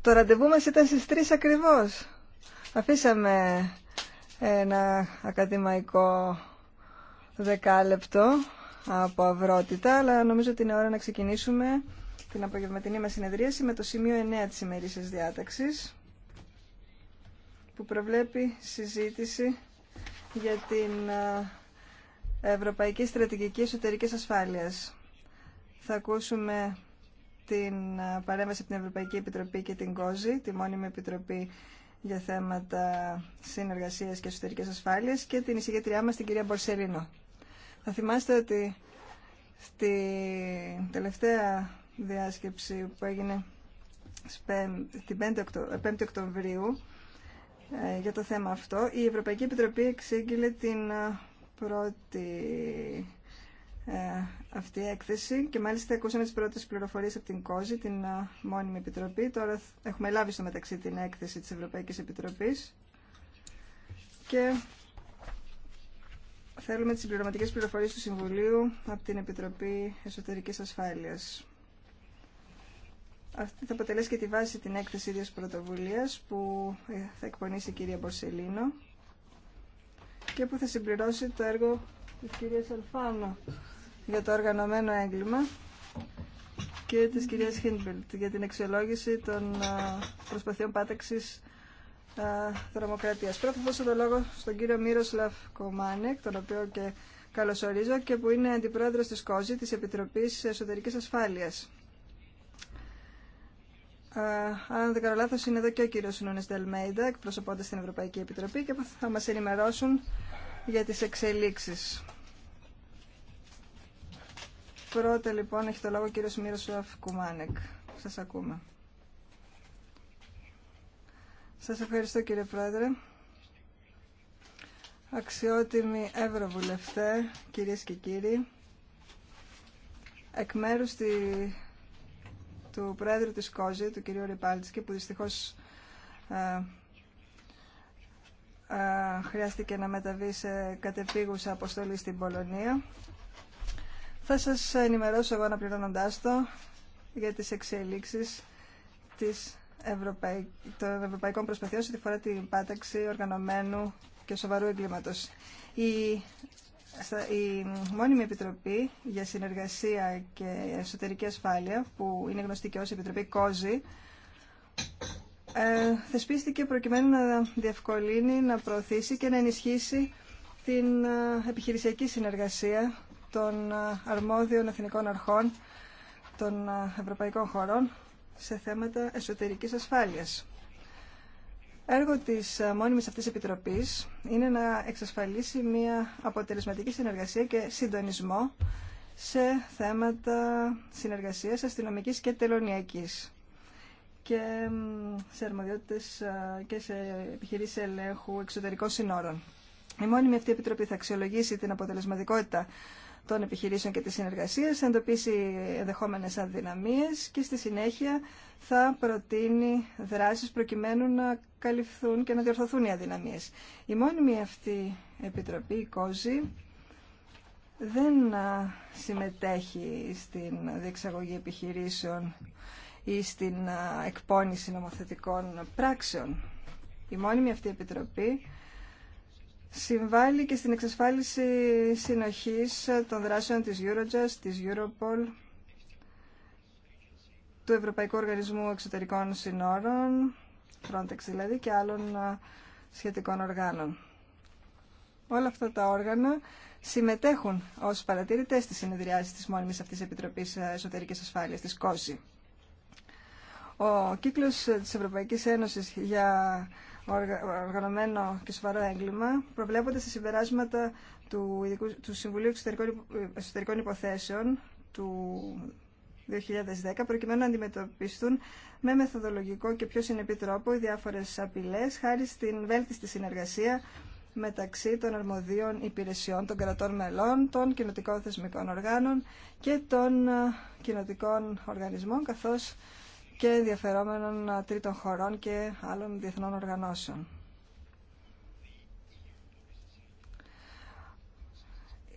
Το ραντεβού μας ήταν στις 3 ακριβώς. Αφήσαμε ένα ακαδημαϊκό δεκάλεπτο από αυρότητα, αλλά νομίζω ότι είναι ώρα να ξεκινήσουμε την απογευματινή μας συνεδρίαση με το σημείο 9 της ημερήσιας διάταξης που προβλέπει συζήτηση για την Ευρωπαϊκή Στρατηγική Εσωτερικής Ασφάλειας. Θα ακούσουμε την παρέμβαση από την Ευρωπαϊκή Επιτροπή και την ΚΟΖΗ, τη μόνιμη επιτροπή για θέματα συνεργασία και εσωτερικές ασφάλειες και την εισηγήτριά μας την κυρία Μπορσελίνο. Θα θυμάστε ότι στη τελευταία διάσκεψη που έγινε την 5η ε, Οκτωβρίου ε, για το θέμα αυτό, η Ευρωπαϊκή Επιτροπή εξήγηλε την πρώτη ε, αυτή η έκθεση και μάλιστα ακούσαμε τις πρώτες πληροφορίες από την ΚΟΖΗ, την ε, μόνιμη επιτροπή. Τώρα έχουμε λάβει στο μεταξύ την έκθεση της Ευρωπαϊκής Επιτροπής και θέλουμε τις συμπληρωματικές πληροφορίες του Συμβουλίου από την Επιτροπή Εσωτερικής Ασφάλειας. Αυτή θα αποτελέσει και τη βάση την έκθεση ίδιας πρωτοβουλίας που ε, θα εκπονήσει η κυρία Μπορσελίνο και που θα συμπληρώσει το έργο της κυρίας Αλφάνο για το οργανωμένο έγκλημα και της κυρίας Χίνμπελτ για την εξολόγηση των προσπαθειών πάταξης δρομοκρατίας. Πρώτα θα δώσω το λόγο στον κύριο Μύροσλαφ Κομάνεκ, τον οποίο και καλωσορίζω και που είναι αντιπρόεδρος της ΚΟΖΗ, της Επιτροπής Εσωτερικής Ασφάλειας. αν δεν κάνω λάθος, είναι εδώ και ο κύριος Νούνες Δελμέιντα, εκπροσωπώντας την Ευρωπαϊκή Επιτροπή και θα μας ενημερώσουν για τις εξελίξεις. Πρώτα λοιπόν έχει το λόγο ο κύριος Μύροσουαφ Κουμάνεκ. Σας ακούμε. Σας ευχαριστώ κύριε Πρόεδρε. Αξιότιμοι Ευρωβουλευτέ, κυρίες και κύριοι, εκ μέρους του Πρόεδρου της ΚΟΖΗ, του κυρίου Ριπάλτσκη, που δυστυχώς ε, ε, χρειάστηκε να μεταβεί σε κατεπίγουσα αποστολή στην Πολωνία, θα σας ενημερώσω εγώ αναπληρώνοντάς το για τις εξελίξεις της Ευρωπαϊ... των ευρωπαϊκών προσπαθειών σε τη φορά την πάταξη οργανωμένου και σοβαρού εγκλήματος. Η η μόνιμη επιτροπή για συνεργασία και εσωτερική ασφάλεια, που είναι γνωστή και ως επιτροπή ΚΟΖΗ, ε, θεσπίστηκε προκειμένου να διευκολύνει, να προωθήσει και να ενισχύσει την ε, επιχειρησιακή συνεργασία των αρμόδιων εθνικών αρχών των ευρωπαϊκών χωρών σε θέματα εσωτερικής ασφάλειας. Έργο της μόνιμης αυτής επιτροπής είναι να εξασφαλίσει μια αποτελεσματική συνεργασία και συντονισμό σε θέματα συνεργασίας αστυνομικής και τελωνιακής και σε αρμοδιότητες και σε επιχειρήσεις ελέγχου εξωτερικών συνόρων. Η μόνιμη αυτή επιτροπή θα αξιολογήσει την αποτελεσματικότητα των επιχειρήσεων και της συνεργασίας, θα εντοπίσει ενδεχόμενες αδυναμίες και στη συνέχεια θα προτείνει δράσεις προκειμένου να καλυφθούν και να διορθωθούν οι αδυναμίες. Η μόνιμη αυτή επιτροπή, η ΚΟΖΗ, δεν συμμετέχει στην διεξαγωγή επιχειρήσεων ή στην εκπόνηση νομοθετικών πράξεων. Η μόνιμη αυτή επιτροπή συμβάλλει και στην εξασφάλιση συνοχής των δράσεων της Eurojust, της Europol, του Ευρωπαϊκού Οργανισμού Εξωτερικών Συνόρων, Frontex δηλαδή, και άλλων ε, σχετικών οργάνων. Όλα αυτά τα όργανα συμμετέχουν ως παρατηρητές στις συνεδριάσεις της μόνιμης αυτής Επιτροπής Εσωτερικής Ασφάλειας, της COSI. Ο κύκλος της Ευρωπαϊκής Ένωσης για οργανωμένο και σοβαρό έγκλημα προβλέπονται στα συμπεράσματα του, του Συμβουλίου Εξωτερικών, Εξωτερικών Υποθέσεων του 2010 προκειμένου να αντιμετωπιστούν με μεθοδολογικό και πιο συνεπή τρόπο οι διάφορες απειλέ, χάρη στην βέλτιστη συνεργασία μεταξύ των αρμοδίων υπηρεσιών των κρατών μελών, των κοινοτικών θεσμικών οργάνων και των ε, κοινοτικών οργανισμών καθώς και ενδιαφερόμενων τρίτων χωρών και άλλων διεθνών οργανώσεων.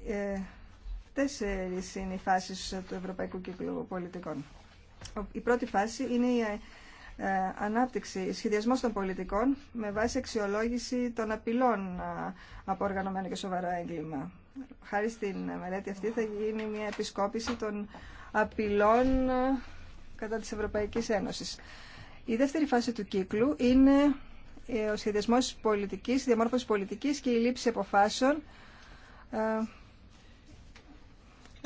Ε, τέσσερις είναι οι φάσεις του Ευρωπαϊκού Κύκλου Πολιτικών. Η πρώτη φάση είναι η ε, ε, ανάπτυξη, σχεδιασμός των πολιτικών με βάση αξιολόγηση των απειλών από οργανωμένο και σοβαρό έγκλημα. Χάρη στην μελέτη αυτή θα γίνει μια επισκόπηση των απειλών κατά της Ευρωπαϊκής Ένωσης. Η δεύτερη φάση του κύκλου είναι ε, ο σχεδιασμός πολιτικής, η διαμόρφωση πολιτικής και η λήψη αποφάσεων ε,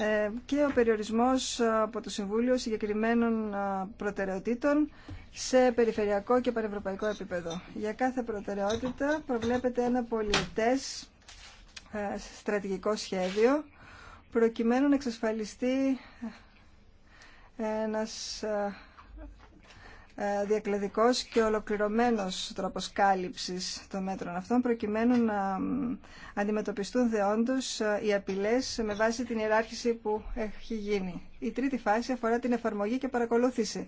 ε, και ο περιορισμός από το Συμβούλιο συγκεκριμένων προτεραιοτήτων σε περιφερειακό και πανευρωπαϊκό επίπεδο. Για κάθε προτεραιότητα προβλέπεται ένα πολιετές στρατηγικό σχέδιο προκειμένου να εξασφαλιστεί ένας ε, ε, διακλαδικός και ολοκληρωμένος τρόπος κάλυψης των μέτρων αυτών προκειμένου να αντιμετωπιστούν δεόντως ε, οι απειλές με βάση την ιεράρχηση που έχει γίνει. Η τρίτη φάση αφορά την εφαρμογή και παρακολούθηση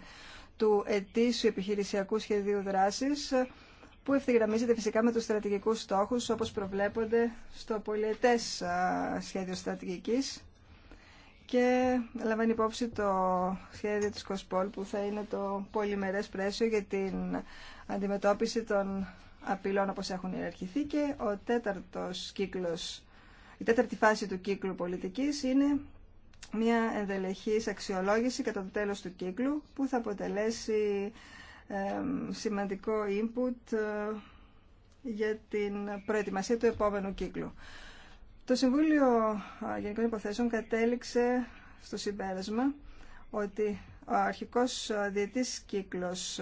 του ετήσιου επιχειρησιακού σχεδίου δράσης που ευθυγραμμίζεται φυσικά με τους στρατηγικούς στόχους όπως προβλέπονται στο πολιετές σχέδιο στρατηγικής και λαμβάνει υπόψη το σχέδιο της Κοσπόλ που θα είναι το πολυμερές πρέσιο για την αντιμετώπιση των απειλών όπως έχουν ιεραρχηθεί και ο τέταρτος κύκλος, η τέταρτη φάση του κύκλου πολιτικής είναι μια ενδελεχής αξιολόγηση κατά το τέλος του κύκλου που θα αποτελέσει σημαντικό input ε, για την προετοιμασία του επόμενου κύκλου. Το Συμβούλιο Γενικών Υποθέσεων κατέληξε στο συμπέρασμα ότι ο αρχικός διετής κύκλος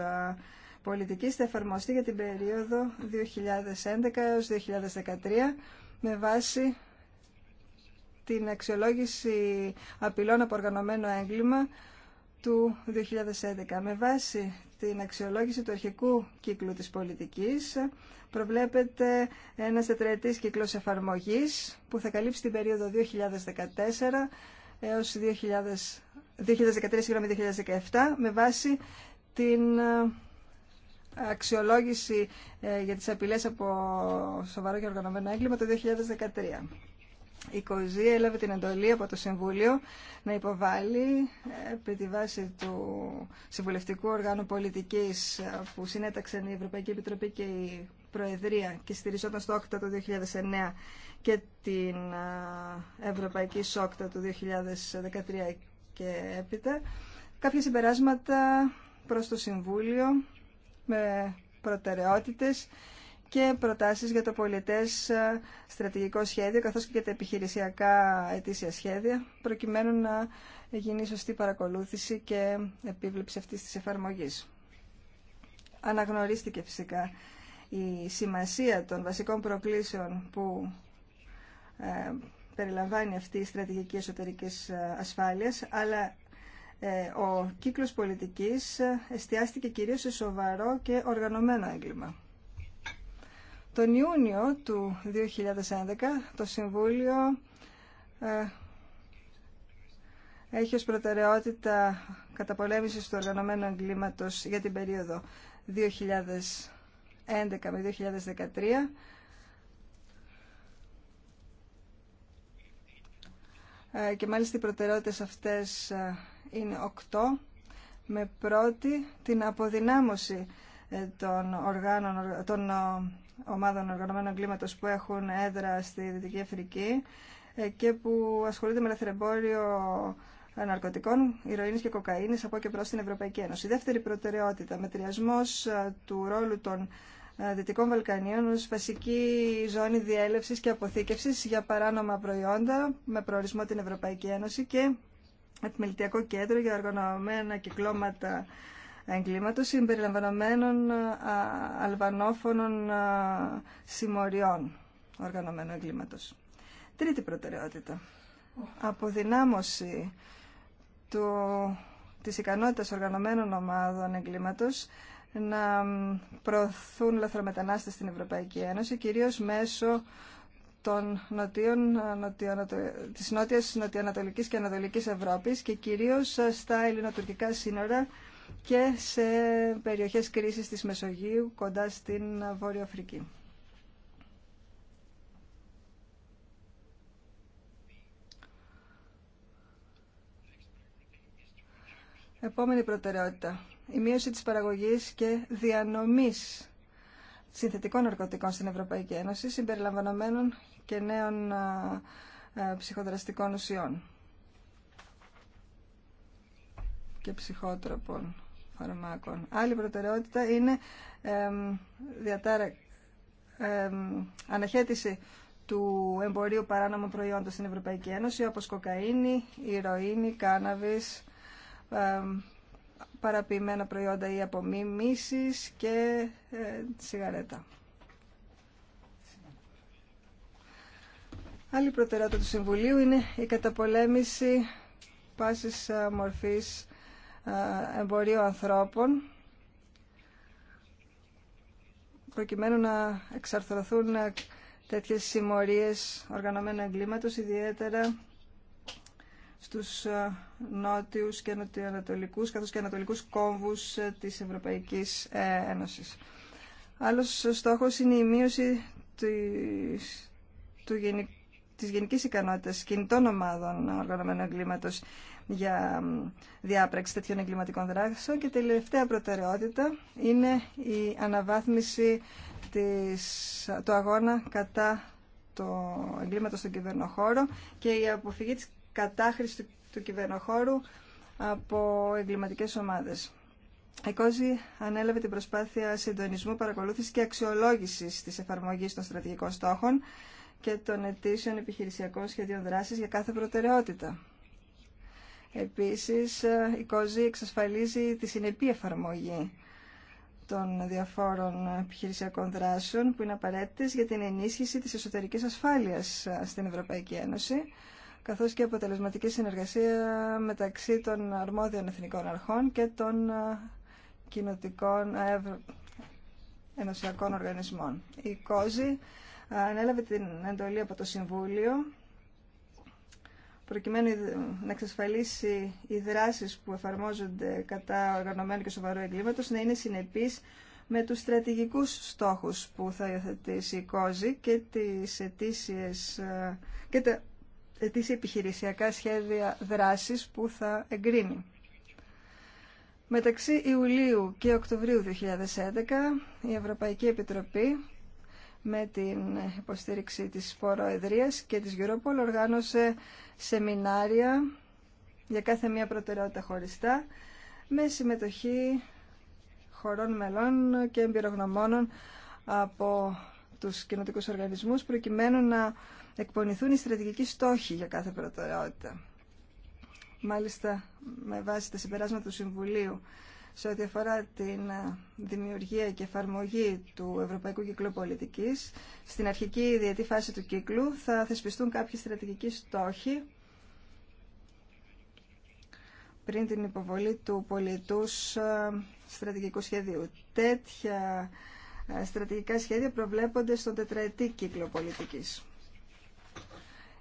πολιτικής θα εφαρμοστεί για την περίοδο 2011 έως 2013 με βάση την αξιολόγηση απειλών από οργανωμένο έγκλημα του 2011. Με βάση την αξιολόγηση του αρχικού κύκλου της πολιτικής προβλέπεται ένας τετραετής κύκλος εφαρμογής που θα καλύψει την περίοδο 2014 έως 2013-2017 με βάση την ε, αξιολόγηση ε, για τις απειλές από σοβαρό και οργανωμένο έγκλημα το 2013. Η ΚΟΖΗ έλαβε την εντολή από το Συμβούλιο να υποβάλει ε, επί τη βάση του Συμβουλευτικού Οργάνου Πολιτικής ε, που συνέταξαν η Ευρωπαϊκή Επιτροπή και η Προεδρία και στηριζόταν στο ΟΚΤΑ το 2009 και την ε, Ευρωπαϊκή ΣΟΚΤΑ του 2013 και έπειτα κάποια συμπεράσματα προς το Συμβούλιο με προτεραιότητες και προτάσεις για το πολιτές ε, στρατηγικό σχέδιο καθώς και για τα επιχειρησιακά ετήσια σχέδια προκειμένου να γίνει σωστή παρακολούθηση και επίβλεψη αυτής της εφαρμογής. Αναγνωρίστηκε φυσικά η σημασία των βασικών προκλήσεων που ε, περιλαμβάνει αυτή η στρατηγική εσωτερική ε, ασφάλειας, αλλά ο κύκλος πολιτικής εστιάστηκε κυρίως σε σοβαρό και οργανωμένο έγκλημα. Τον Ιούνιο του 2011 το Συμβούλιο ε, έχει ως προτεραιότητα καταπολέμησης του οργανωμένου εγκλήματος για την περίοδο 2011 με 2013 ε, και μάλιστα οι προτεραιότητες αυτές ε, είναι οκτώ με πρώτη την αποδυνάμωση των οργάνων, των ομάδων οργανωμένων εγκλήματος που έχουν έδρα στη Δυτική Αφρική ε, και που ασχολούνται με λαθρεμπόριο ναρκωτικών, ηρωίνης και κοκαίνης από και προς την Ευρωπαϊκή Ένωση. Η δεύτερη προτεραιότητα, μετριασμός ε, του ρόλου των ε, Δυτικών Βαλκανίων ως βασική ζώνη διέλευσης και αποθήκευσης για παράνομα προϊόντα με προορισμό την Ευρωπαϊκή Ένωση και επιμελητιακό κέντρο για οργανωμένα κυκλώματα εγκλήματος συμπεριλαμβανομένων αλβανόφωνων συμμοριών οργανωμένου εγκλήματος. Τρίτη προτεραιότητα. Αποδυνάμωση του, της ικανότητας οργανωμένων ομάδων εγκλήματος να προωθούν λαθρομετανάστες στην Ευρωπαϊκή Ένωση, κυρίως μέσω των νοτίων, της νότιας, νοτιοανατολικής και ανατολικής Ευρώπης και κυρίως στα ελληνοτουρκικά σύνορα και σε περιοχές κρίσης της Μεσογείου κοντά στην Βόρεια Αφρική. Επόμενη προτεραιότητα. Η μείωση της παραγωγής και διανομής συνθετικών ναρκωτικών στην Ευρωπαϊκή Ένωση, συμπεριλαμβανομένων και νέων ε, ψυχοδραστικών ουσιών και ψυχότροπων φαρμάκων. Άλλη προτεραιότητα είναι διατάρα, αναχέτηση του εμπορίου παράνομων προϊόντων στην Ευρωπαϊκή Ένωση, όπως κοκαίνη, ηρωίνη, κάναβης, παραποιημένα προϊόντα ή απομίμησης και ε, σιγαρέτα. Άλλη προτεραιότητα του Συμβουλίου είναι η καταπολέμηση πάσης ε, μορφής ε, εμπορίου ανθρώπων προκειμένου να εξαρθρωθούν ε, τέτοιες συμμορίες οργανωμένα εγκλήματος, ιδιαίτερα στους ε, νότιους και νοτιοανατολικούς, καθώς και ανατολικούς κόμβους της Ευρωπαϊκής Ένωσης. Άλλος στόχος είναι η μείωση της, του, της γενικής ικανότητας κινητών ομάδων οργανωμένου εγκλήματος για διάπραξη τέτοιων εγκληματικών δράσεων και τελευταία προτεραιότητα είναι η αναβάθμιση του αγώνα κατά το εγκλήματος στον κυβερνοχώρο και η αποφυγή της κατάχρησης του, του κυβερνοχώρου από εγκληματικές ομάδες. Η ΚΟΖΗ ανέλαβε την προσπάθεια συντονισμού, παρακολούθηση και αξιολόγηση τη εφαρμογή των στρατηγικών στόχων και των ετήσιων επιχειρησιακών σχεδίων δράση για κάθε προτεραιότητα. Επίσης, ε, η ΚΟΖΗ εξασφαλίζει τη συνεπή εφαρμογή των διαφόρων επιχειρησιακών δράσεων που είναι απαραίτητες για την ενίσχυση της εσωτερικής ασφάλειας ε, στην Ευρωπαϊκή Ένωση, καθώς και αποτελεσματική συνεργασία μεταξύ των αρμόδιων εθνικών αρχών και των ε, κοινοτικών ενωσιακών οργανισμών. Η ΚΟΖΗ ανέλαβε την εντολή από το Συμβούλιο προκειμένου να εξασφαλίσει οι δράσεις που εφαρμόζονται κατά οργανωμένου και σοβαρού εγκλήματος να είναι συνεπείς με τους στρατηγικούς στόχους που θα υιοθετήσει η ΚΟΖΗ και, τις ε, και τα επιχειρησιακά σχέδια δράσης που θα εγκρίνει. Μεταξύ Ιουλίου και Οκτωβρίου 2011 η Ευρωπαϊκή Επιτροπή με την υποστήριξη της Φοροεδρίας και της Europol οργάνωσε σεμινάρια για κάθε μία προτεραιότητα χωριστά με συμμετοχή χωρών μελών και εμπειρογνωμόνων από τους κοινοτικούς οργανισμούς προκειμένου να εκπονηθούν οι στρατηγικοί στόχοι για κάθε προτεραιότητα. Μάλιστα, με βάση τα συμπεράσματα του Συμβουλίου σε ό,τι αφορά την ε, δημιουργία και εφαρμογή του Ευρωπαϊκού Κύκλου Πολιτικής. Στην αρχική διετή φάση του κύκλου θα θεσπιστούν κάποιοι στρατηγικοί στόχοι πριν την υποβολή του πολιτούς ε, στρατηγικού σχεδίου. Τέτοια ε, στρατηγικά σχέδια προβλέπονται στον τετραετή κύκλο πολιτικής.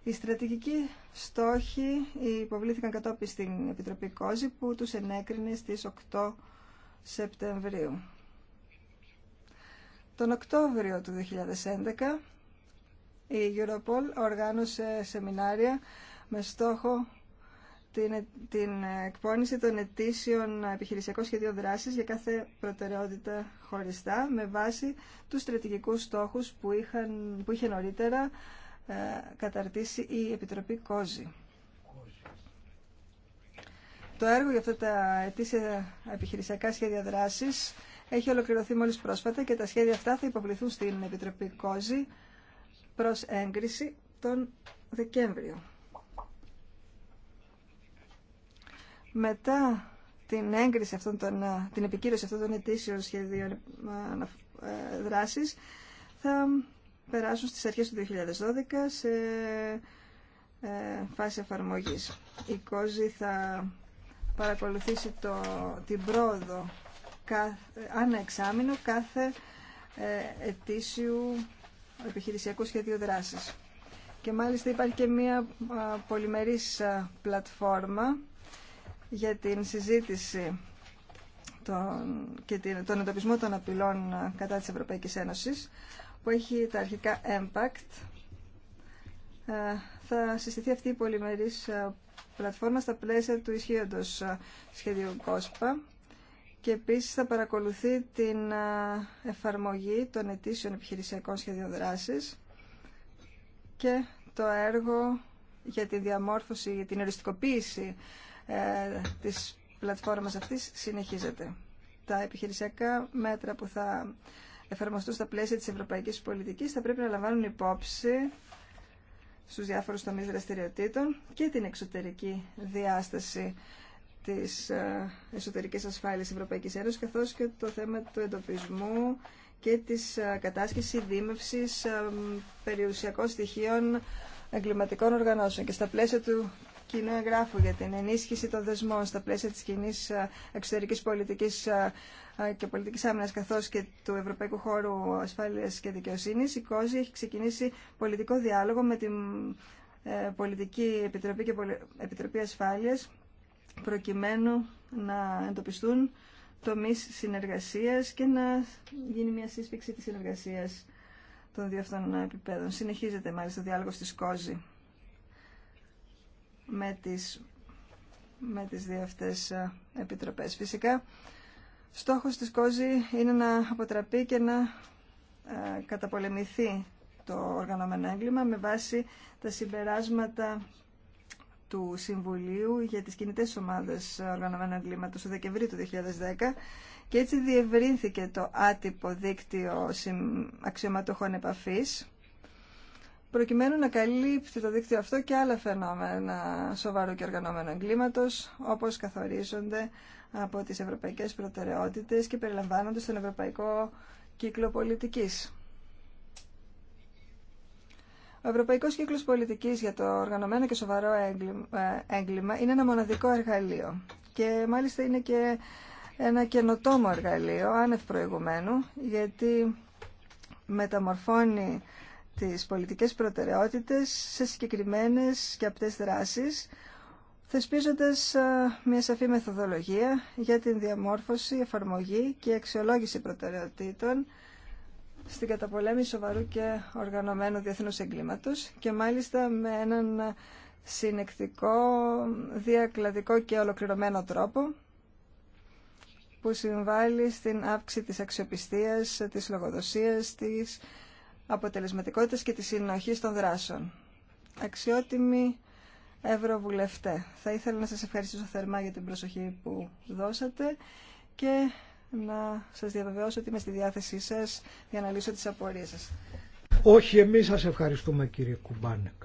Οι στρατηγικοί στόχοι υποβλήθηκαν κατόπιν στην Επιτροπή Κόζη που τους ενέκρινε στις 8 Σεπτεμβρίου. Τον Οκτώβριο του 2011 η Europol οργάνωσε σεμινάρια με στόχο την, την εκπόνηση των ετήσιων επιχειρησιακών σχεδίων δράσης για κάθε προτεραιότητα χωριστά με βάση τους στρατηγικούς στόχους που, είχαν, που είχε νωρίτερα ε, καταρτήσει η Επιτροπή Κόζη. Το έργο για αυτά τα ετήσια επιχειρησιακά σχέδια δράσης έχει ολοκληρωθεί μόλις πρόσφατα και τα σχέδια αυτά θα υποβληθούν στην Επιτροπή Κόζη προς έγκριση τον Δεκέμβριο. Μετά την έγκριση αυτών των, την επικύρωση αυτών των ετήσιων σχεδίων ε, δράσης θα περάσουν στις αρχές του 2012 σε ε, φάση εφαρμογής. Η ΚΟΖΗ θα παρακολουθήσει το, την πρόοδο κάθε, ανά εξάμεινο κάθε ε, ετήσιου επιχειρησιακού σχεδίου δράσης. Και μάλιστα υπάρχει και μία πολυμερής πλατφόρμα για την συζήτηση και τον εντοπισμό των απειλών κατά της Ευρωπαϊκής Ένωσης, που έχει τα αρχικά impact. Ε, θα συστηθεί αυτή η πολυμερής ε, πλατφόρμα στα πλαίσια του ισχύοντος ε, σχεδίου COSPA και επίσης θα παρακολουθεί την εφαρμογή των ετήσιων επιχειρησιακών σχεδίων δράσης και το έργο για τη διαμόρφωση, για την οριστικοποίηση της πλατφόρμας αυτής συνεχίζεται. Τα επιχειρησιακά μέτρα που θα εφαρμοστούν στα πλαίσια της ευρωπαϊκής πολιτικής θα πρέπει να λαμβάνουν υπόψη στους διάφορους τομείς δραστηριοτήτων και την εξωτερική διάσταση της ε, εσωτερικής ασφάλειας της Ευρωπαϊκής Ένωσης καθώς και το θέμα του εντοπισμού και της ε, κατάσχεσης δίμευσης ε, περιουσιακών στοιχείων εγκληματικών οργανώσεων. Και στα πλαίσια του κοινού εγγράφου για την ενίσχυση των δεσμών στα πλαίσια της κοινή ε, εξωτερικής πολιτικής ε, ε, και πολιτικής άμυνας καθώς και του Ευρωπαϊκού Χώρου Ασφάλειας και Δικαιοσύνης, η ΚΟΖΗ έχει ξεκινήσει πολιτικό διάλογο με την Πολιτική Επιτροπή και Επιτροπή Ασφάλειας προκειμένου να εντοπιστούν τομείς συνεργασίας και να γίνει μια σύσφυξη της συνεργασίας των δύο αυτών επιπέδων. Συνεχίζεται μάλιστα ο διάλογο της ΚΟΖΗ με τις, με τις δύο αυτές ε, επιτροπές. Φυσικά, στόχος της ΚΟΖΗ είναι να αποτραπεί και να ε, καταπολεμηθεί το οργανωμένο έγκλημα με βάση τα συμπεράσματα του Συμβουλίου για τις κινητές ομάδες οργανωμένου εγκλήματος του Δεκεμβρίου του 2010 και έτσι διευρύνθηκε το άτυπο δίκτυο αξιωματοχών επαφής προκειμένου να καλύπτει το δίκτυο αυτό και άλλα φαινόμενα σοβαρού και οργανωμένου εγκλήματος, όπως καθορίζονται από τις ευρωπαϊκές προτεραιότητες και περιλαμβάνονται στον ευρωπαϊκό κύκλο πολιτικής. Ο Ευρωπαϊκό Κύκλο Πολιτική για το Οργανωμένο και Σοβαρό ε, Έγκλημα είναι ένα μοναδικό εργαλείο και μάλιστα είναι και ένα καινοτόμο εργαλείο άνευ προηγουμένου γιατί μεταμορφώνει τις πολιτικές προτεραιότητες σε συγκεκριμένες και απτές δράσεις, θεσπίζοντας μια σαφή μεθοδολογία για την διαμόρφωση, εφαρμογή και αξιολόγηση προτεραιοτήτων στην καταπολέμηση σοβαρού και οργανωμένου διεθνούς εγκλήματος και μάλιστα με έναν συνεκτικό, διακλαδικό και ολοκληρωμένο τρόπο που συμβάλλει στην αύξηση της αξιοπιστίας, της λογοδοσίας, της αποτελεσματικότητας και της συνοχής των δράσεων. Αξιότιμη Ευρωβουλευτέ, θα ήθελα να σας ευχαριστήσω θερμά για την προσοχή που δώσατε και να σας διαβεβαιώσω ότι είμαι στη διάθεσή σας για να λύσω τις απορίες σας. Όχι, εμείς σας ευχαριστούμε κύριε Κουμπάνεκ.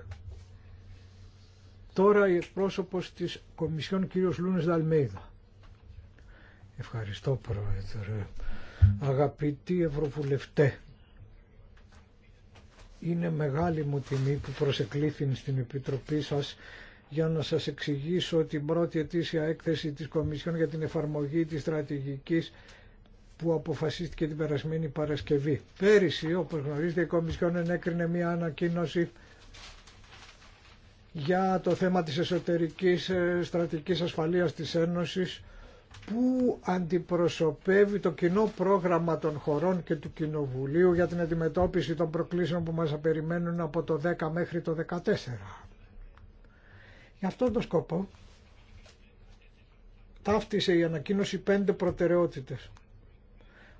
Τώρα η εκπρόσωπος της Κομισιόν κύριος Λούνες Δαλμέιδα. Ευχαριστώ πρόεδρε. Αγαπητοί Ευρωβουλευτέ, είναι μεγάλη μου τιμή που προσεκλήθην στην Επιτροπή σας για να σας εξηγήσω την πρώτη ετήσια έκθεση της Κομισιόν για την εφαρμογή της στρατηγικής που αποφασίστηκε την περασμένη Παρασκευή. Πέρυσι, όπως γνωρίζετε, η Κομισιόν ενέκρινε μια ανακοίνωση για το θέμα της εσωτερικής ε, στρατηγικής ασφαλείας της Ένωσης που αντιπροσωπεύει το κοινό πρόγραμμα των χωρών και του Κοινοβουλίου για την αντιμετώπιση των προκλήσεων που μας περιμένουν από το 10 μέχρι το 14. Γι' αυτόν τον σκοπό ταύτισε η ανακοίνωση πέντε προτεραιότητες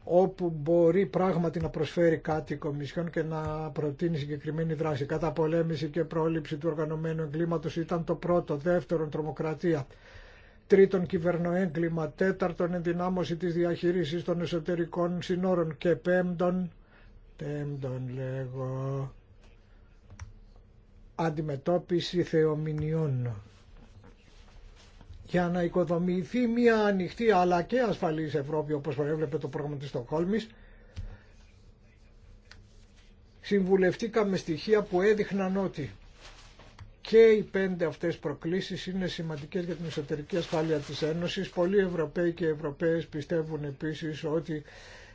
όπου μπορεί πράγματι να προσφέρει κάτι η Κομισιόν και να προτείνει συγκεκριμένη δράση. Κατά πολέμηση και πρόληψη του οργανωμένου εγκλήματος ήταν το πρώτο, δεύτερον τρομοκρατία τρίτον κυβερνοέγκλημα, τέταρτον ενδυνάμωση της διαχείρισης των εσωτερικών συνόρων και πέμπτον, πέμπτον λέγω, αντιμετώπιση θεομηνιών για να οικοδομηθεί μια ανοιχτή αλλά και ασφαλής Ευρώπη όπως προέβλεπε το πρόγραμμα της Στοκχόλμης συμβουλευτήκαμε στοιχεία που έδειχναν ότι και οι πέντε αυτές προκλήσεις είναι σημαντικές για την εσωτερική ασφάλεια της Ένωσης. Πολλοί Ευρωπαίοι και Ευρωπαίες πιστεύουν επίσης ότι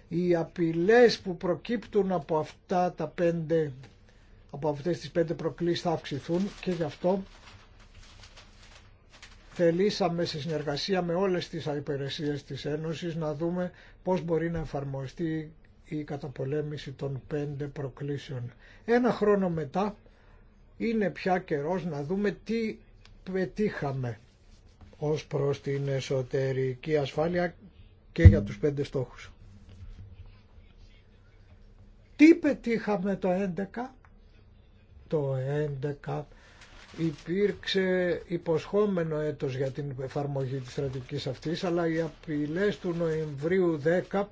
οι απειλές που προκύπτουν από, αυτά τα πέντε, από αυτές τις πέντε προκλήσεις θα αυξηθούν και γι' αυτό θελήσαμε σε συνεργασία με όλες τις υπηρεσίες της Ένωσης να δούμε πώς μπορεί να εφαρμοστεί η καταπολέμηση των πέντε προκλήσεων. Ένα χρόνο μετά είναι πια καιρός να δούμε τι πετύχαμε ως προς την εσωτερική ασφάλεια και για τους πέντε στόχους. Τι πετύχαμε το 11? Το 11 υπήρξε υποσχόμενο έτος για την εφαρμογή της στρατηγικής αυτής, αλλά οι απειλές του Νοεμβρίου 10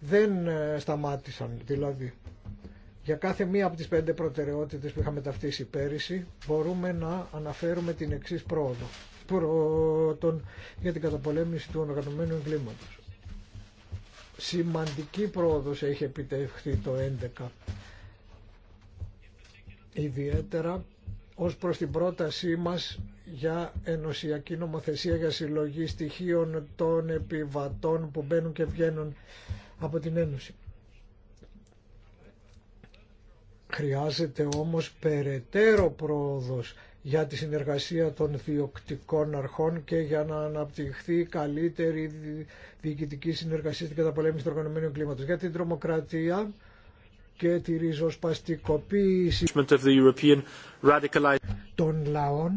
δεν ε, σταμάτησαν. Δηλαδή, για κάθε μία από τις πέντε προτεραιότητες που είχαμε ταυτίσει πέρυσι μπορούμε να αναφέρουμε την εξής πρόοδο. Πρώτον, για την καταπολέμηση του οργανωμένου εγκλήματος. Σημαντική πρόοδος έχει επιτευχθεί το 2011. Ιδιαίτερα ως προς την πρότασή μας για ενωσιακή νομοθεσία για συλλογή στοιχείων των επιβατών που μπαίνουν και βγαίνουν από την Ένωση. Χρειάζεται όμως περαιτέρω πρόοδος για τη συνεργασία των διοκτικών αρχών και για να αναπτυχθεί καλύτερη διοικητική συνεργασία στην καταπολέμηση του οργανωμένου κλίματος. Για την τρομοκρατία και τη ριζοσπαστικοποίηση των λαών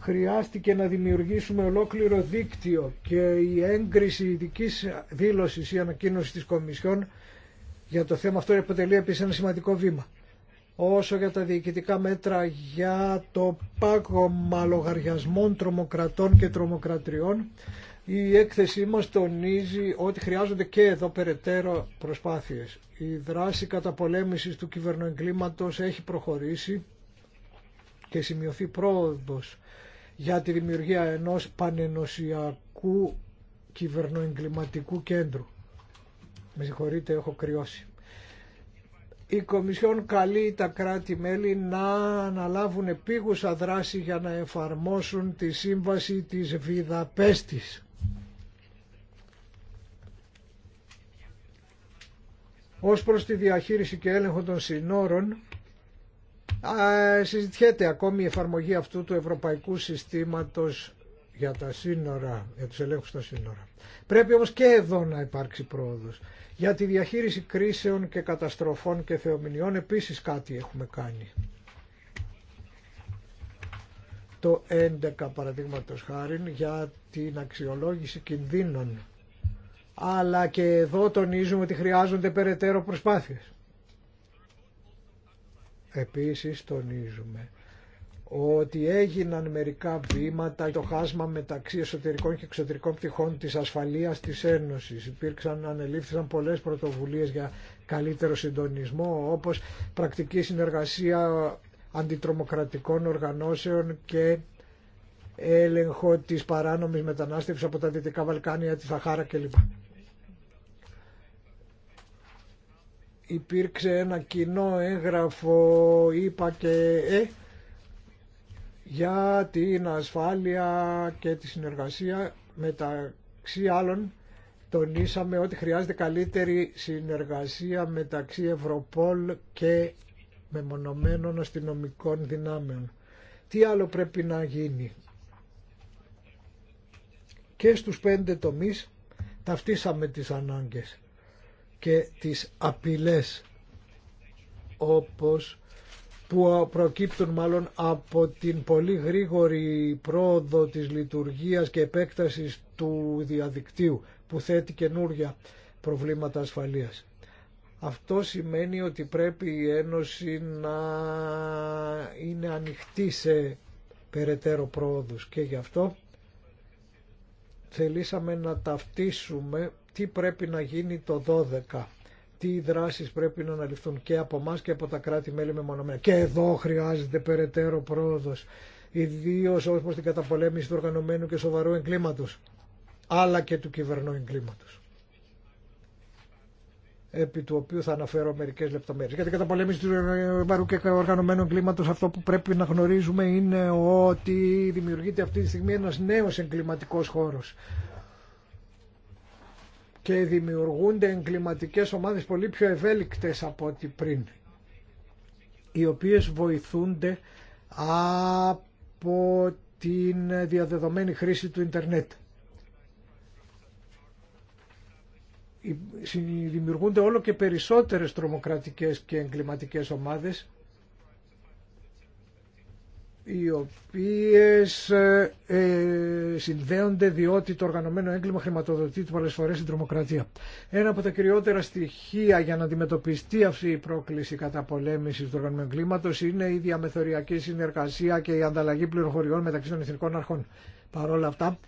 χρειάστηκε να δημιουργήσουμε ολόκληρο δίκτυο και η έγκριση ειδική δήλωση ή ανακοίνωση της Κομισιόν για το θέμα αυτό αποτελεί επίσης ένα σημαντικό βήμα. Όσο για τα διοικητικά μέτρα για το πάγωμα λογαριασμών τρομοκρατών και τρομοκρατριών, η έκθεσή μας τονίζει ότι χρειάζονται και εδώ περαιτέρω προσπάθειες. Η δράση καταπολέμησης του κυβερνοεγκλήματος έχει προχωρήσει και σημειωθεί πρόοδος για τη δημιουργία ενός πανενοσιακού κυβερνοεγκληματικού κέντρου. Με συγχωρείτε, έχω κρυώσει. Η Κομισιόν καλεί τα κράτη-μέλη να αναλάβουν επίγουσα δράση για να εφαρμόσουν τη σύμβαση της Βιδαπέστης. Ως προς τη διαχείριση και έλεγχο των συνόρων, συζητιέται ακόμη η εφαρμογή αυτού του ευρωπαϊκού συστήματος για τα σύνορα, για τους ελέγχους στα σύνορα. Πρέπει όμως και εδώ να υπάρξει πρόοδος. Για τη διαχείριση κρίσεων και καταστροφών και θεομηνιών επίσης κάτι έχουμε κάνει. Το 11 παραδείγματος χάρη για την αξιολόγηση κινδύνων. Αλλά και εδώ τονίζουμε ότι χρειάζονται περαιτέρω προσπάθειες. Επίσης τονίζουμε ότι έγιναν μερικά βήματα το χάσμα μεταξύ εσωτερικών και εξωτερικών πτυχών της ασφαλείας της Ένωσης. Υπήρξαν, ανελήφθησαν πολλές πρωτοβουλίες για καλύτερο συντονισμό όπως πρακτική συνεργασία αντιτρομοκρατικών οργανώσεων και έλεγχο της παράνομης μετανάστευσης από τα Δυτικά Βαλκάνια, τη Σαχάρα κλπ. Υπήρξε ένα κοινό έγγραφο, είπα και... Ε, για την ασφάλεια και τη συνεργασία μεταξύ άλλων τονίσαμε ότι χρειάζεται καλύτερη συνεργασία μεταξύ Ευρωπόλ και μεμονωμένων αστυνομικών δυνάμεων. Τι άλλο πρέπει να γίνει. Και στους πέντε τομείς ταυτίσαμε τις ανάγκες και τις απειλές όπως που προκύπτουν μάλλον από την πολύ γρήγορη πρόοδο της λειτουργίας και επέκτασης του διαδικτύου που θέτει καινούρια προβλήματα ασφαλείας. Αυτό σημαίνει ότι πρέπει η Ένωση να είναι ανοιχτή σε περαιτέρω πρόοδους και γι' αυτό θελήσαμε να ταυτίσουμε τι πρέπει να γίνει το 12 τι δράσεις πρέπει να αναλυφθούν και από εμά και από τα κράτη-μέλη μεμονωμένα. Και εδώ χρειάζεται περαιτέρω πρόοδος, ιδίως ως προς την καταπολέμηση του οργανωμένου και σοβαρού εγκλήματος, αλλά και του κυβερνού εγκλήματος επί του οποίου θα αναφέρω μερικές λεπτομέρειες. Για την καταπολέμηση του βαρού και οργανωμένου εγκλήματος αυτό που πρέπει να γνωρίζουμε είναι ότι δημιουργείται αυτή τη στιγμή ένας νέος εγκληματικός χώρος και δημιουργούνται εγκληματικές ομάδες πολύ πιο ευέλικτες από ό,τι πριν οι οποίες βοηθούνται από την διαδεδομένη χρήση του ίντερνετ. Δημιουργούνται όλο και περισσότερες τρομοκρατικές και εγκληματικές ομάδες οι οποίες ε, ε, συνδέονται διότι το οργανωμένο έγκλημα χρηματοδοτεί πολλές φορές την τρομοκρατία. Ένα από τα κυριότερα στοιχεία για να αντιμετωπιστεί αυτή η πρόκληση κατά πολέμηση του οργανωμένου εγκλήματος είναι η διαμεθοριακή συνεργασία και η ανταλλαγή πληροφοριών μεταξύ των εθνικών αρχών. Παρ' όλα αυτά,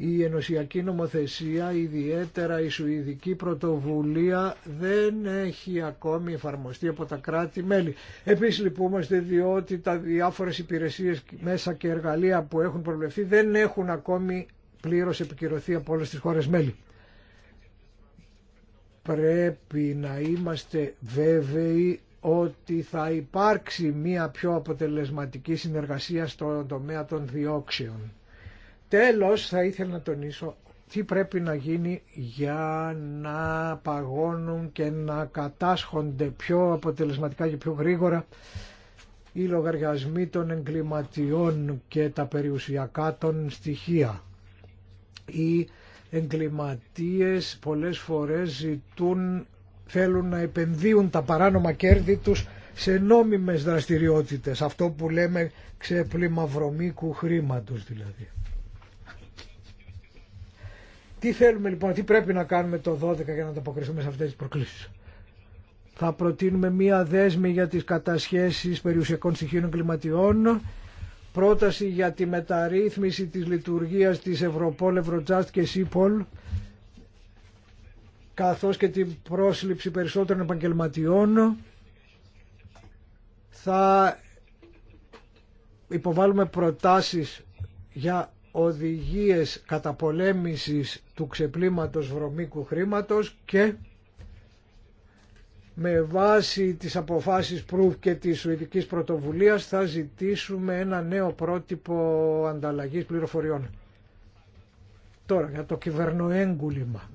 η ενωσιακή νομοθεσία, ιδιαίτερα η Σουηδική πρωτοβουλία, δεν έχει ακόμη εφαρμοστεί από τα κράτη-μέλη. Επίσης λυπούμαστε διότι τα διάφορες υπηρεσίες μέσα και εργαλεία που έχουν προβλεφθεί δεν έχουν ακόμη πλήρως επικυρωθεί από όλες τις χώρες μέλη. Πρέπει να είμαστε βέβαιοι ότι θα υπάρξει μία πιο αποτελεσματική συνεργασία στον τομέα των διώξεων. Τέλος θα ήθελα να τονίσω τι πρέπει να γίνει για να παγώνουν και να κατάσχονται πιο αποτελεσματικά και πιο γρήγορα οι λογαριασμοί των εγκληματιών και τα περιουσιακά των στοιχεία. Οι εγκληματίες πολλές φορές ζητούν, θέλουν να επενδύουν τα παράνομα κέρδη τους σε νόμιμες δραστηριότητες, αυτό που λέμε ξεπλήμα βρωμίκου χρήματος δηλαδή. Τι θέλουμε λοιπόν, τι πρέπει να κάνουμε το 12 για να ανταποκριθούμε σε αυτές τις προκλήσεις. Θα προτείνουμε μία δέσμη για τις κατασχέσεις περιουσιακών στοιχείων κλιματιών, πρόταση για τη μεταρρύθμιση της λειτουργίας της Ευρωπόλ, Ευρωτζάστ και ΣΥΠΟΛ, καθώς και την πρόσληψη περισσότερων επαγγελματιών. Θα υποβάλουμε προτάσεις για οδηγίες καταπολέμησης του ξεπλήματος βρωμίκου χρήματος και με βάση τις αποφάσεις Προύβ και της Σουηδικής Πρωτοβουλίας θα ζητήσουμε ένα νέο πρότυπο ανταλλαγής πληροφοριών. Τώρα για το κυβερνοέγκουλημα.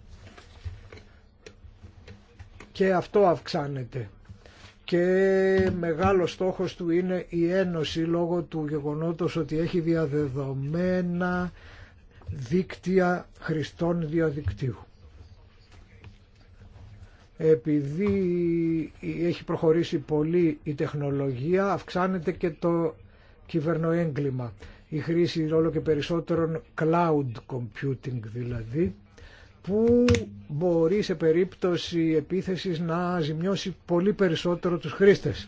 Και αυτό αυξάνεται και μεγάλος στόχος του είναι η Ένωση λόγω του γεγονότος ότι έχει διαδεδομένα δίκτυα χρηστών διαδικτύου. Επειδή έχει προχωρήσει πολύ η τεχνολογία αυξάνεται και το κυβερνοέγκλημα. Η χρήση όλο και περισσότερων cloud computing δηλαδή που μπορεί σε περίπτωση επίθεσης να ζημιώσει πολύ περισσότερο τους χρήστες.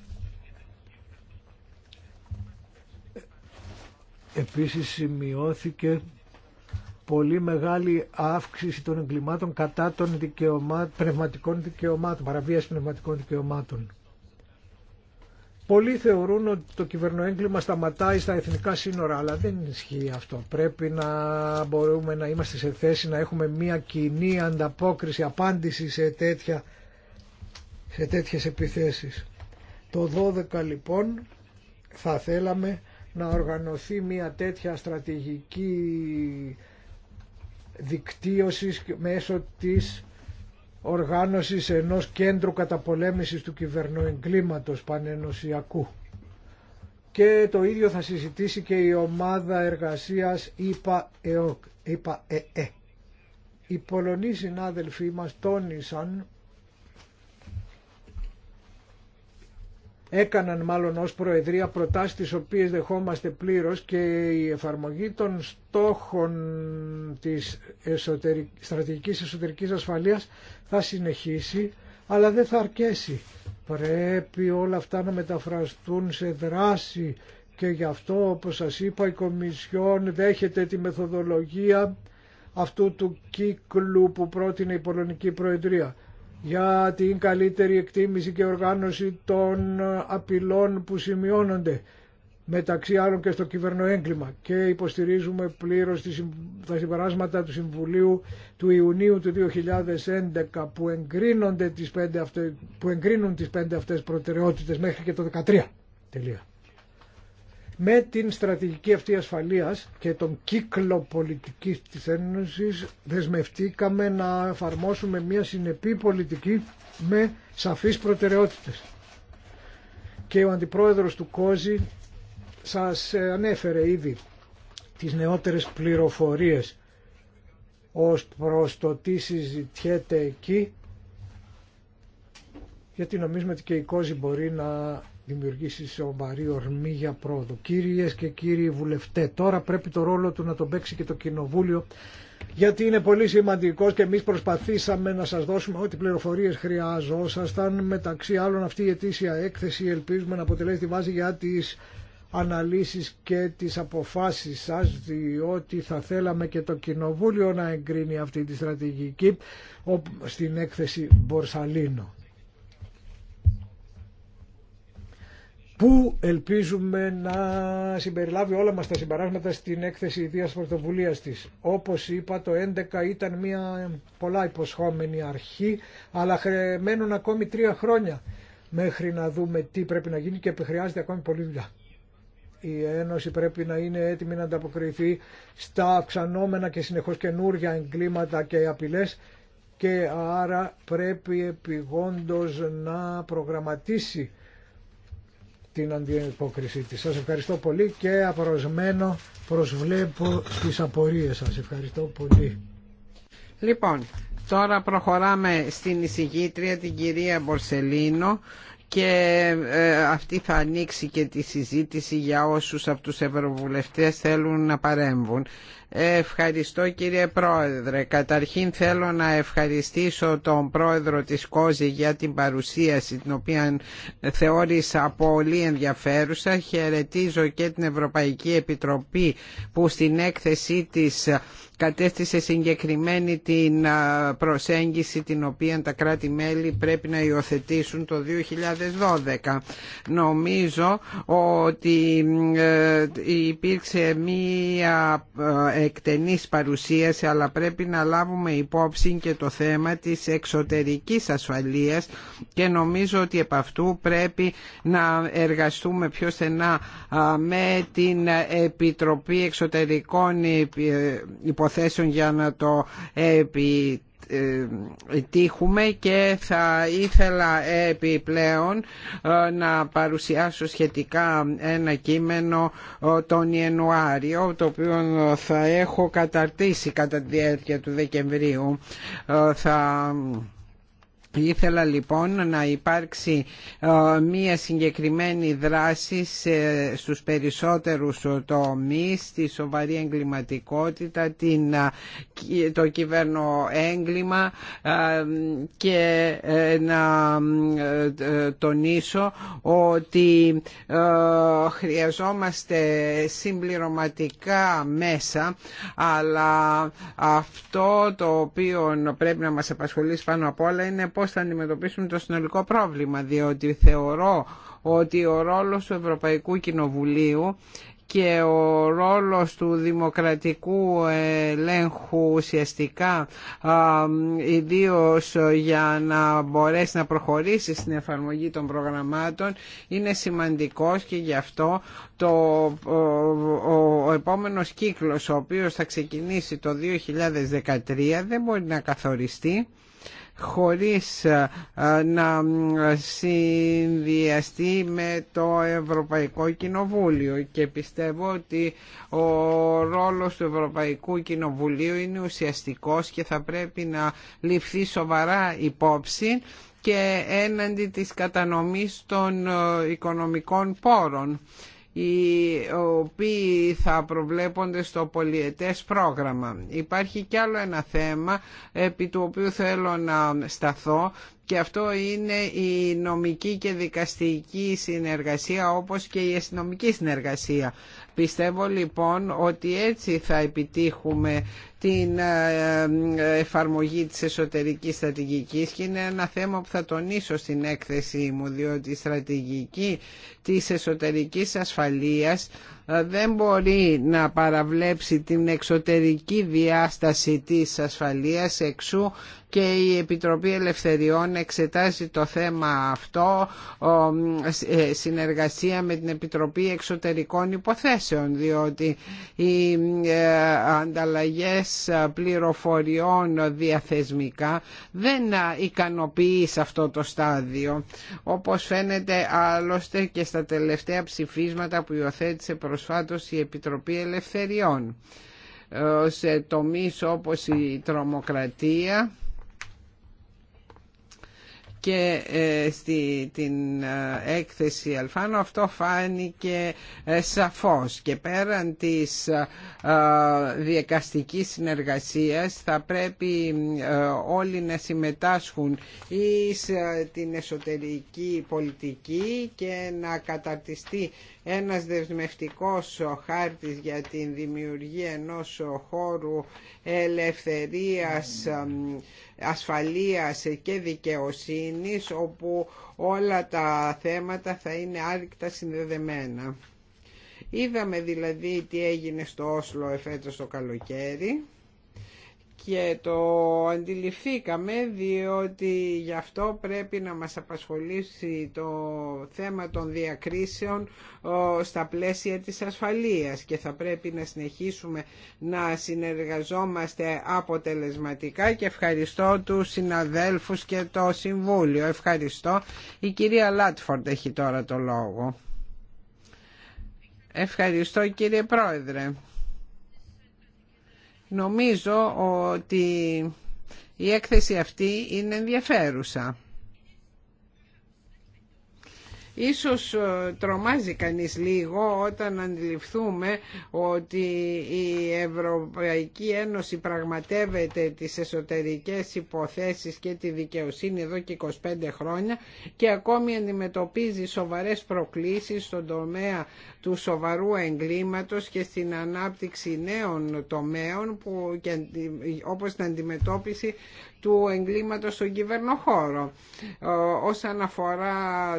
Επίσης σημειώθηκε πολύ μεγάλη αύξηση των εγκλημάτων κατά των δικαιωμάτων, πνευματικών δικαιωμάτων, παραβίαση πνευματικών δικαιωμάτων. Πολλοί θεωρούν ότι το κυβερνοέγκλημα σταματάει στα εθνικά σύνορα, αλλά δεν ισχύει αυτό. Πρέπει να μπορούμε να είμαστε σε θέση να έχουμε μια κοινή ανταπόκριση, απάντηση σε, τέτοια, σε τέτοιες επιθέσεις. Το 12 λοιπόν θα θέλαμε να οργανωθεί μια τέτοια στρατηγική δικτύωση μέσω της οργάνωσης ενός κέντρου καταπολέμησης του κυβερνοεγκλήματος πανενωσιακού. Και το ίδιο θα συζητήσει και η ομάδα ήπα ΕΠΑ-ΕΕ. Οι Πολωνοί συνάδελφοί μας τόνισαν έκαναν μάλλον ως Προεδρία προτάσεις τις οποίες δεχόμαστε πλήρως και η εφαρμογή των στόχων της εσωτερικ... στρατηγικής εσωτερικής ασφαλείας θα συνεχίσει αλλά δεν θα αρκέσει. Πρέπει όλα αυτά να μεταφραστούν σε δράση και γι' αυτό όπως σας είπα η Κομισιόν δέχεται τη μεθοδολογία αυτού του κύκλου που πρότεινε η Πολωνική Προεδρία για την καλύτερη εκτίμηση και οργάνωση των απειλών που σημειώνονται μεταξύ άλλων και στο κυβερνοέγκλημα και υποστηρίζουμε πλήρως τα συμπεράσματα του Συμβουλίου του Ιουνίου του 2011 που, τις πέντε αυτές, που εγκρίνουν τις πέντε αυτές προτεραιότητες μέχρι και το 2013. Τελεία. Με την στρατηγική αυτή ασφαλείας και τον κύκλο πολιτικής της Ένωσης δεσμευτήκαμε να εφαρμόσουμε μια συνεπή πολιτική με σαφείς προτεραιότητες. Και ο αντιπρόεδρος του Κόζη σας ανέφερε ήδη τις νεότερες πληροφορίες ως προς το τι συζητιέται εκεί γιατί νομίζουμε ότι και η Κόζη μπορεί να δημιουργήσει σοβαρή ορμή για πρόοδο. Κύριες και κύριοι βουλευτέ, τώρα πρέπει το ρόλο του να τον παίξει και το Κοινοβούλιο γιατί είναι πολύ σημαντικός και εμείς προσπαθήσαμε να σας δώσουμε ό,τι πληροφορίες χρειάζοσασταν. Μεταξύ άλλων αυτή η ετήσια έκθεση ελπίζουμε να αποτελέσει τη βάση για τις αναλύσεις και τις αποφάσεις σας διότι θα θέλαμε και το Κοινοβούλιο να εγκρίνει αυτή τη στρατηγική στην έκθεση Μπορσαλίνο. που ελπίζουμε να συμπεριλάβει όλα μας τα συμπαράσματα στην έκθεση ιδίας πρωτοβουλία της. Όπως είπα το 11 ήταν μια πολλά υποσχόμενη αρχή αλλά μένουν ακόμη τρία χρόνια μέχρι να δούμε τι πρέπει να γίνει και χρειάζεται ακόμη πολλή δουλειά. Η Ένωση πρέπει να είναι έτοιμη να ανταποκριθεί στα αυξανόμενα και συνεχώς καινούργια εγκλήματα και απειλές και άρα πρέπει επιγόντως να προγραμματίσει την αντιπόκρισή της. Σας ευχαριστώ πολύ και απορροσμένο προσβλέπω στις απορίες σας. Ευχαριστώ πολύ. Λοιπόν, τώρα προχωράμε στην εισηγήτρια την κυρία Μπορσελίνο και ε, αυτή θα ανοίξει και τη συζήτηση για όσους από τους ευρωβουλευτές θέλουν να παρέμβουν. Ευχαριστώ κύριε Πρόεδρε. Καταρχήν θέλω να ευχαριστήσω τον Πρόεδρο της Κόζη για την παρουσίαση την οποία θεώρησα πολύ ενδιαφέρουσα. Χαιρετίζω και την Ευρωπαϊκή Επιτροπή που στην έκθεσή της κατέστησε συγκεκριμένη την προσέγγιση την οποία τα κράτη-μέλη πρέπει να υιοθετήσουν το 2012. Νομίζω ότι ε, υπήρξε μία ε, εκτενής παρουσίαση αλλά πρέπει να λάβουμε υπόψη και το θέμα της εξωτερικής ασφαλείας και νομίζω ότι επ' αυτού πρέπει να εργαστούμε πιο στενά με την Επιτροπή Εξωτερικών Υποθέσεων για να το επιτρέψουμε τύχουμε και θα ήθελα επιπλέον ε, να παρουσιάσω σχετικά ένα κείμενο ε, τον Ιανουάριο το οποίο θα έχω καταρτήσει κατά τη διάρκεια του Δεκεμβρίου ε, θα Ήθελα λοιπόν να υπάρξει ε, μία συγκεκριμένη δράση στους περισσότερους τομείς, τη σοβαρή εγκληματικότητα, την, ε, το κυβέρνο έγκλημα ε, και να τονίσω ότι χρειαζόμαστε συμπληρωματικά μέσα αλλά αυτό το οποίο πρέπει να μας απασχολήσει πάνω απ' όλα είναι πώς θα αντιμετωπίσουμε το συνολικό πρόβλημα, διότι θεωρώ ότι ο ρόλος του Ευρωπαϊκού Κοινοβουλίου και ο ρόλος του δημοκρατικού ελέγχου ουσιαστικά ιδίω για να μπορέσει να προχωρήσει στην εφαρμογή των προγραμμάτων είναι σημαντικός και γι' αυτό το, ο, ο, ο επόμενος κύκλος ο οποίος θα ξεκινήσει το 2013 δεν μπορεί να καθοριστεί χωρίς ε, ε, να συνδυαστεί με το Ευρωπαϊκό Κοινοβούλιο και πιστεύω ότι ο ρόλος του Ευρωπαϊκού Κοινοβουλίου είναι ουσιαστικός και θα πρέπει να ληφθεί σοβαρά υπόψη και έναντι της κατανομής των ε, οικονομικών πόρων οι οποίοι θα προβλέπονται στο πολιετές πρόγραμμα. Υπάρχει κι άλλο ένα θέμα επί του οποίου θέλω να σταθώ και αυτό είναι η νομική και δικαστική συνεργασία όπως και η αστυνομική συνεργασία. Πιστεύω λοιπόν ότι έτσι θα επιτύχουμε την ε, ε, εφαρμογή της εσωτερικής στρατηγικής και είναι ένα θέμα που θα τονίσω στην έκθεσή μου διότι η στρατηγική της εσωτερικής ασφαλείας ε, δεν μπορεί να παραβλέψει την εξωτερική διάσταση της ασφαλείας εξού και η Επιτροπή Ελευθεριών εξετάζει το θέμα αυτό συνεργασία με την Επιτροπή Εξωτερικών Υποθέσεων διότι οι ανταλλαγές πληροφοριών διαθεσμικά δεν ικανοποιεί σε αυτό το στάδιο όπως φαίνεται άλλωστε και στα τελευταία ψηφίσματα που υιοθέτησε προσφάτως η Επιτροπή Ελευθεριών ε, σε τομείς όπως η τρομοκρατία και ε, στη την ε, έκθεση Αλφάνο αυτό φάνηκε ε, σαφώς και πέραν της διεκαστικής συνεργασίας θα πρέπει όλοι να συμμετάσχουν εις την εσωτερική πολιτική και να καταρτιστεί ένας δεσμευτικός χάρτης για την δημιουργία ενός χώρου ελευθερίας ασφαλείας και δικαιοσύνης όπου όλα τα θέματα θα είναι άρρηκτα συνδεδεμένα. Είδαμε δηλαδή τι έγινε στο Όσλο εφέτος το καλοκαίρι και το αντιληφθήκαμε διότι γι' αυτό πρέπει να μας απασχολήσει το θέμα των διακρίσεων στα πλαίσια της ασφαλείας και θα πρέπει να συνεχίσουμε να συνεργαζόμαστε αποτελεσματικά και ευχαριστώ του συναδέλφους και το Συμβούλιο. Ευχαριστώ. Η κυρία Λάτφορντ έχει τώρα το λόγο. Ευχαριστώ κύριε Πρόεδρε. Νομίζω ότι η έκθεση αυτή είναι ενδιαφέρουσα. Ίσως ε, τρομάζει κανείς λίγο όταν αντιληφθούμε ότι η Ευρωπαϊκή Ένωση πραγματεύεται τις εσωτερικές υποθέσεις και τη δικαιοσύνη εδώ και 25 χρόνια και ακόμη αντιμετωπίζει σοβαρές προκλήσεις στον τομέα του σοβαρού εγκλήματος και στην ανάπτυξη νέων τομέων που, όπως την αντιμετώπιση του εγκλήματος στον κυβερνοχώρο. Ε, όσον αφορά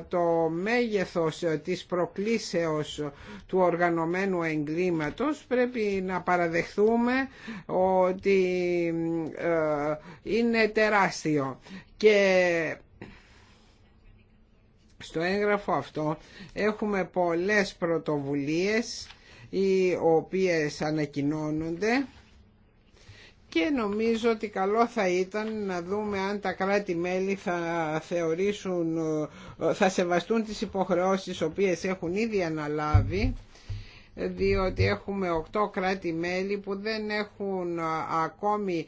το μέγεθος της προκλήσεως του οργανωμένου εγκλήματος πρέπει να παραδεχθούμε ότι ε, είναι τεράστιο και στο έγγραφο αυτό έχουμε πολλές πρωτοβουλίες οι οποίες ανακοινώνονται και νομίζω ότι καλό θα ήταν να δούμε αν τα κράτη-μέλη θα θεωρήσουν, θα σεβαστούν τις υποχρεώσεις οποίες έχουν ήδη αναλάβει διότι έχουμε 8 κράτη-μέλη που δεν έχουν ακόμη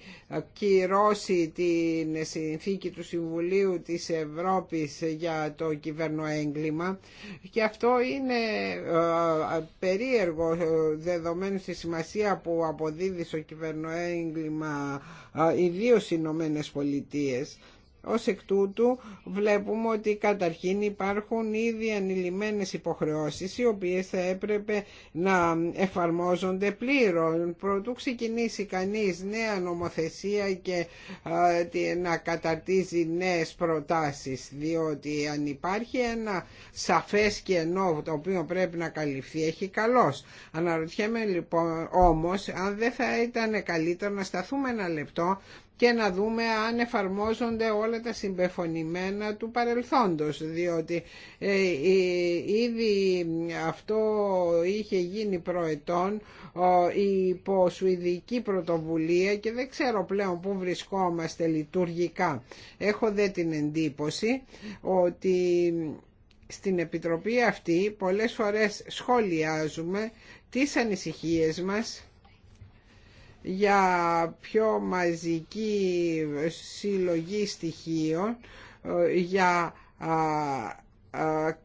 κυρώσει την συνθήκη του Συμβουλίου της Ευρώπης για το κυβερνοέγκλημα και αυτό είναι ε, περίεργο ε, δεδομένου στη σημασία που αποδίδει στο κυβερνοέγκλημα ε, οι οι Ηνωμένε Πολιτείες. Ως εκ τούτου βλέπουμε ότι καταρχήν υπάρχουν ήδη ανηλυμένες υποχρεώσεις οι οποίες θα έπρεπε να εφαρμόζονται πλήρω. Προτού ξεκινήσει κανείς νέα νομοθεσία και να καταρτίζει νέες προτάσεις διότι αν υπάρχει ένα σαφές κενό το οποίο πρέπει να καλυφθεί έχει καλός. Αναρωτιέμαι λοιπόν όμως αν δεν θα ήταν καλύτερο να σταθούμε ένα λεπτό και να δούμε αν εφαρμόζονται όλα τα συμπεφωνημένα του παρελθόντος διότι ε, ήδη αυτό είχε γίνει προετών υπό Σουηδική πρωτοβουλία και δεν ξέρω πλέον πού βρισκόμαστε λειτουργικά. Έχω δε την εντύπωση ότι στην Επιτροπή αυτή πολλές φορές σχολιάζουμε τις ανησυχίες μας για πιο μαζική συλλογή στοιχείων ε, για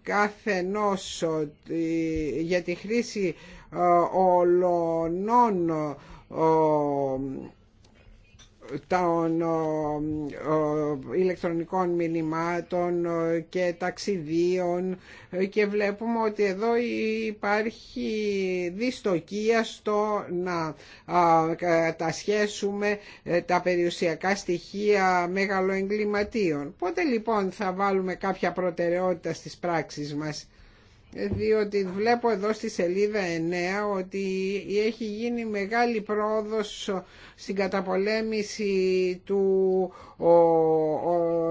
καθενός ε, για τη χρήση ολονών ε, των ηλεκτρονικών μηνυμάτων και ταξιδίων ε, και βλέπουμε ότι εδώ υπάρχει δυστοκία στο να κατασχέσουμε ε, τα περιουσιακά στοιχεία μεγαλοεγκληματίων. Πότε λοιπόν θα βάλουμε κάποια προτεραιότητα στις πράξεις μας διότι βλέπω εδώ στη σελίδα 9 ότι έχει γίνει μεγάλη πρόοδος στην καταπολέμηση του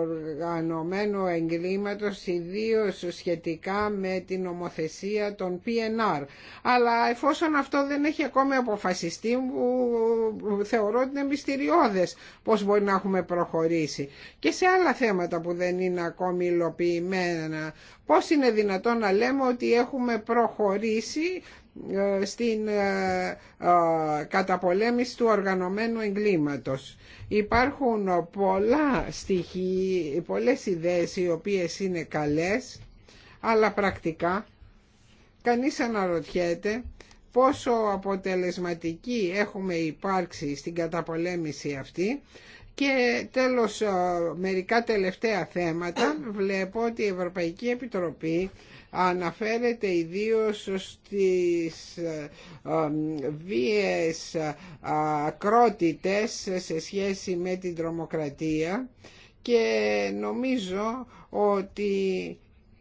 οργανωμένου εγκλήματος ιδίω σχετικά με την ομοθεσία των PNR αλλά εφόσον αυτό δεν έχει ακόμη αποφασιστεί θεωρώ ότι είναι μυστηριώδες πως μπορεί να έχουμε προχωρήσει και σε άλλα θέματα που δεν είναι ακόμη υλοποιημένα Πώς είναι δυνατόν να λέμε ότι έχουμε προχωρήσει ε, στην ε, ε, καταπολέμηση του οργανωμένου εγκλήματος. Υπάρχουν πολλά στοιχεία, πολλές ιδέες οι οποίες είναι καλές, αλλά πρακτικά κανείς αναρωτιέται πόσο αποτελεσματική έχουμε υπάρξει στην καταπολέμηση αυτή και τέλος μερικά τελευταία θέματα βλέπω ότι η Ευρωπαϊκή Επιτροπή αναφέρεται ιδίως στις βίες ακρότητες σε σχέση με την τρομοκρατία και νομίζω ότι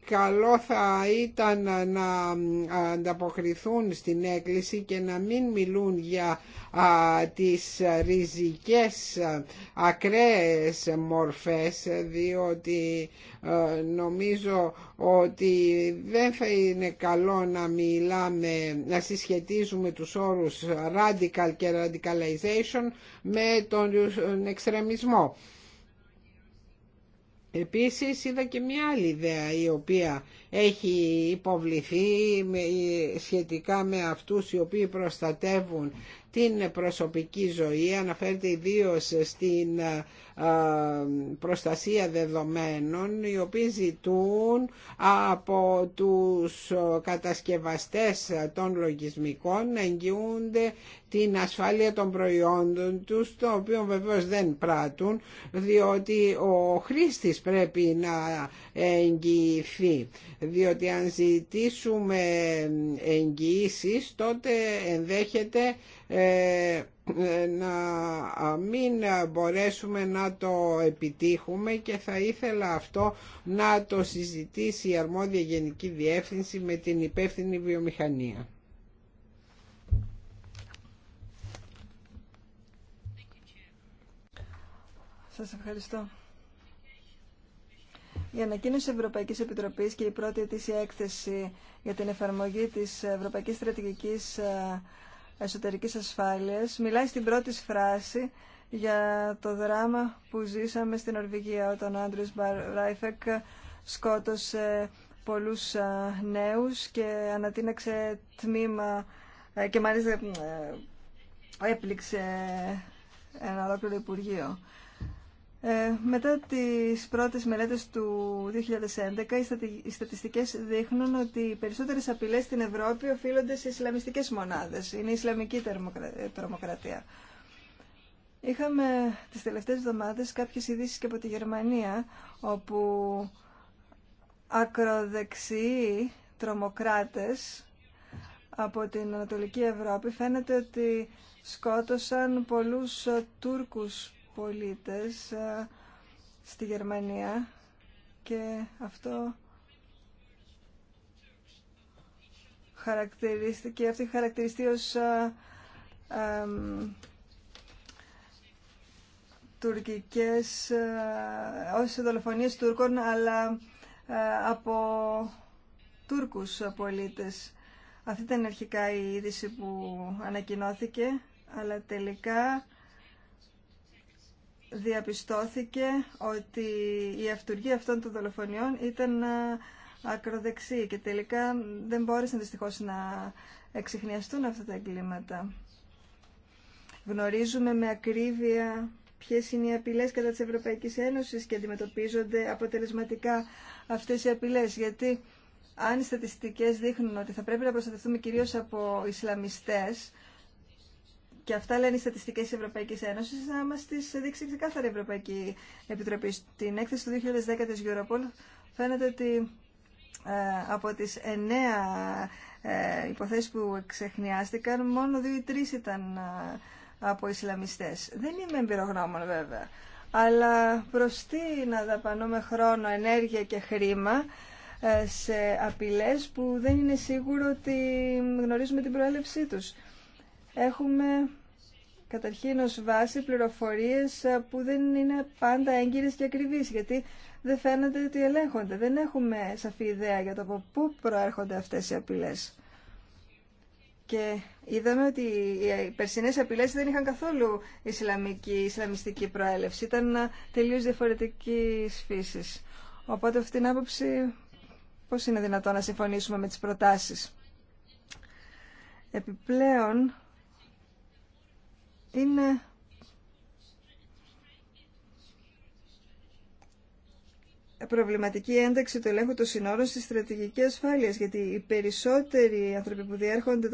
καλό θα ήταν να ανταποκριθούν στην έκκληση και να μην μιλούν για τις ριζικές ακραίες μορφές διότι νομίζω ότι δεν θα είναι καλό να μιλάμε, να συσχετίζουμε τους όρους radical και radicalization με τον εξτρεμισμό. Επίσης είδα και μια άλλη ιδέα η οποία έχει υποβληθεί σχετικά με αυτούς οι οποίοι προστατεύουν την προσωπική ζωή, αναφέρεται ιδίω στην ε, προστασία δεδομένων, οι οποίοι ζητούν από τους κατασκευαστές των λογισμικών να εγγυούνται την ασφάλεια των προϊόντων τους, το οποίο βεβαίως δεν πράττουν, διότι ο χρήστης πρέπει να εγγυηθεί. Διότι αν ζητήσουμε εγγυήσεις, τότε ενδέχεται ε, ε, να μην μπορέσουμε να το επιτύχουμε και θα ήθελα αυτό να το συζητήσει η αρμόδια Γενική Διεύθυνση με την υπεύθυνη βιομηχανία. Σας ευχαριστώ. Η ανακοίνωση της Ευρωπαϊκής Επιτροπής και η πρώτη της έκθεση για την εφαρμογή της Ευρωπαϊκής Στρατηγικής ε, εσωτερικής ασφάλειας μιλάει στην πρώτη φράση για το δράμα που ζήσαμε στην Ορβηγία όταν ο Άντριος Ράιφεκ σκότωσε πολλούς νέους και ανατείναξε τμήμα ε, και μάλιστα ε, έπληξε ένα ολόκληρο Υπουργείο. Ε, μετά τις πρώτες μελέτες του 2011, οι στατιστικές δείχνουν ότι οι περισσότερες απειλές στην Ευρώπη οφείλονται σε Ισλαμιστικές μονάδες. Είναι η Ισλαμική τρομοκρατία. Είχαμε τις τελευταίες εβδομάδες κάποιες ειδήσει και από τη Γερμανία, όπου ακροδεξιοί τρομοκράτες από την Ανατολική Ευρώπη φαίνεται ότι σκότωσαν πολλούς ε, Τούρκους πολίτες ε, στη Γερμανία και αυτό χαρακτηρίστηκε, αυτή χαρακτηριστεί ως α, ε, α, τουρκικές, α, ε, ως δολοφονίες Τούρκων, αλλά από Τούρκους πολίτες. Αυτή ήταν αρχικά η είδηση που ανακοινώθηκε, αλλά τελικά διαπιστώθηκε ότι η αυτουργία αυτών των δολοφονιών ήταν ε, ακροδεξή και τελικά δεν μπόρεσαν δυστυχώς να εξηχνιαστούν αυτά τα εγκλήματα. Γνωρίζουμε με ακρίβεια ποιες είναι οι απειλές κατά της Ευρωπαϊκής Ένωσης και αντιμετωπίζονται αποτελεσματικά αυτές οι απειλές, γιατί αν οι στατιστικές δείχνουν ότι θα πρέπει να προστατευτούμε κυρίως από Ισλαμιστές, και αυτά λένε οι στατιστικέ τη Ευρωπαϊκή Ένωση, να μα τι δείξει ξεκάθαρα η Ευρωπαϊκή Επιτροπή. Στην έκθεση του 2010 τη Europol φαίνεται ότι ε, από τι εννέα ε, υποθέσει που ξεχνιάστηκαν μόνο δύο ή τρει ήταν ε, από Ισλαμιστέ. Δεν είμαι εμπειρογνώμων βέβαια, αλλά προ τι να δαπανούμε χρόνο, ενέργεια και χρήμα σε απειλές που δεν είναι σίγουρο ότι γνωρίζουμε την προέλευσή τους έχουμε καταρχήν ως βάση πληροφορίες ε, που δεν είναι πάντα έγκυρες και ακριβείς, γιατί δεν φαίνεται ότι ελέγχονται. Δεν έχουμε σαφή ιδέα για το από πού προέρχονται αυτές οι απειλές. Και είδαμε ότι οι ε, περσινές απειλές δεν είχαν καθόλου ισλαμική, ισλαμιστική προέλευση. Ήταν ε, τελείως διαφορετική φύση. Οπότε αυτή την άποψη πώς είναι δυνατόν να συμφωνήσουμε με τις προτάσεις. Επιπλέον, είναι προβληματική ένταξη του ελέγχου των συνόρων στη στρατηγική ασφάλεια. Γιατί οι περισσότεροι άνθρωποι που διέρχονται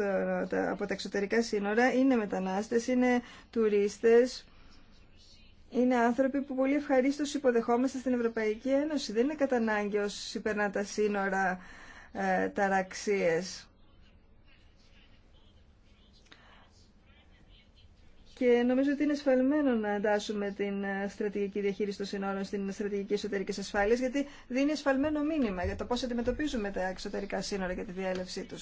από τα εξωτερικά σύνορα είναι μετανάστες, είναι τουρίστες, είναι άνθρωποι που πολύ ευχαρίστω υποδεχόμαστε στην Ευρωπαϊκή Ένωση. Δεν είναι κατά ανάγκη όσοι τα σύνορα ε, Και νομίζω ότι είναι σφαλμένο να εντάσσουμε την ε, στρατηγική διαχείριση των συνόρων στην στρατηγική εσωτερική ασφάλεια, γιατί δίνει ασφαλμένο μήνυμα για το πώ αντιμετωπίζουμε τα εξωτερικά σύνορα και τη διέλευσή του.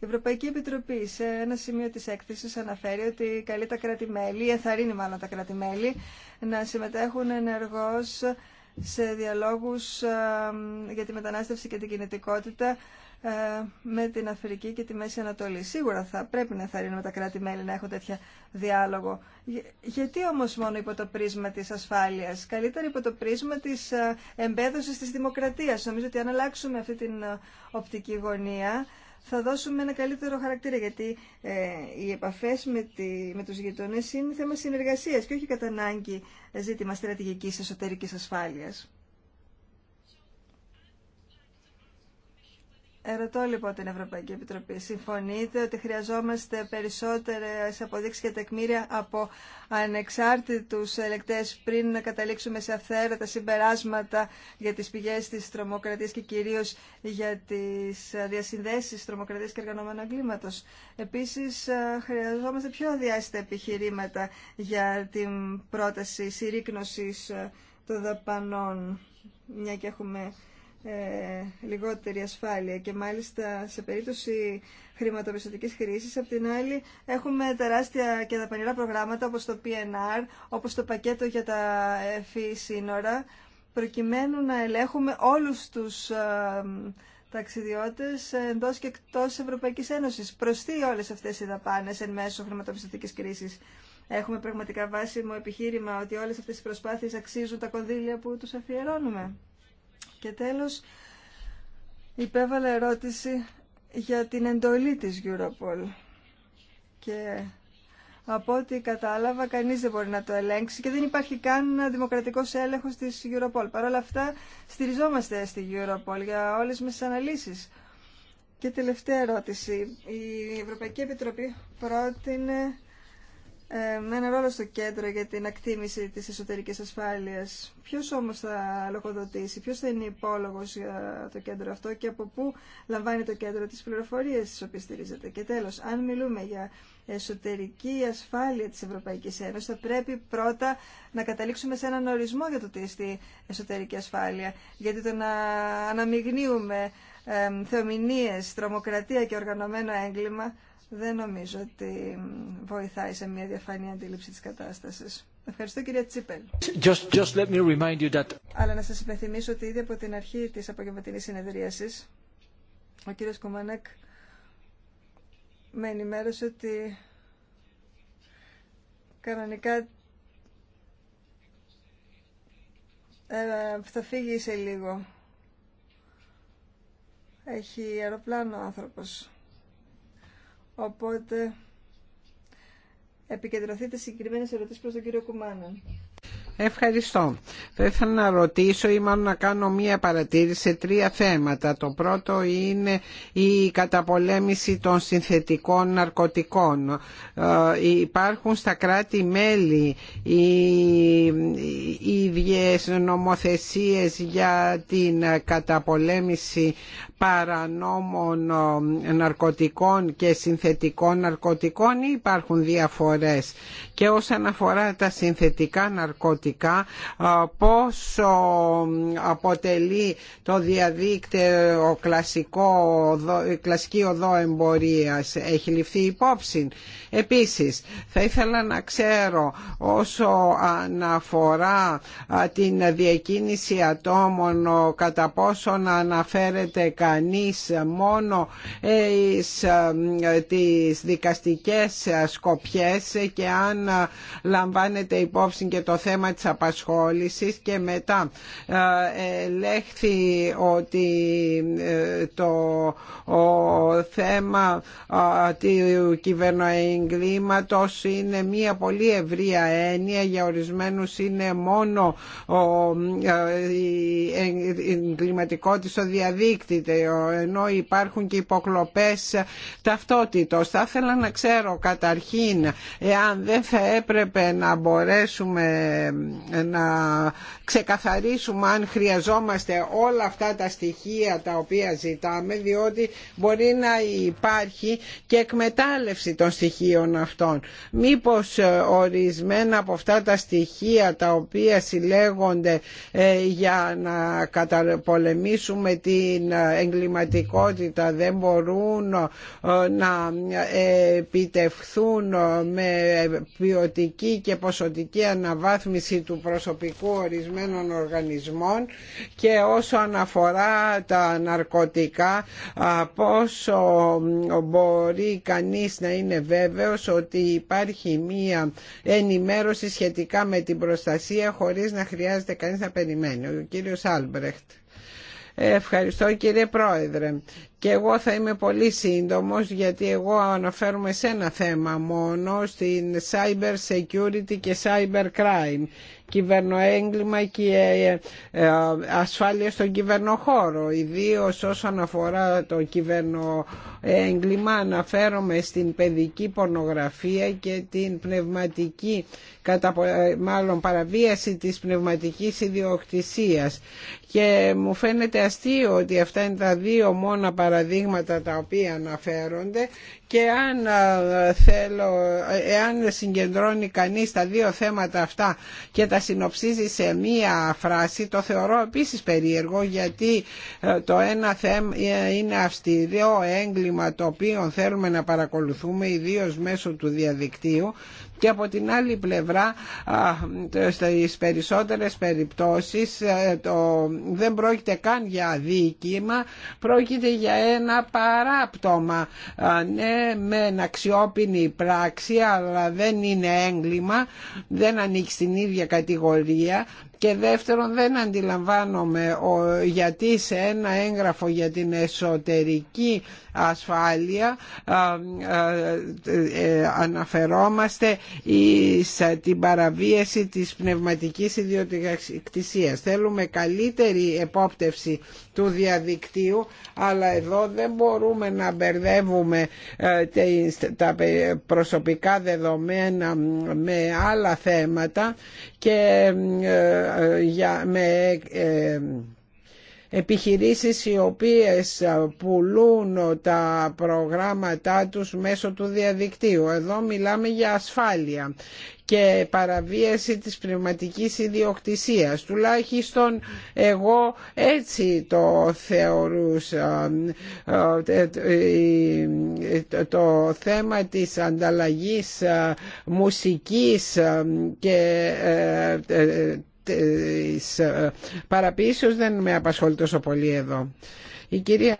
Η Ευρωπαϊκή Επιτροπή σε ένα σημείο της έκθεσης αναφέρει ότι καλεί τα κράτη-μέλη, εθαρρύνει μάλλον τα κράτη-μέλη, να συμμετέχουν ενεργώς σε διαλόγους ε, για τη μετανάστευση και την κινητικότητα ε, με την Αφρική και τη Μέση Ανατολή. Σίγουρα θα πρέπει να θαρρύνουμε τα κράτη-μέλη να έχουν τέτοια διάλογο. Γιατί όμως μόνο υπό το πρίσμα της ασφάλειας, καλύτερα υπό το πρίσμα της ε, εμπέδωσης της δημοκρατίας. Νομίζω ότι αν αλλάξουμε αυτή την ε, οπτική γωνία θα δώσουμε ένα καλύτερο χαρακτήρα, γιατί ε, οι επαφές με, τη, με τους γειτονές είναι θέμα συνεργασίας και όχι κατά ανάγκη ζήτημα στρατηγικής εσωτερικής ασφάλειας. Ερωτώ λοιπόν την Ευρωπαϊκή Επιτροπή. Συμφωνείτε ότι χρειαζόμαστε περισσότερε αποδείξει και τεκμήρια από ανεξάρτητους ελεκτές πριν να καταλήξουμε σε αυθαίρετα συμπεράσματα για τις πηγές της τρομοκρατίας και κυρίως για τις διασυνδέσεις τρομοκρατίας και εργανομένου εγκλήματο. Επίσης χρειαζόμαστε πιο αδιάστατα επιχειρήματα για την πρόταση συρρήκνωση ε, των δαπανών, μια και έχουμε ε, λιγότερη ασφάλεια και μάλιστα σε περίπτωση χρηματοπιστωτικής χρήσης. Απ' την άλλη έχουμε τεράστια και πανηρά προγράμματα όπως το PNR, όπως το πακέτο για τα ΕΦΗ e σύνορα, προκειμένου να ελέγχουμε όλους τους ε, ταξιδιώτες εντός και εκτός Ευρωπαϊκής Ένωσης. Προς τι όλες αυτές οι δαπάνες εν μέσω χρηματοπιστωτικής κρίσης. Έχουμε πραγματικά βάσιμο επιχείρημα ότι όλες αυτές οι προσπάθειες αξίζουν τα κονδύλια που τους αφιερώνουμε. Και τέλος, υπέβαλα ερώτηση για την εντολή της Europol. Και από ό,τι κατάλαβα, κανείς δεν μπορεί να το ελέγξει και δεν υπάρχει καν δημοκρατικός έλεγχος της Europol. Παρ' όλα αυτά, στηριζόμαστε στη Europol για όλες μας τις αναλύσεις. Και τελευταία ερώτηση. Η Ευρωπαϊκή Επιτροπή πρότεινε ε, με ένα ρόλο στο κέντρο για την ακτίμηση της εσωτερικής ασφάλειας. Ποιος όμως θα λογοδοτήσει, ποιος θα είναι υπόλογος για το κέντρο αυτό και από πού λαμβάνει το κέντρο τις πληροφορίες τις οποίες στηρίζεται. Και τέλος, αν μιλούμε για εσωτερική ασφάλεια της Ευρωπαϊκής Ένωσης, θα πρέπει πρώτα να καταλήξουμε σε έναν ορισμό για το τι είναι εσωτερική ασφάλεια. Γιατί το να αναμειγνύουμε ε, θεομηνίες, τρομοκρατία και οργανωμένο έγκλημα δεν νομίζω ότι βοηθάει σε μια διαφανή αντίληψη της κατάστασης. Ευχαριστώ κυρία Τσίπελ. Just, just let me remind you that... Αλλά να σας υπενθυμίσω ότι ήδη από την αρχή της απογευματινής συνεδρίασης ο κύριος Κουμανέκ με ενημέρωσε ότι κανονικά ε, θα φύγει σε λίγο. Έχει αεροπλάνο ο άνθρωπος. Οπότε επικεντρωθείτε συγκεκριμένε ερωτήσει προς τον κύριο Κουμάνα. Ευχαριστώ. Θα ήθελα να ρωτήσω ή μάλλον να κάνω μία παρατήρηση σε τρία θέματα. Το πρώτο είναι η καταπολέμηση των συνθετικών ναρκωτικών. Ε, υπάρχουν στα κράτη-μέλη οι ίδιες νομοθεσίες για την καταπολέμηση παρανόμων ε, ναρκωτικών και συνθετικών ναρκωτικών ή υπάρχουν διαφορές. Και όσον αφορά τα συνθετικά ναρκωτικά πόσο αποτελεί το διαδίκτυο κλασικό, κλασική οδό εμπορίας έχει ληφθεί υπόψη επίσης θα ήθελα να ξέρω όσο αναφορά την διακίνηση ατόμων κατά πόσο να αναφέρεται κανείς μόνο ε, εις τις δικαστικές σκοπιές και αν λαμβάνεται υπόψη και το θέμα της απασχόλησης και μετά ε, λέχθη ότι ε, το θέμα του κυβερνοεγκλήματος είναι μια πολύ ευρία έννοια για ορισμένους είναι μόνο ε, η εγκληματικότητα στο διαδίκτυο ενώ υπάρχουν και υποκλοπές ταυτότητος. Θα ήθελα να ξέρω καταρχήν εάν δεν θα έπρεπε να μπορέσουμε να ξεκαθαρίσουμε αν χρειαζόμαστε όλα αυτά τα στοιχεία τα οποία ζητάμε διότι μπορεί να υπάρχει και εκμετάλλευση των στοιχείων αυτών. Μήπως ε, ορισμένα από αυτά τα στοιχεία τα οποία συλλέγονται ε, για να καταπολεμήσουμε την εγκληματικότητα δεν μπορούν ε, να επιτευχθούν με ποιοτική και ποσοτική αναβάθμιση αναβάθμιση του προσωπικού ορισμένων οργανισμών και όσο αναφορά τα ναρκωτικά πόσο μπορεί κανείς να είναι βέβαιος ότι υπάρχει μία ενημέρωση σχετικά με την προστασία χωρίς να χρειάζεται κανείς να περιμένει. Ο κύριος Άλμπρεχτ. Ευχαριστώ κύριε Πρόεδρε. Και εγώ θα είμαι πολύ σύντομος γιατί εγώ αναφέρομαι σε ένα θέμα μόνο στην cyber security και cyber crime κυβερνοέγκλημα και ε, ε, ε, ασφάλεια στον κυβερνοχώρο. Ιδίω όσον αφορά το κυβερνοέγκλημα αναφέρομαι στην παιδική πορνογραφία και την πνευματική, κατα, παραβίαση της πνευματικής ιδιοκτησίας και μου φαίνεται αστείο ότι αυτά είναι τα δύο μόνα παραδείγματα τα οποία αναφέρονται και αν, ε, θέλω, εάν συγκεντρώνει κανείς τα δύο θέματα αυτά και τα συνοψίζει σε μία φράση το θεωρώ επίσης περίεργο γιατί ε, το ένα θέμα ε, είναι αυστηρό έγκλημα το οποίο θέλουμε να παρακολουθούμε ιδίως μέσω του διαδικτύου και από την άλλη πλευρά στις περισσότερες περιπτώσεις ε, δεν πρόκειται καν για αδίκημα πρόκειται για ένα παράπτωμα ναι με αξιόπινη πράξη αλλά δεν είναι έγκλημα δεν ανήκει στην ίδια κατηγορία και δεύτερον δεν αντιλαμβάνομαι γιατί σε ένα έγγραφο για την εσωτερική ασφάλεια ε, αναφερόμαστε σε την παραβίαση της πνευματικής ιδιοκτησίας. Θέλουμε καλύτερη επόπτευση του διαδικτύου αλλά εδώ δεν μπορούμε να μπερδεύουμε ε, τα προσωπικά δεδομένα με άλλα θέματα και ε, για, με ε, επιχειρήσεις οι οποίες πουλούν τα προγράμματά τους μέσω του διαδικτύου. Εδώ μιλάμε για ασφάλεια και παραβίαση της πνευματικής ιδιοκτησίας. Τουλάχιστον εγώ έτσι το θεωρούσα. Το θέμα της ανταλλαγής μουσικής και ε, ε, της ε, παραποίησεως δεν με απασχολεί τόσο πολύ εδώ. Η κυρία...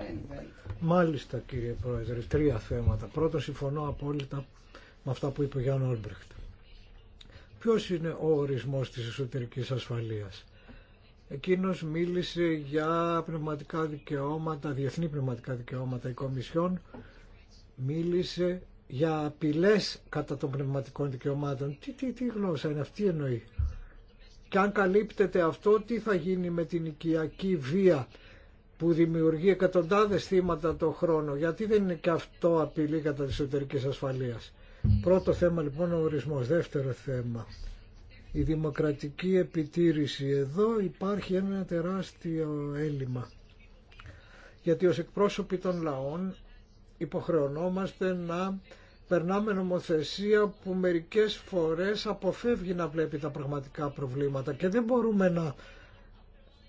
Μάλιστα κύριε Πρόεδρε, τρία θέματα. Πρώτον συμφωνώ απόλυτα με αυτά που είπε ο Γιάννο Όλμπρεχτ. Ποιος είναι ο ορισμός της εσωτερικής ασφαλείας. Εκείνος μίλησε για πνευματικά δικαιώματα, διεθνή πνευματικά δικαιώματα η Κομισιόν, μίλησε για απειλέ κατά των πνευματικών δικαιωμάτων. Τι, τι, τι γλώσσα είναι αυτή εννοεί. Και αν καλύπτεται αυτό, τι θα γίνει με την οικιακή βία που δημιουργεί εκατοντάδες θύματα το χρόνο. Γιατί δεν είναι και αυτό απειλή κατά της εσωτερικής ασφαλείας. Πρώτο θέμα λοιπόν ο ορισμός. Δεύτερο θέμα. Η δημοκρατική επιτήρηση. Εδώ υπάρχει ένα τεράστιο έλλειμμα. Γιατί ως εκπρόσωποι των λαών υποχρεωνόμαστε να περνάμε νομοθεσία που μερικές φορές αποφεύγει να βλέπει τα πραγματικά προβλήματα και δεν μπορούμε να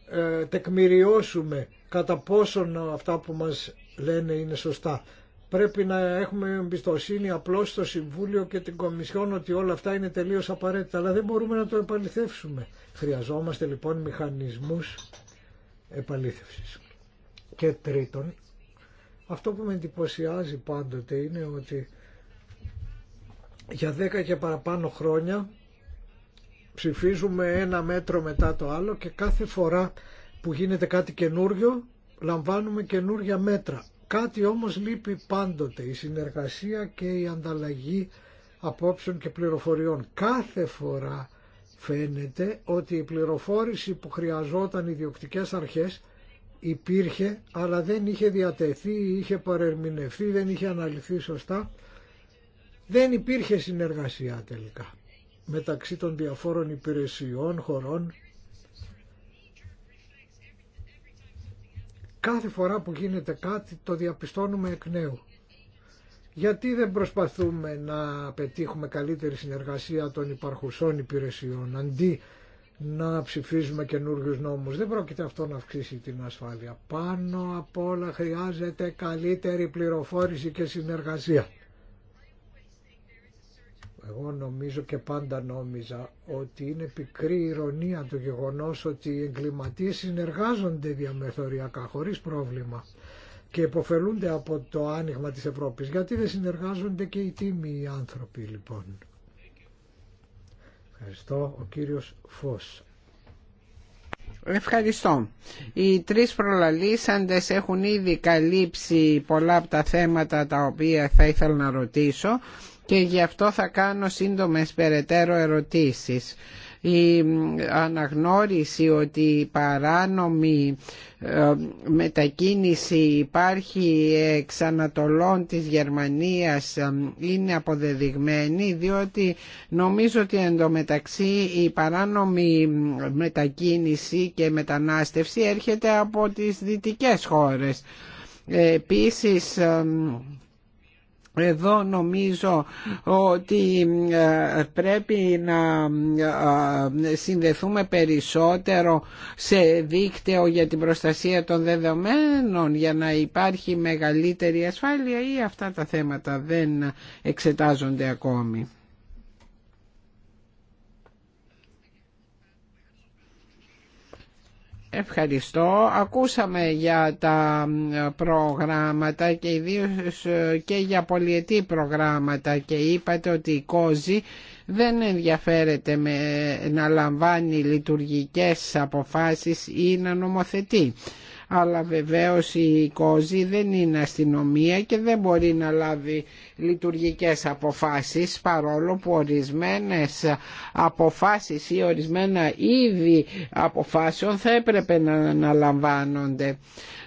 ε, τεκμηριώσουμε κατά πόσον αυτά που μας λένε είναι σωστά. Πρέπει να έχουμε εμπιστοσύνη απλώς στο Συμβούλιο και την Κομισιόν ότι όλα αυτά είναι τελείως απαραίτητα, αλλά δεν μπορούμε να το επαληθεύσουμε. Χρειαζόμαστε λοιπόν μηχανισμούς επαλήθευσης. Και τρίτον, αυτό που με εντυπωσιάζει πάντοτε είναι ότι για δέκα και παραπάνω χρόνια ψηφίζουμε ένα μέτρο μετά το άλλο και κάθε φορά που γίνεται κάτι καινούργιο λαμβάνουμε καινούρια μέτρα. Κάτι όμως λείπει πάντοτε, η συνεργασία και η ανταλλαγή απόψεων και πληροφοριών. Κάθε φορά φαίνεται ότι η πληροφόρηση που χρειαζόταν οι διοκτικές αρχές υπήρχε αλλά δεν είχε διατεθεί, είχε παρερμηνευτεί, δεν είχε αναλυθεί σωστά δεν υπήρχε συνεργασία τελικά μεταξύ των διαφόρων υπηρεσιών, χωρών. Κάθε φορά που γίνεται κάτι το διαπιστώνουμε εκ νέου. Γιατί δεν προσπαθούμε να πετύχουμε καλύτερη συνεργασία των υπαρχουσών υπηρεσιών αντί να ψηφίζουμε καινούργιους νόμους. Δεν πρόκειται αυτό να αυξήσει την ασφάλεια. Πάνω απ' όλα χρειάζεται καλύτερη πληροφόρηση και συνεργασία. Εγώ νομίζω και πάντα νόμιζα ότι είναι πικρή ηρωνία το γεγονός ότι οι εγκληματίες συνεργάζονται διαμεθοριακά χωρίς πρόβλημα και υποφελούνται από το άνοιγμα της Ευρώπης. Γιατί δεν συνεργάζονται και οι τίμοι άνθρωποι λοιπόν. Ευχαριστώ. Ο κύριος Φως. Ευχαριστώ. Οι τρεις προλαλήσαντες έχουν ήδη καλύψει πολλά από τα θέματα τα οποία θα ήθελα να ρωτήσω και γι' αυτό θα κάνω σύντομες περαιτέρω ερωτήσεις. Η αναγνώριση ότι η παράνομη ε, μετακίνηση υπάρχει εξ Ανατολών της Γερμανίας ε, είναι αποδεδειγμένη διότι νομίζω ότι εντωμεταξύ η παράνομη μετακίνηση και μετανάστευση έρχεται από τις δυτικές χώρες. Επίσης ε, εδώ νομίζω ότι ε, πρέπει να ε, ε, συνδεθούμε περισσότερο σε δίκτυο για την προστασία των δεδομένων για να υπάρχει μεγαλύτερη ασφάλεια ή αυτά τα θέματα δεν εξετάζονται ακόμη. Ευχαριστώ. Ακούσαμε για τα προγράμματα και ιδίως ε, και για πολιετή προγράμματα και είπατε ότι η κόζη δεν ενδιαφέρεται με να λαμβάνει λειτουργικές αποφάσεις ή να νομοθετεί αλλά βεβαίως η κόζη δεν είναι αστυνομία και δεν μπορεί να λάβει λειτουργικές αποφάσεις παρόλο που ορισμένες αποφάσεις ή ορισμένα είδη αποφάσεων θα έπρεπε να αναλαμβάνονται.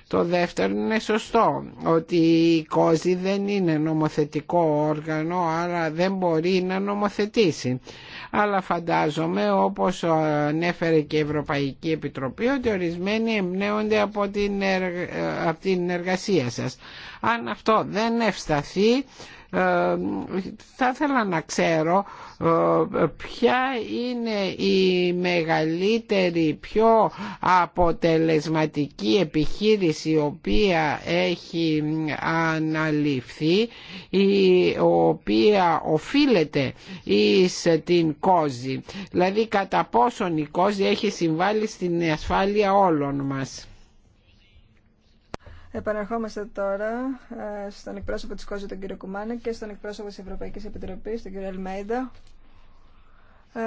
Το δεύτερο είναι σωστό ότι η κόζη δεν είναι νομοθετικό όργανο άρα δεν μπορεί να νομοθετήσει αλλά φαντάζομαι όπως ανέφερε και η Ευρωπαϊκή Επιτροπή ότι ορισμένοι εμπνέονται από την, ε, εργασία σας. Αν αυτό δεν ευσταθεί ε, θα ήθελα να ξέρω ε, ποια είναι η μεγαλύτερη, πιο αποτελεσματική επιχείρηση η οποία έχει αναλυφθεί η οποία οφείλεται εις την κόζη. Δηλαδή κατά πόσον η κόζη έχει συμβάλει στην ασφάλεια όλων μας. Επαναρχόμαστε τώρα ε, στον εκπρόσωπο της Κόζη τον κύριο Κουμάνη και στον εκπρόσωπο της Ευρωπαϊκής Επιτροπής, τον κύριο Ελμέιντα. Ε,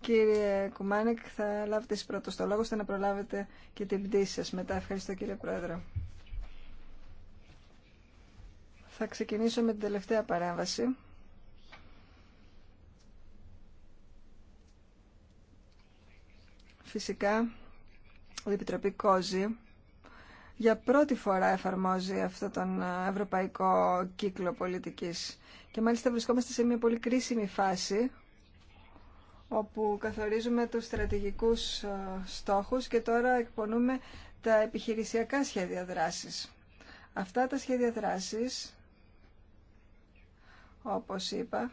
κύριε Κουμάνη, θα λάβετε εσείς πρώτο το λόγο, ώστε να προλάβετε και την πτήση σας μετά. Ευχαριστώ κύριε Πρόεδρε. Θα ξεκινήσω με την τελευταία παρέμβαση. Φυσικά, η Επιτροπή Κόζη για πρώτη φορά εφαρμόζει αυτό τον ε, ευρωπαϊκό κύκλο πολιτικής. Και μάλιστα βρισκόμαστε σε μια πολύ κρίσιμη φάση όπου καθορίζουμε τους στρατηγικούς ε, στόχους και τώρα εκπονούμε τα επιχειρησιακά σχέδια δράσης. Αυτά τα σχέδια δράσης, όπως είπα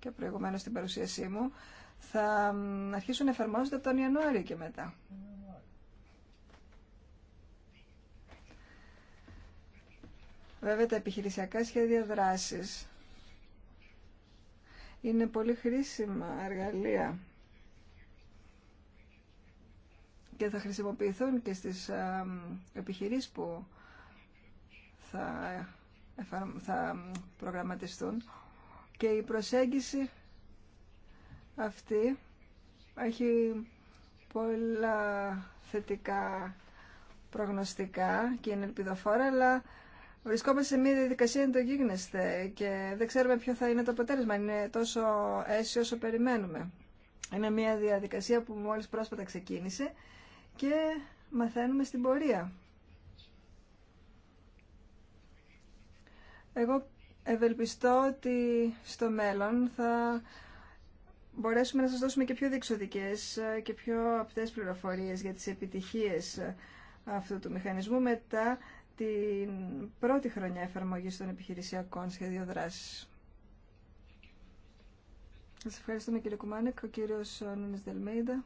και προηγουμένως στην παρουσίασή μου, θα αρχίσουν να εφαρμόζονται από τον Ιανουάριο και μετά. Βέβαια τα επιχειρησιακά σχέδια δράσης είναι πολύ χρήσιμα εργαλεία και θα χρησιμοποιηθούν και στις επιχειρήσεις που θα, θα προγραμματιστούν και η προσέγγιση αυτή έχει πολλά θετικά προγνωστικά και είναι ελπιδοφόρα αλλά Βρισκόμαστε σε μια διαδικασία να το γίγνεσθε και δεν ξέρουμε ποιο θα είναι το αποτέλεσμα. Είναι τόσο αίσιο όσο περιμένουμε. Είναι μια διαδικασία που μόλις πρόσφατα ξεκίνησε και μαθαίνουμε στην πορεία. Εγώ ευελπιστώ ότι στο μέλλον θα μπορέσουμε να σας δώσουμε και πιο διεξοδικές και πιο απτές πληροφορίες για τις επιτυχίες αυτού του μηχανισμού μετά την πρώτη χρονιά εφαρμογής των επιχειρησιακών σχεδίων δράσης. Σας ευχαριστούμε κύριε Κουμάνεκ, ο κύριος Νούνης Δελμέιντα.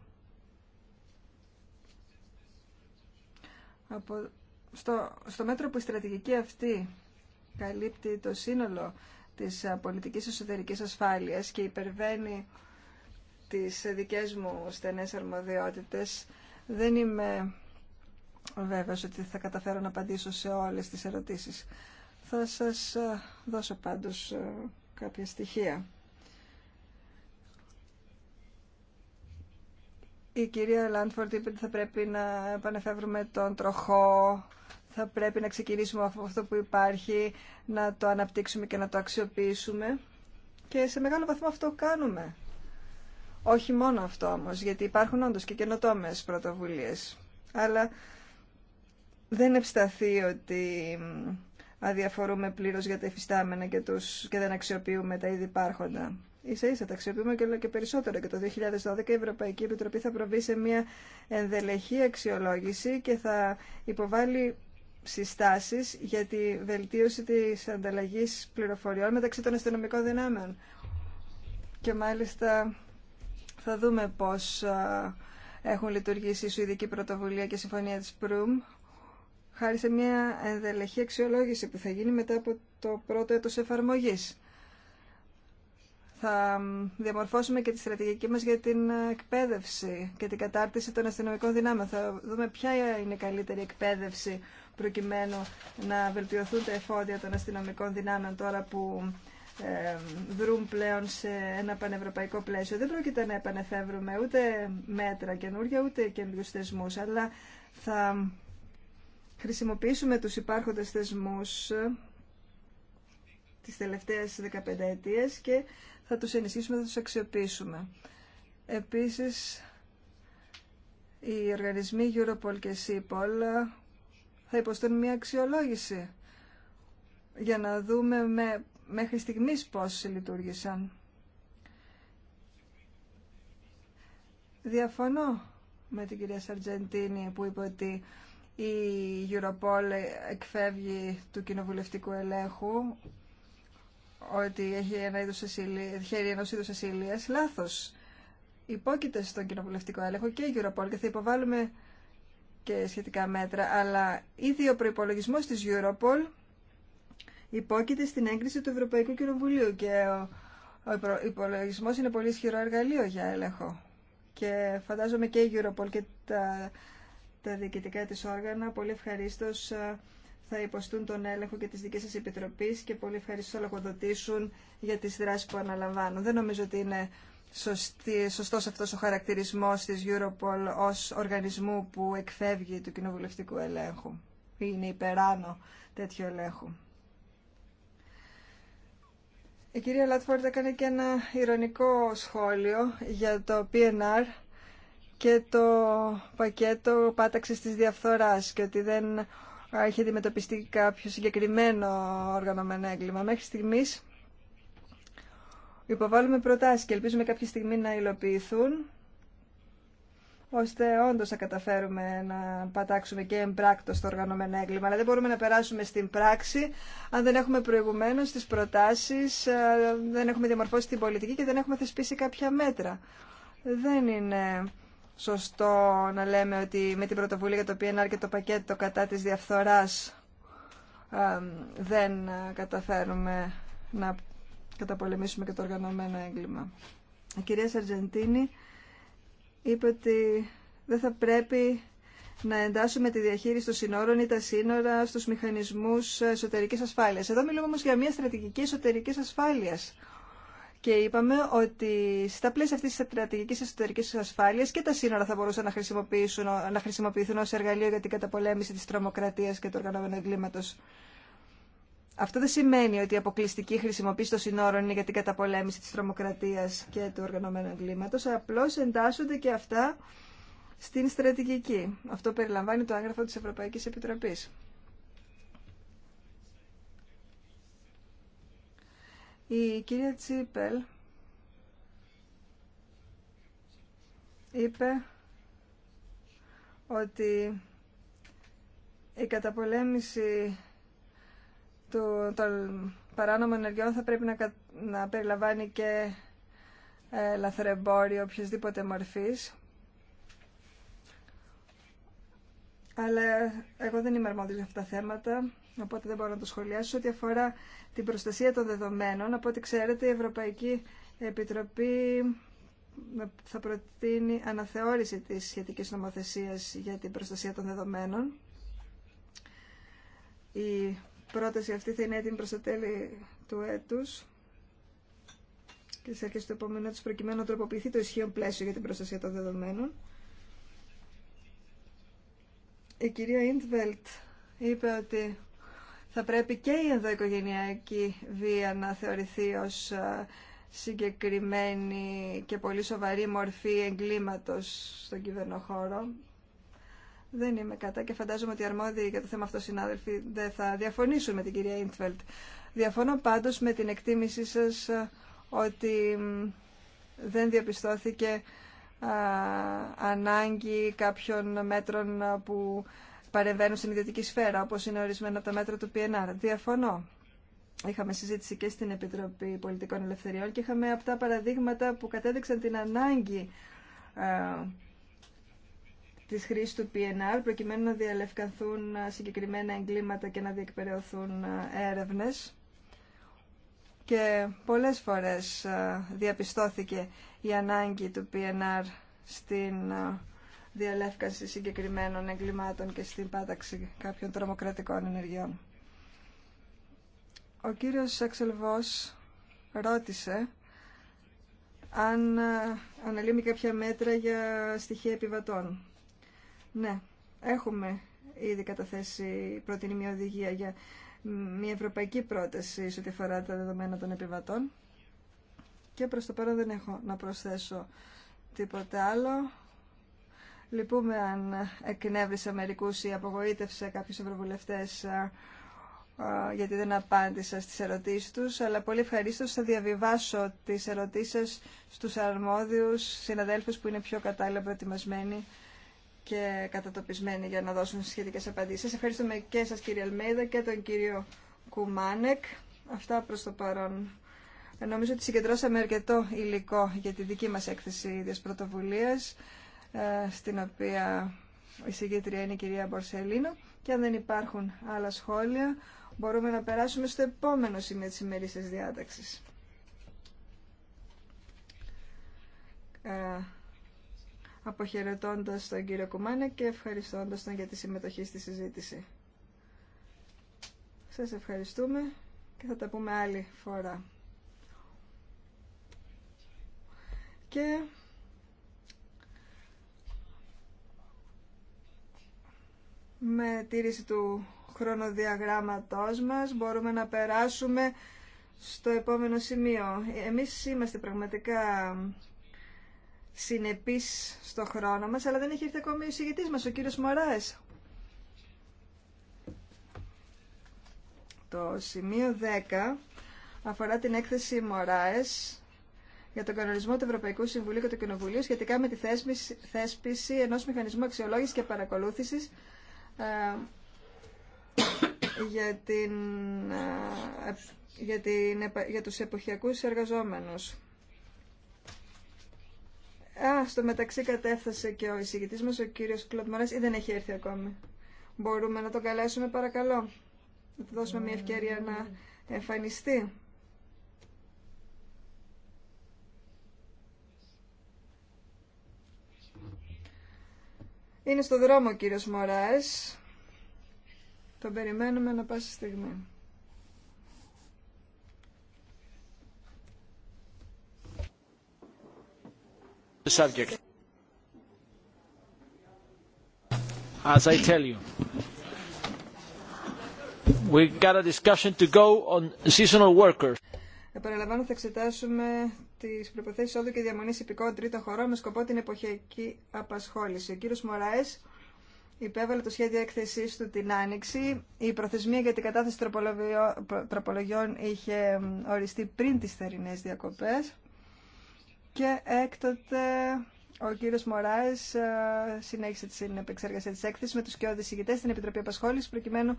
Από... Στο, στο μέτρο που η στρατηγική αυτή καλύπτει το σύνολο της πολιτικής εσωτερικής ασφάλειας και υπερβαίνει τις ε, δικές μου στενές αρμοδιότητες, δεν είμαι βέβαια, ότι θα καταφέρω να απαντήσω σε όλες τις ερωτήσεις. Θα σας ε, δώσω πάντως ε, κάποια στοιχεία. Η κυρία Λάντφορντ είπε ότι θα πρέπει να επανεφεύρουμε τον τροχό, θα πρέπει να ξεκινήσουμε από αυτό που υπάρχει, να το αναπτύξουμε και να το αξιοποιήσουμε. Και σε μεγάλο βαθμό αυτό κάνουμε. Όχι μόνο αυτό όμως, γιατί υπάρχουν όντως και καινοτόμες πρωτοβουλίες. Αλλά δεν ευσταθεί ότι αδιαφορούμε πλήρω για τα υφιστάμενα και, τους, και δεν αξιοποιούμε τα ήδη υπάρχοντα. Ίσα ίσα τα αξιοποιούμε και όλο και περισσότερο και το 2012 η Ευρωπαϊκή Επιτροπή θα προβεί σε μια ενδελεχή αξιολόγηση και θα υποβάλει συστάσεις για τη βελτίωση της ανταλλαγής πληροφοριών μεταξύ των αστυνομικών δυνάμεων. Και μάλιστα θα δούμε πώς έχουν λειτουργήσει η Σουηδική Πρωτοβουλία και η Συμφωνία της ΠΡΟΥΜ χάρη σε μια ενδελεχή αξιολόγηση που θα γίνει μετά από το πρώτο έτος εφαρμογής. Θα διαμορφώσουμε και τη στρατηγική μας για την εκπαίδευση και την κατάρτιση των αστυνομικών δυνάμεων. Θα δούμε ποια είναι η καλύτερη εκπαίδευση προκειμένου να βελτιωθούν τα εφόδια των αστυνομικών δυνάμεων τώρα που δρούν πλέον σε ένα πανευρωπαϊκό πλαίσιο. Δεν πρόκειται να επανεφεύρουμε ούτε μέτρα καινούργια ούτε καινούριου θεσμού, αλλά θα χρησιμοποιήσουμε τους υπάρχοντες θεσμούς ε, τις τελευταίες 15 ετίες και θα τους ενισχύσουμε, θα τους αξιοποιήσουμε. Επίσης, οι οργανισμοί Europol και CIPOL ε, θα υποστούν μια αξιολόγηση για να δούμε με, μέχρι στιγμής πώς λειτουργήσαν. Διαφωνώ με την κυρία Σαρτζεντίνη που είπε ότι η Europol εκφεύγει του κοινοβουλευτικού ελέγχου ότι έχει ένα είδος χέρι ενός είδους λάθος. Υπόκειται στον κοινοβουλευτικό έλεγχο και η Europol και θα υποβάλουμε και σχετικά μέτρα, αλλά ήδη ο προπολογισμό της Europol υπόκειται στην έγκριση του Ευρωπαϊκού Κοινοβουλίου και ο, ο υπολογισμό είναι πολύ ισχυρό εργαλείο για έλεγχο. Και φαντάζομαι και η Europol και τα τα διοικητικά της όργανα. Πολύ ευχαρίστω ε, θα υποστούν τον έλεγχο και της δικής σας επιτροπής και πολύ ευχαρίστω θα λογοδοτήσουν για τις δράσεις που αναλαμβάνουν. Δεν νομίζω ότι είναι σωστή, σωστός αυτός ο χαρακτηρισμός της Europol ως οργανισμού που εκφεύγει του κοινοβουλευτικού ελέγχου ή είναι υπεράνω τέτοιου ελέγχου. Η κυρία Λάτφορντ έκανε και ένα ηρωνικό σχόλιο για το PNR και το πακέτο πάταξης της διαφθοράς και ότι δεν έχει αντιμετωπιστεί κάποιο συγκεκριμένο οργανωμένο έγκλημα. Μέχρι στιγμής υποβάλλουμε προτάσεις και ελπίζουμε κάποια στιγμή να υλοποιηθούν ώστε όντως να καταφέρουμε να πατάξουμε και εμπράκτος το οργανωμένο έγκλημα. Αλλά δεν μπορούμε να περάσουμε στην πράξη αν δεν έχουμε προηγουμένως τις προτάσεις, ε, δεν έχουμε διαμορφώσει την πολιτική και δεν έχουμε θεσπίσει κάποια μέτρα. Δεν είναι σωστό να λέμε ότι με την πρωτοβουλία για το οποίο είναι το πακέτο κατά της διαφθοράς δεν καταφέρουμε να καταπολεμήσουμε και το οργανωμένο έγκλημα. Η κυρία Σαρτζεντίνη είπε ότι δεν θα πρέπει να εντάσσουμε τη διαχείριση των συνόρων ή τα σύνορα στους μηχανισμούς εσωτερικής ασφάλειας. Εδώ μιλούμε όμως για μια στρατηγική εσωτερικής ασφάλειας και είπαμε ότι στα πλαίσια αυτή τη στρατηγική εσωτερική ασφάλεια και τα σύνορα θα μπορούσαν να, χρησιμοποιήσουν, να χρησιμοποιηθούν ω εργαλείο για την καταπολέμηση τη τρομοκρατία και του οργανωμένου εγκλήματο. Αυτό δεν σημαίνει ότι η αποκλειστική χρησιμοποίηση των συνόρων είναι για την καταπολέμηση τη τρομοκρατία και του οργανωμένου εγκλήματο. Απλώ εντάσσονται και αυτά στην στρατηγική. Αυτό περιλαμβάνει το άγγραφο τη Ευρωπαϊκή Επιτροπή. Η κυρία Τσίπελ είπε ότι η καταπολέμηση του, των παράνομων ενεργειών θα πρέπει να, να περιλαμβάνει και ε, λαθρεμπόριο οποιασδήποτε μορφής. Αλλά εγώ δεν είμαι αρμόδιος για αυτά τα θέματα οπότε δεν μπορώ να το σχολιάσω. Ό,τι αφορά την προστασία των δεδομένων, από ό,τι ξέρετε η Ευρωπαϊκή Επιτροπή ε, θα προτείνει αναθεώρηση της σχετικής νομοθεσίας για την προστασία των δεδομένων. Η πρόταση αυτή θα είναι έτοιμη προς το τέλη του έτους και σε αρχές του επόμενου έτους προκειμένου να τροποποιηθεί το ισχύον πλαίσιο για την προστασία των δεδομένων. Η κυρία Ιντβελτ είπε ότι θα πρέπει και η ενδοοικογενειακή βία να θεωρηθεί ως ε, συγκεκριμένη και πολύ σοβαρή μορφή εγκλήματος στον κυβερνοχώρο. Δεν είμαι κατά και φαντάζομαι ότι οι αρμόδιοι για το θέμα αυτό συνάδελφοι δεν θα διαφωνήσουν με την κυρία Ίντφελτ. Διαφωνώ πάντως με την εκτίμησή σας ε, ότι δεν διαπιστώθηκε ε, ανάγκη κάποιων μέτρων που παρεμβαίνουν στην ιδιωτική σφαίρα, όπως είναι ορισμένα τα μέτρα του PNR. Διαφωνώ. Είχαμε συζήτηση και στην Επιτροπή Πολιτικών Ελευθεριών και είχαμε αυτά παραδείγματα που κατέδειξαν την ανάγκη ε, της χρήσης του PNR προκειμένου να διαλευκανθούν ε, συγκεκριμένα εγκλήματα και να διεκπαιρεωθούν ε, έρευνες. Και πολλές φορές ε, διαπιστώθηκε η ανάγκη του PNR στην διαλεύκανση συγκεκριμένων εγκλημάτων και στην πάταξη κάποιων τρομοκρατικών ενεργειών. Ο κύριος Αξελβός ρώτησε αν ε, αναλύουμε κάποια μέτρα για στοιχεία επιβατών. Ναι, έχουμε ήδη καταθέσει πρώτη μια οδηγία για μια ευρωπαϊκή πρόταση σε ό,τι αφορά τα δεδομένα των επιβατών. Και προς το παρόν δεν έχω να προσθέσω τίποτε άλλο. Λυπούμε αν εκνεύρισα μερικούς ή απογοήτευσα κάποιους ευρωβουλευτές ε, ε, γιατί δεν απάντησα στις ερωτήσεις τους, αλλά πολύ ευχαρίστω θα διαβιβάσω τις ερωτήσεις στους αρμόδιους συναδέλφους που είναι πιο κατάλληλα προετοιμασμένοι και κατατοπισμένοι για να δώσουν σχετικές απαντήσεις. Σας ευχαριστούμε και σας κύριε Αλμέιδα και τον κύριο Κουμάνεκ. Αυτά προς το παρόν. Νομίζω ότι συγκεντρώσαμε αρκετό υλικό για τη δική μας έκθεση ίδια πρωτοβουλία. Ε, στην οποία η συγκήτρια είναι η κυρία Μπορσελίνο. Και αν δεν υπάρχουν άλλα σχόλια, μπορούμε να περάσουμε στο επόμενο σημείο της ημερήσιας διάταξης. Ε, αποχαιρετώντας τον κύριο Κουμάνε και ευχαριστώντας τον για τη συμμετοχή στη συζήτηση. Σας ευχαριστούμε και θα τα πούμε άλλη φορά. Και με τήρηση του χρονοδιαγράμματός μας μπορούμε να περάσουμε στο επόμενο σημείο. Εμείς είμαστε πραγματικά συνεπείς στο χρόνο μας, αλλά δεν έχει έρθει ακόμη ο εισηγητής μας, ο κύριος Μωράες. Το σημείο 10 αφορά την έκθεση Μωράες για τον κανονισμό του Ευρωπαϊκού Συμβουλίου και του Κοινοβουλίου σχετικά με τη θέσπιση ενός μηχανισμού αξιολόγησης και παρακολούθησης ε, για, την, ε, για, την, για τους εποχιακούς εργαζόμενους. Α, στο μεταξύ κατέφθασε και ο εισηγητής μας, ο κύριος Κλοντ ή δεν έχει έρθει ακόμη. Μπορούμε να τον καλέσουμε παρακαλώ. Να του δώσουμε μια ευκαιρία να εμφανιστεί. Είναι στο δρόμο ο κύριος Μωράες. Τον περιμένουμε να πάσα στιγμή. The Subject. As I tell you, we got a discussion to go on seasonal workers. Επαναλαμβάνω, θα εξετάσουμε Τη προποθέσει όδου και διαμονή υπηκόων τρίτο χωρών με σκοπό την εποχιακή απασχόληση. Ο κύριο Μωράε υπέβαλε το σχέδιο έκθεσή του την Άνοιξη. Η προθεσμία για την κατάθεση τροπολογιών είχε οριστεί πριν τι θερινέ διακοπέ. και έκτοτε ο κύριο Μωράε συνέχισε την επεξεργασία τη έκθεση με του κοιόδη ηγητέ στην Επιτροπή Απασχόληση, προκειμένου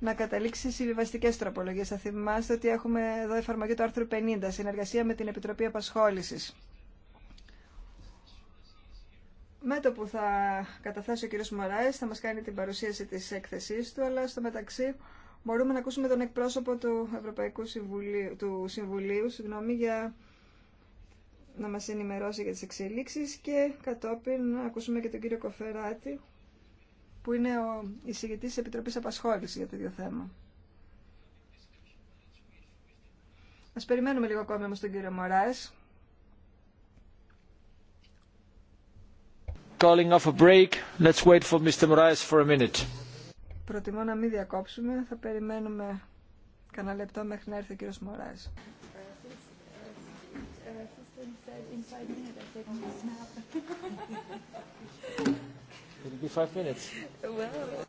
να καταλήξει συμβιβαστικέ τροπολογίε. Θα θυμάστε ότι έχουμε εδώ εφαρμογή του άρθρου 50, συνεργασία με την Επιτροπή Απασχόληση. Με το που θα καταθέσει ο κ. Μωράη, θα μα κάνει την παρουσίαση τη έκθεσή του, αλλά στο μεταξύ μπορούμε να ακούσουμε τον εκπρόσωπο του Ευρωπαϊκού Συμβουλίου, του Συμβουλίου συγγνώμη, για να μας ενημερώσει για τις εξελίξεις και κατόπιν να ακούσουμε και τον κύριο Κοφεράτη που είναι ο εισηγητής της Επιτροπής Απασχόλησης για το ίδιο θέμα. Ας περιμένουμε λίγο ακόμα όμως τον κύριο Μωράες. Calling off a break. Let's wait for Mr. Moraes for a minute. Προτιμώ να μην διακόψουμε. Θα περιμένουμε κανένα λεπτό μέχρι να έρθει ο κύριος Μωράες. It'll be five minutes. Well.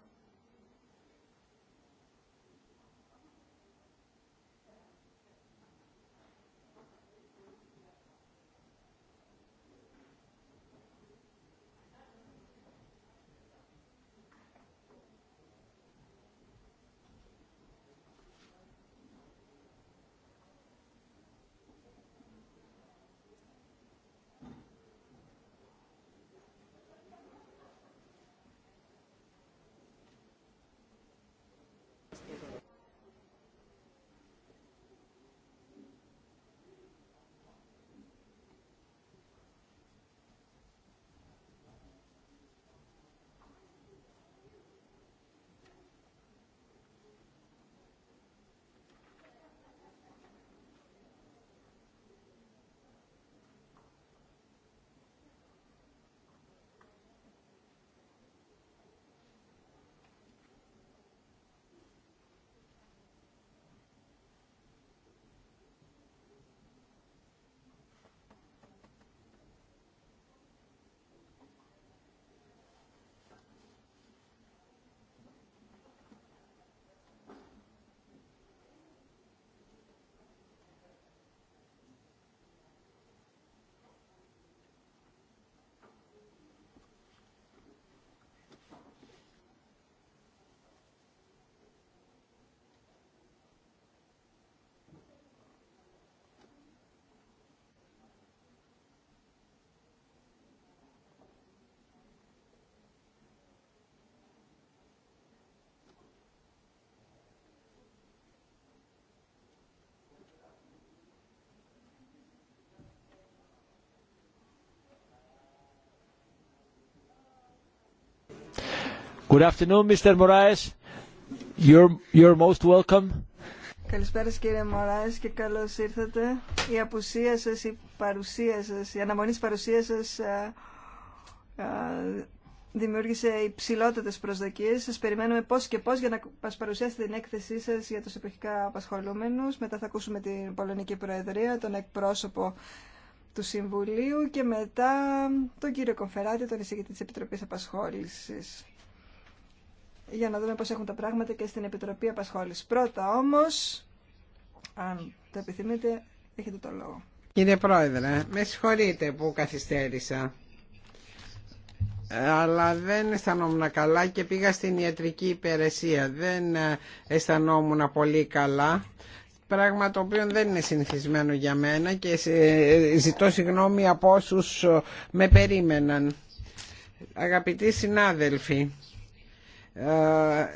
Καλησπέρα κύριε Μωράες, και καλώς ήρθατε. Η απουσία σας, η παρουσία σας, η αναμονή της παρουσίας σας α, ε, α, ε, δημιούργησε υψηλότερες προσδοκίες. Σας περιμένουμε πώς και πώς για να μας παρουσιάσετε την έκθεσή σας για τους εποχικά απασχολούμενους. Μετά θα ακούσουμε την Πολωνική Προεδρία, τον εκπρόσωπο του Συμβουλίου και μετά τον κύριο Κομφεράτη, τον εισηγητή της Επιτροπής Απασχόλησης για να δούμε πώς έχουν τα πράγματα και στην Επιτροπή Απασχόληση. Πρώτα όμως, αν το επιθυμείτε, έχετε το λόγο. Κύριε Πρόεδρε, με συγχωρείτε που καθυστέρησα αλλά δεν αισθανόμουν καλά και πήγα στην ιατρική υπηρεσία. Δεν αισθανόμουν πολύ καλά, πράγμα το οποίο δεν είναι συνηθισμένο για μένα και ζητώ συγγνώμη από όσους με περίμεναν. Αγαπητοί συνάδελφοι, ε,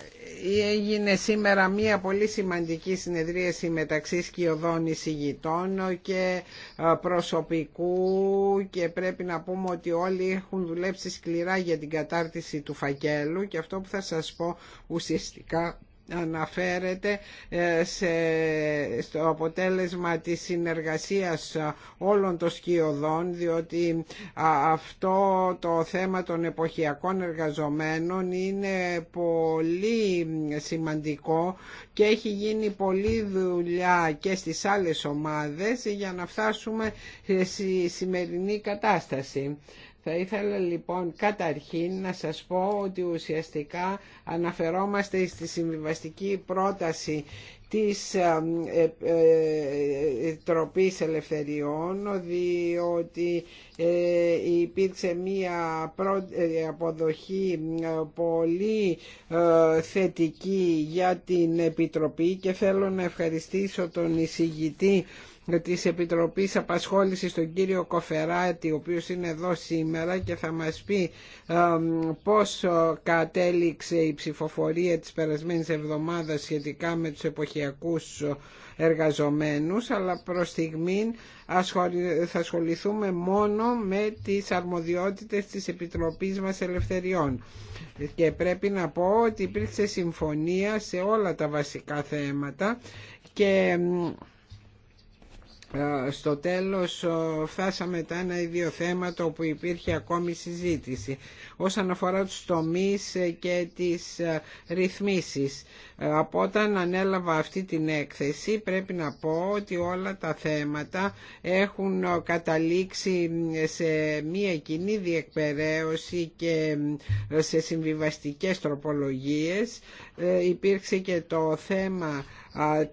έγινε σήμερα μία πολύ σημαντική συνεδρίαση μεταξύ σκιωδών εισηγητών και ε, προσωπικού και πρέπει να πούμε ότι όλοι έχουν δουλέψει σκληρά για την κατάρτιση του φακέλου και αυτό που θα σας πω ουσιαστικά αναφέρεται ε, στο αποτέλεσμα της συνεργασίας όλων των σκιωδών διότι αυτό το θέμα των εποχιακών εργαζομένων είναι πολύ σημαντικό και έχει γίνει πολλή δουλειά και στις άλλες ομάδες για να φτάσουμε στη σημερινή κατάσταση. Θα ήθελα λοιπόν καταρχήν να σας πω ότι ουσιαστικά αναφερόμαστε στη συμβιβαστική πρόταση της ε, ε, ε, Τροπής Ελευθεριών διότι υπήρξε μία αποδοχή πολύ θετική για την Επιτροπή και θέλω να ευχαριστήσω τον εισηγητή της Επιτροπής Απασχόλησης τον κύριο Κοφεράτη ο οποίος είναι εδώ σήμερα και θα μας πει πώς ε, κατέληξε η ψηφοφορία της περασμένης εβδομάδας σχετικά με τους εποχιακούς εργαζομένους αλλά προς στιγμή θα ασχοληθούμε μόνο με τις αρμοδιότητες της Επιτροπής μας Ελευθεριών και πρέπει να πω ότι υπήρξε συμφωνία σε όλα τα βασικά θέματα και ε, στο τέλος φτάσαμε τα ένα ή δύο θέματα όπου υπήρχε ακόμη συζήτηση όσον αφορά τους τομείς ε, και τις ε, ρυθμίσεις. Από όταν ανέλαβα αυτή την έκθεση πρέπει να πω ότι όλα τα θέματα έχουν καταλήξει σε μία κοινή διεκπαιρέωση και σε συμβιβαστικές τροπολογίες. Υπήρξε και το θέμα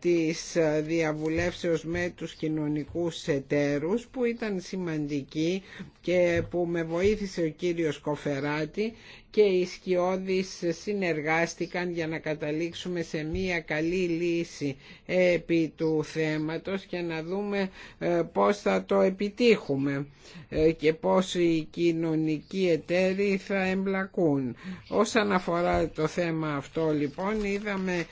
της ε, διαβουλεύσεως με τους κοινωνικούς εταίρους που ήταν σημαντική και που με βοήθησε ο κύριος Κοφεράτη και οι σκιώδεις συνεργάστηκαν για να καταλήξουμε σε μία καλή λύση επί του θέματος και να δούμε ε, πώς θα το επιτύχουμε ε, και πώς οι κοινωνικοί εταίροι θα εμπλακούν. Όσον αφορά το θέμα αυτό λοιπόν είδαμε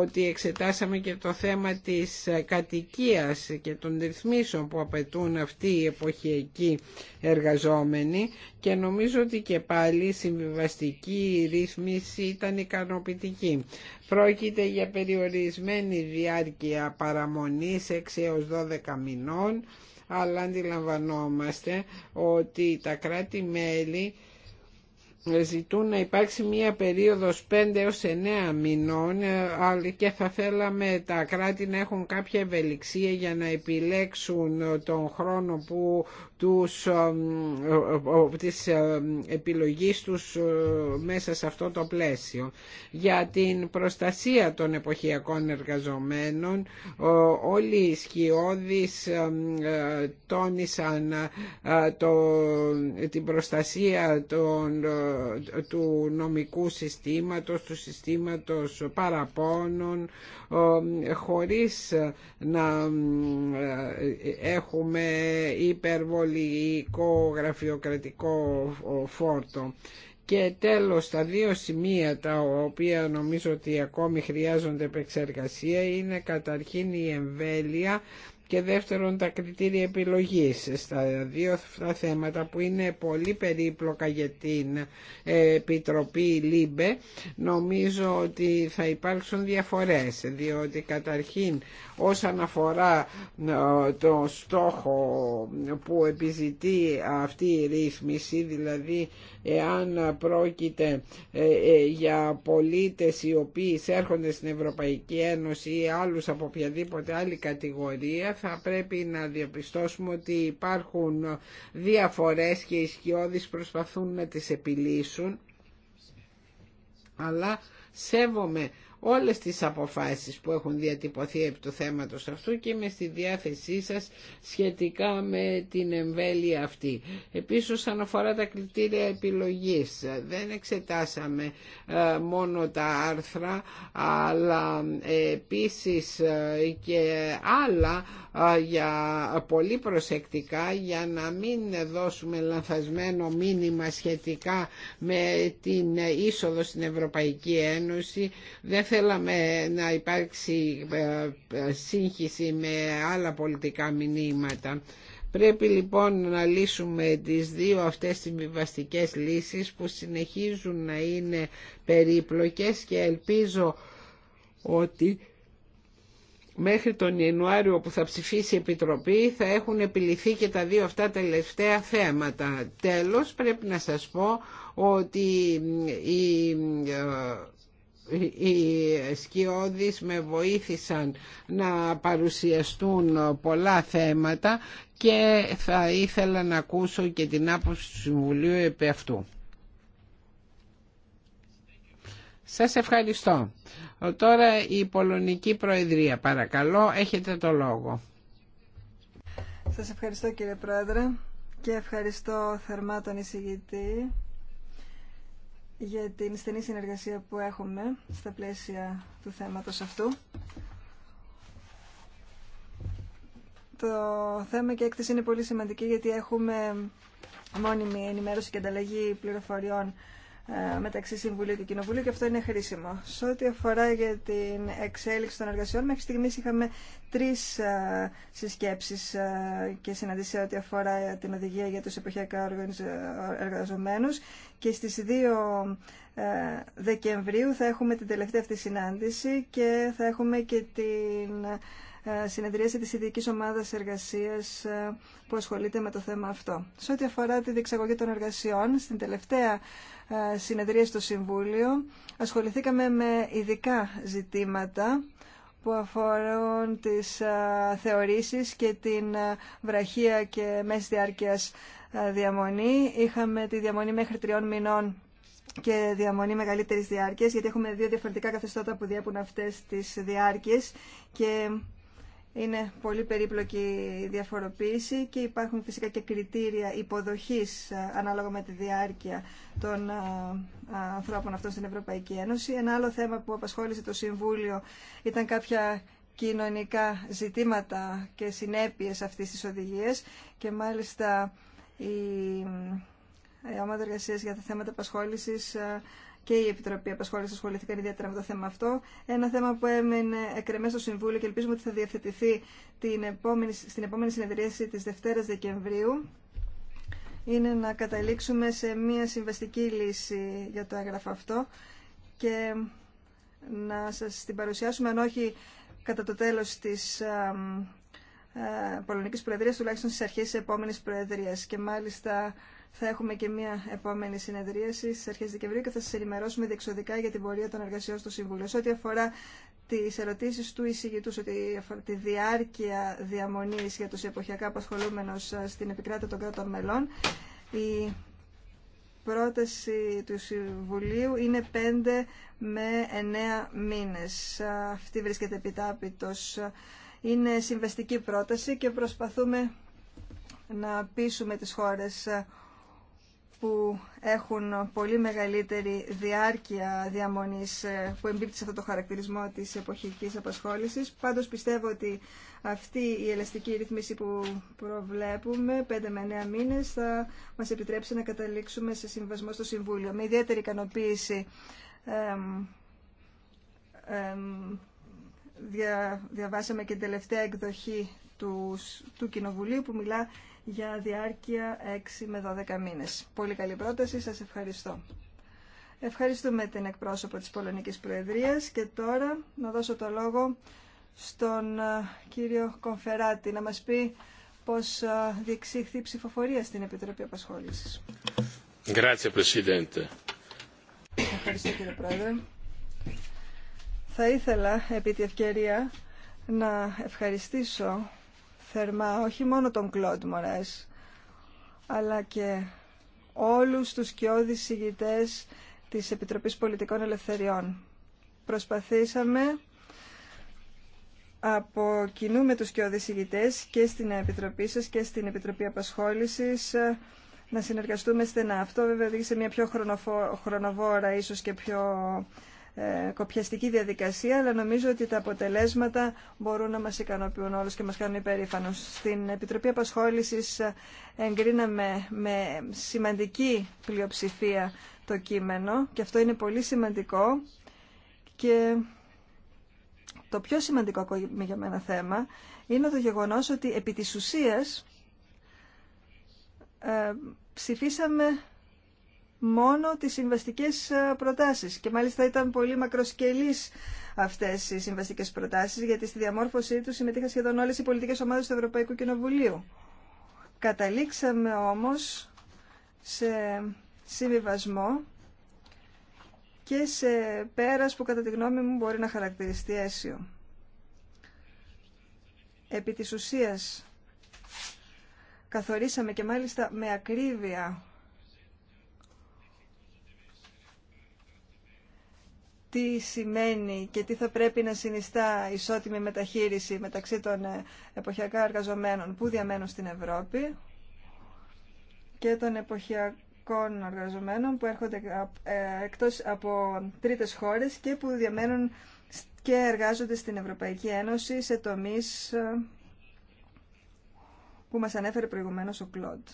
ότι εξετάσαμε και το θέμα της κατοικίας και των ρυθμίσεων που απαιτούν αυτοί οι εποχιακοί εργαζόμενοι και νομίζω ότι και πάλι η ρύθμιση ήταν ικανοποιητική. Πρόκειται για περιορισμένη διάρκεια παραμονής 6 έως 12 μηνών, αλλά αντιλαμβανόμαστε ότι τα κράτη-μέλη ζητούν να υπάρξει μία περίοδος 5 έως 9 μηνών ε, και θα θέλαμε τα κράτη να έχουν κάποια ευελιξία για να επιλέξουν τον χρόνο που τους, της επιλογής τους ε, μέσα σε αυτό το πλαίσιο. Για την προστασία των εποχιακών εργαζομένων όλοι οι σκιώδεις ε, τόνισαν ε, την προστασία του νομικού συστήματος, του συστήματος παραπόνων χωρίς να έχουμε υπερβολή πολιτικό γραφειοκρατικό φόρτο. Και τέλος τα δύο σημεία τα οποία νομίζω ότι ακόμη χρειάζονται επεξεργασία είναι καταρχήν η εμβέλεια και δεύτερον τα κριτήρια επιλογής στα δύο αυτά θέματα που είναι πολύ περίπλοκα για την ε, Επιτροπή ΛΥΜΠΕ νομίζω ότι θα υπάρξουν διαφορές διότι καταρχήν όσον αφορά ε, το στόχο που επιζητεί αυτή η ρύθμιση δηλαδή εάν πρόκειται ε, ε, για πολίτες οι οποίοι έρχονται στην Ευρωπαϊκή Ένωση ή άλλους από οποιαδήποτε άλλη κατηγορία θα πρέπει να διαπιστώσουμε ότι υπάρχουν διαφορές και οι σκιώδεις προσπαθούν να τις επιλύσουν αλλά σέβομαι όλες τις αποφάσεις που έχουν διατυπωθεί επί του θέματος αυτού και είμαι στη διάθεσή σας σχετικά με την εμβέλεια αυτή. Επίσης αναφορά τα κριτήρια επιλογής. Δεν εξετάσαμε ε, μόνο τα άρθρα αλλά ε, επίσης ε, και άλλα για πολύ προσεκτικά για να μην δώσουμε λανθασμένο μήνυμα σχετικά με την είσοδο στην Ευρωπαϊκή Ένωση. Δεν θέλαμε να υπάρξει ε, ε, σύγχυση με άλλα πολιτικά μηνύματα. Πρέπει λοιπόν να λύσουμε τις δύο αυτές συμβιβαστικές λύσεις που συνεχίζουν να είναι περίπλοκες και ελπίζω ότι μέχρι τον Ιανουάριο που θα ψηφίσει η Επιτροπή θα έχουν επιληθεί και τα δύο αυτά τελευταία θέματα. Τέλος πρέπει να σας πω ότι η ε, οι σκιώδεις με βοήθησαν να παρουσιαστούν πολλά θέματα και θα ήθελα να ακούσω και την άποψη του Συμβουλίου επί αυτού. Σας ευχαριστώ. Τώρα η Πολωνική Προεδρία, παρακαλώ, έχετε το λόγο. Σας ευχαριστώ κύριε Πρόεδρε και ευχαριστώ θερμά τον εισηγητή για την στενή συνεργασία που έχουμε στα πλαίσια του θέματος αυτού. Το θέμα και έκθεση είναι πολύ σημαντική γιατί έχουμε μόνιμη ενημέρωση και ανταλλαγή πληροφοριών ε, μεταξύ Συμβουλίου και Κοινοβουλίου και αυτό είναι χρήσιμο. Σε ό,τι αφορά για την εξέλιξη των εργασιών, μέχρι στιγμή είχαμε τρει ε, συσκέψει ε, και συναντήσει σε ό,τι αφορά την οδηγία για του εποχιακά εργαζομένου. και στι 2 Δεκεμβρίου θα έχουμε την τελευταία αυτή συνάντηση και θα έχουμε και την συνεδρίαση της ειδική ομάδας εργασίας που ασχολείται με το θέμα αυτό. Σε ό,τι αφορά τη διεξαγωγή των εργασιών, στην τελευταία ε, συνεδρίες στο Συμβούλιο ασχοληθήκαμε με ειδικά ζητήματα που αφορούν τις ε, θεωρήσεις και την ε, βραχία και μέση διάρκειας διαμονή. Είχαμε τη διαμονή μέχρι τριών μηνών και διαμονή μεγαλύτερης διάρκειας, γιατί έχουμε δύο διαφορετικά καθεστώτα που διέπουν αυτές τις διάρκειες και είναι πολύ περίπλοκη η διαφοροποίηση και υπάρχουν φυσικά και κριτήρια υποδοχής ε, ανάλογα με τη διάρκεια των ε, ανθρώπων αυτών στην Ευρωπαϊκή Ένωση. Ένα άλλο θέμα που απασχόλησε το Συμβούλιο ήταν κάποια κοινωνικά ζητήματα και συνέπειες αυτής της οδηγίας και μάλιστα η ε, ομάδα εργασία για τα θέματα απασχόλησης και η Επιτροπή Απασχόληση ασχολήθηκαν ιδιαίτερα με το θέμα αυτό. Ένα θέμα που έμεινε εκρεμέ στο Συμβούλιο και ελπίζουμε ότι θα διευθετηθεί την επόμενη, στην επόμενη συνεδρίαση τη Δευτέρα Δεκεμβρίου είναι να καταλήξουμε σε μία συμβαστική λύση για το έγγραφο αυτό και να σας την παρουσιάσουμε, αν όχι κατά το τέλος της ε, Πολωνικής Προεδρίας, τουλάχιστον στις αρχές της επόμενης Προεδρίας. Και μάλιστα θα έχουμε και μια επόμενη συνεδρίαση στι αρχέ Δεκεμβρίου και θα σα ενημερώσουμε διεξοδικά για την πορεία των εργασιών στο Συμβούλιο. Σε ό,τι αφορά τι ερωτήσει του εισηγητού, ό,τι αφορά τη διάρκεια διαμονή για του εποχιακά απασχολούμενου ε, στην επικράτεια των κρατών μελών, η πρόταση του Συμβουλίου είναι 5 με 9 μήνες. Ε, αυτή βρίσκεται επιτάπητος. Είναι συμβαστική πρόταση και προσπαθούμε να πείσουμε τις χώρες ε, που έχουν πολύ μεγαλύτερη διάρκεια διαμονής ε, που εμπίπτει σε αυτό το χαρακτηρισμό της εποχικής απασχόλησης. Πάντως πιστεύω ότι αυτή η ελαστική ρυθμίση που προβλέπουμε, 5 με 9 μήνες, θα μας επιτρέψει να καταλήξουμε σε συμβασμό στο Συμβούλιο. Με ιδιαίτερη ικανοποίηση διαβάσαμε και την τελευταία εκδοχή του, του Κοινοβουλίου που μιλά για διάρκεια 6 με 12 μήνες. Πολύ καλή πρόταση, σας ευχαριστώ. Ευχαριστούμε την εκπρόσωπο της Πολωνικής Προεδρίας και τώρα να δώσω το λόγο στον ε, κύριο Κονφεράτη να μας πει πώς ε, διεξήχθη η ψηφοφορία στην Επιτροπή Απασχόλησης. Ευχαριστώ κύριε Πρόεδρε. Θα ήθελα επί τη ευκαιρία να ευχαριστήσω θερμά όχι μόνο τον Κλοντ Μωρές, αλλά και όλους τους κοιόδης ηγητές της Επιτροπής Πολιτικών Ελευθεριών. Προσπαθήσαμε από κοινού με τους κοιόδης και στην Επιτροπή σας και στην Επιτροπή Απασχόλησης ε, να συνεργαστούμε στενά. Αυτό βέβαια οδήγησε μια πιο χρονοβόρα ίσως και πιο ε, κοπιαστική διαδικασία, αλλά νομίζω ότι τα αποτελέσματα μπορούν να μας ικανοποιούν όλους και μας κάνουν υπερήφανος. Στην Επιτροπή Απασχόλησης ε, εγκρίναμε με σημαντική πλειοψηφία το κείμενο και αυτό είναι πολύ σημαντικό και το πιο σημαντικό ακόμη για μένα θέμα είναι το γεγονός ότι επί της ουσίας ε, ψηφίσαμε μόνο τις συμβαστικές ε, προτάσεις. Και μάλιστα ήταν πολύ μακροσκελής αυτές οι συμβαστικές προτάσεις, γιατί στη διαμόρφωσή του συμμετείχαν σχεδόν όλες οι πολιτικές ομάδες του Ευρωπαϊκού Κοινοβουλίου. Καταλήξαμε όμως σε συμβιβασμό και σε πέρας που κατά τη γνώμη μου μπορεί να χαρακτηριστεί αίσιο. Επί της ουσίας, καθορίσαμε και μάλιστα με ακρίβεια τι σημαίνει και τι θα πρέπει να συνιστά ισότιμη μεταχείριση μεταξύ των ε, εποχιακά εργαζομένων που διαμένουν στην Ευρώπη και των εποχιακών εργαζομένων που έρχονται ε, εκτός από τρίτες χώρες και που διαμένουν και εργάζονται στην Ευρωπαϊκή Ένωση σε τομείς ε, που μας ανέφερε προηγουμένως ο Κλοντ.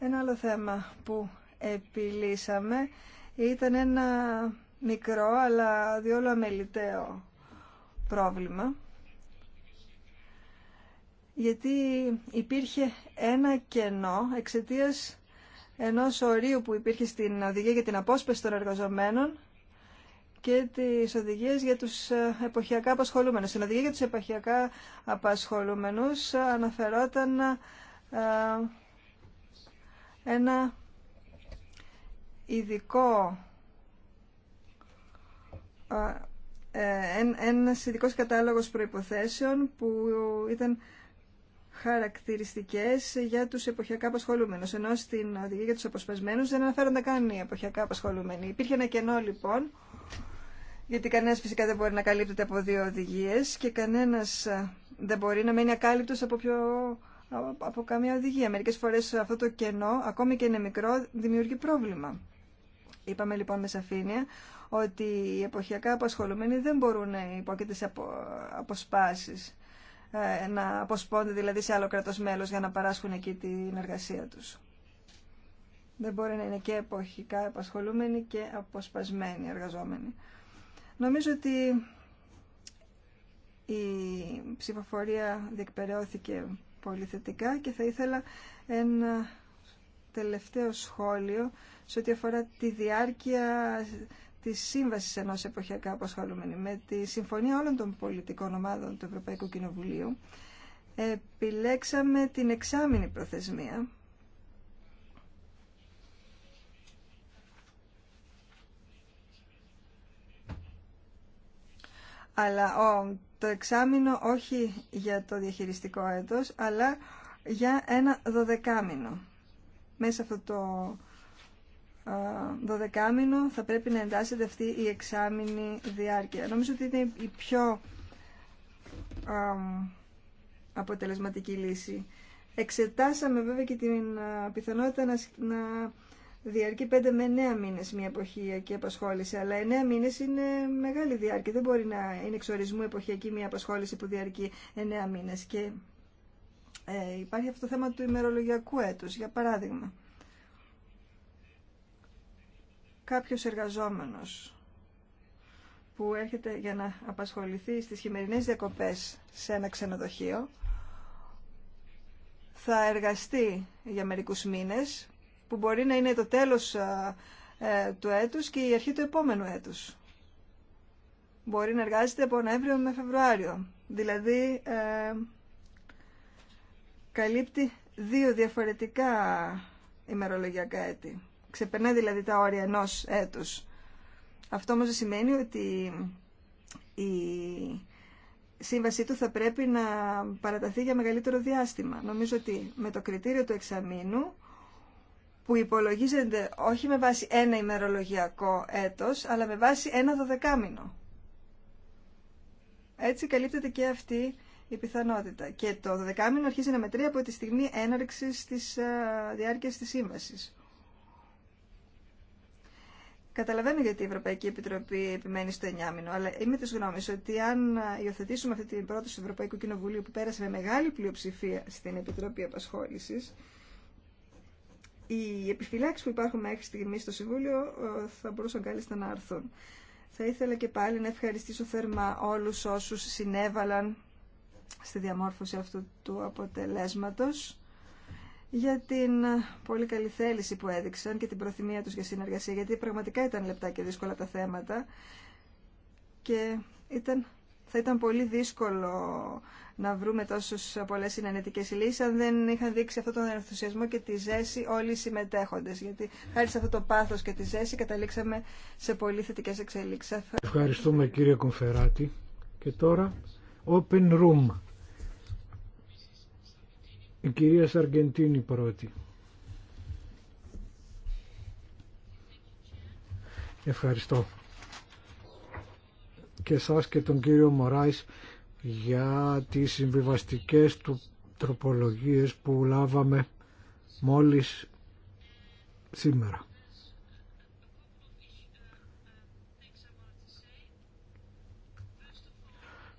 Ένα άλλο θέμα που επιλύσαμε ήταν ένα μικρό αλλά διόλο αμεληταίο πρόβλημα γιατί υπήρχε ένα κενό εξαιτίας ενός ορίου που υπήρχε στην οδηγία για την απόσπαση των εργαζομένων και τις οδηγίες για τους ε, εποχιακά απασχολούμενους. Στην οδηγία για τους εποχιακά απασχολούμενους αναφερόταν ε, ένα ειδικό ε, ένας ειδικός κατάλογος προϋποθέσεων που ήταν χαρακτηριστικές για τους εποχιακά απασχολούμενους. Ενώ στην οδηγία για τους αποσπασμένους δεν αναφέρονται καν οι εποχιακά απασχολούμενοι. Υπήρχε ένα κενό λοιπόν, γιατί κανένας φυσικά δεν μπορεί να καλύπτεται από δύο οδηγίες και κανένας ε, δεν μπορεί να μένει ακάλυπτος από, πιο, από καμία οδηγία. Μερικές φορές αυτό το κενό, ακόμη και είναι μικρό, δημιουργεί πρόβλημα. Είπαμε λοιπόν με σαφήνεια ότι οι εποχιακά απασχολουμένοι δεν μπορούν να υπόκειται σε απο, αποσπάσεις, ε, να αποσπώνται δηλαδή σε άλλο κρατός μέλος για να παράσχουν εκεί την εργασία τους. Δεν μπορεί να είναι και εποχικά απασχολούμενοι και αποσπασμένοι εργαζόμενοι. Νομίζω ότι η ψηφοφορία διεκπαιρεώθηκε πολύ θετικά και θα ήθελα ένα τελευταίο σχόλιο σε ό,τι αφορά τη διάρκεια τη σύμβαση ενό εποχιακά απασχολούμενη. Με τη συμφωνία όλων των πολιτικών ομάδων του Ευρωπαϊκού Κοινοβουλίου επιλέξαμε την εξάμηνη προθεσμία αλλά ο, το εξάμηνο όχι για το διαχειριστικό έτος, αλλά για ένα δωδεκάμηνο μέσα αυτό το δωδεκάμινο θα πρέπει να εντάσσεται αυτή η εξάμηνη διάρκεια. Νομίζω ότι είναι η πιο αποτελεσματική λύση. Εξετάσαμε βέβαια και την πιθανότητα να διαρκεί 5 με 9 μήνες μια εποχή και απασχόληση, αλλά 9 μήνες είναι μεγάλη διάρκεια. Δεν μπορεί να είναι εξορισμού εποχιακή μια απασχόληση που διαρκεί 9 μήνες και ε, υπάρχει αυτό το θέμα του ημερολογιακού έτους, για παράδειγμα. Κάποιος εργαζόμενος που έρχεται για να απασχοληθεί στις χειμερινές διακοπές σε ένα ξενοδοχείο, θα εργαστεί για μερικούς μήνες, που μπορεί να είναι το τέλος ε, ε, του έτους και η αρχή του επόμενου έτους. Μπορεί να εργάζεται από Νοέμβριο με Φεβρουάριο. Δηλαδή, καλύπτει δύο διαφορετικά ημερολογιακά έτη. Ξεπερνά δηλαδή τα όρια ενό έτους. Αυτό όμως σημαίνει ότι η σύμβασή του θα πρέπει να παραταθεί για μεγαλύτερο διάστημα. Νομίζω ότι με το κριτήριο του εξαμήνου που υπολογίζεται όχι με βάση ένα ημερολογιακό έτος, αλλά με βάση ένα δωδεκάμινο. Έτσι καλύπτεται και αυτή η πιθανότητα. Και το 12 μήνο αρχίζει να μετρεί από τη στιγμή έναρξη της ε, διάρκεια τη σύμβαση. Καταλαβαίνω γιατί η Ευρωπαϊκή Επιτροπή επιμένει στο 9 μήνο, αλλά είμαι τη γνώμη ότι αν ε, υιοθετήσουμε αυτή την πρόταση του Ευρωπαϊκού Κοινοβουλίου που πέρασε με μεγάλη πλειοψηφία στην Επιτροπή Απασχόληση, οι επιφυλάξει που υπάρχουν μέχρι στιγμή στο Συμβούλιο ε, θα μπορούσαν κάλλιστα να έρθουν. Θα ήθελα και πάλι να ευχαριστήσω θερμά όλου όσου συνέβαλαν στη διαμόρφωση αυτού του αποτελέσματος για την πολύ καλή θέληση που έδειξαν και την προθυμία τους για συνεργασία γιατί πραγματικά ήταν λεπτά και δύσκολα τα θέματα και ήταν, θα ήταν πολύ δύσκολο να βρούμε τόσους πολλές συνενετικές λύσεις αν δεν είχαν δείξει αυτόν τον ενθουσιασμό και τη ζέση όλοι οι συμμετέχοντες γιατί χάρη σε αυτό το πάθος και τη ζέση καταλήξαμε σε πολύ θετικές εξελίξεις. Ευχαριστούμε κύριε Κομφεράτη και τώρα Open Room. Η κυρία Σαργεντίνη πρώτη. Ευχαριστώ και σας και τον κύριο Μωράης για τις συμβιβαστικές του τροπολογίες που λάβαμε μόλις σήμερα.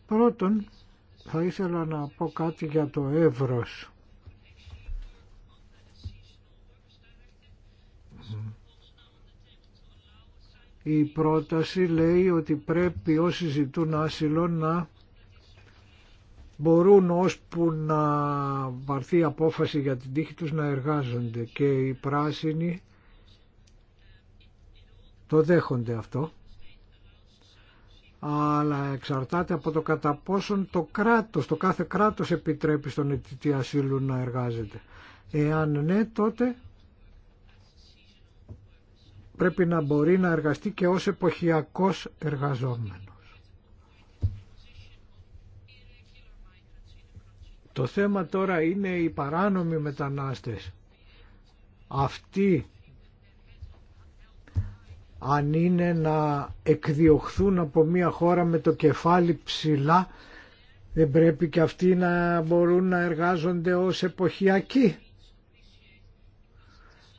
Πρώτον, θα ήθελα να πω κάτι για το εύρος. Η πρόταση λέει ότι πρέπει όσοι ζητούν άσυλο να μπορούν ώσπου να βαρθεί απόφαση για την τύχη τους να εργάζονται και οι πράσινοι το δέχονται αυτό αλλά εξαρτάται από το κατά πόσον το κράτος, το κάθε κράτος επιτρέπει στον αιτητή ασύλου να εργάζεται. Εάν ναι, τότε πρέπει να μπορεί να εργαστεί και ως εποχιακός εργαζόμενος. Το θέμα τώρα είναι οι παράνομοι μετανάστες. Αυτοί αν είναι να εκδιωχθούν από μια χώρα με το κεφάλι ψηλά δεν πρέπει και αυτοί να μπορούν να εργάζονται ως εποχιακοί.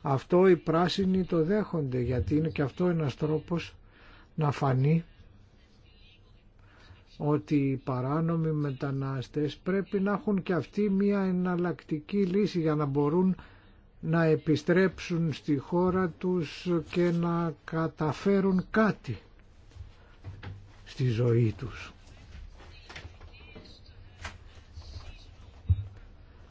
Αυτό οι πράσινοι το δέχονται γιατί είναι και αυτό ένας τρόπος να φανεί ότι οι παράνομοι μετανάστες πρέπει να έχουν και αυτοί μια εναλλακτική λύση για να μπορούν να επιστρέψουν στη χώρα τους και να καταφέρουν κάτι στη ζωή τους.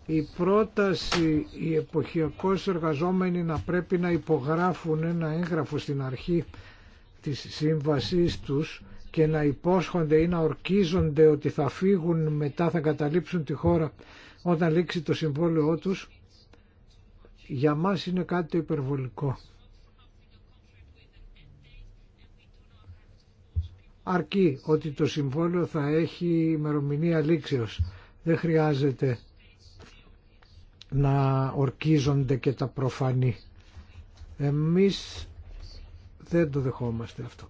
Η πρόταση οι εποχιακώς εργαζόμενοι να πρέπει να υπογράφουν ένα έγγραφο στην αρχή της σύμβασής τους και να υπόσχονται ή να ορκίζονται ότι θα φύγουν μετά θα καταλήψουν τη χώρα όταν λήξει το συμβόλαιό τους για μας είναι κάτι το υπερβολικό. Αρκεί ότι το συμβόλαιο θα έχει ημερομηνία λήξεως. Δεν χρειάζεται να ορκίζονται και τα προφανή. Εμείς δεν το δεχόμαστε αυτό.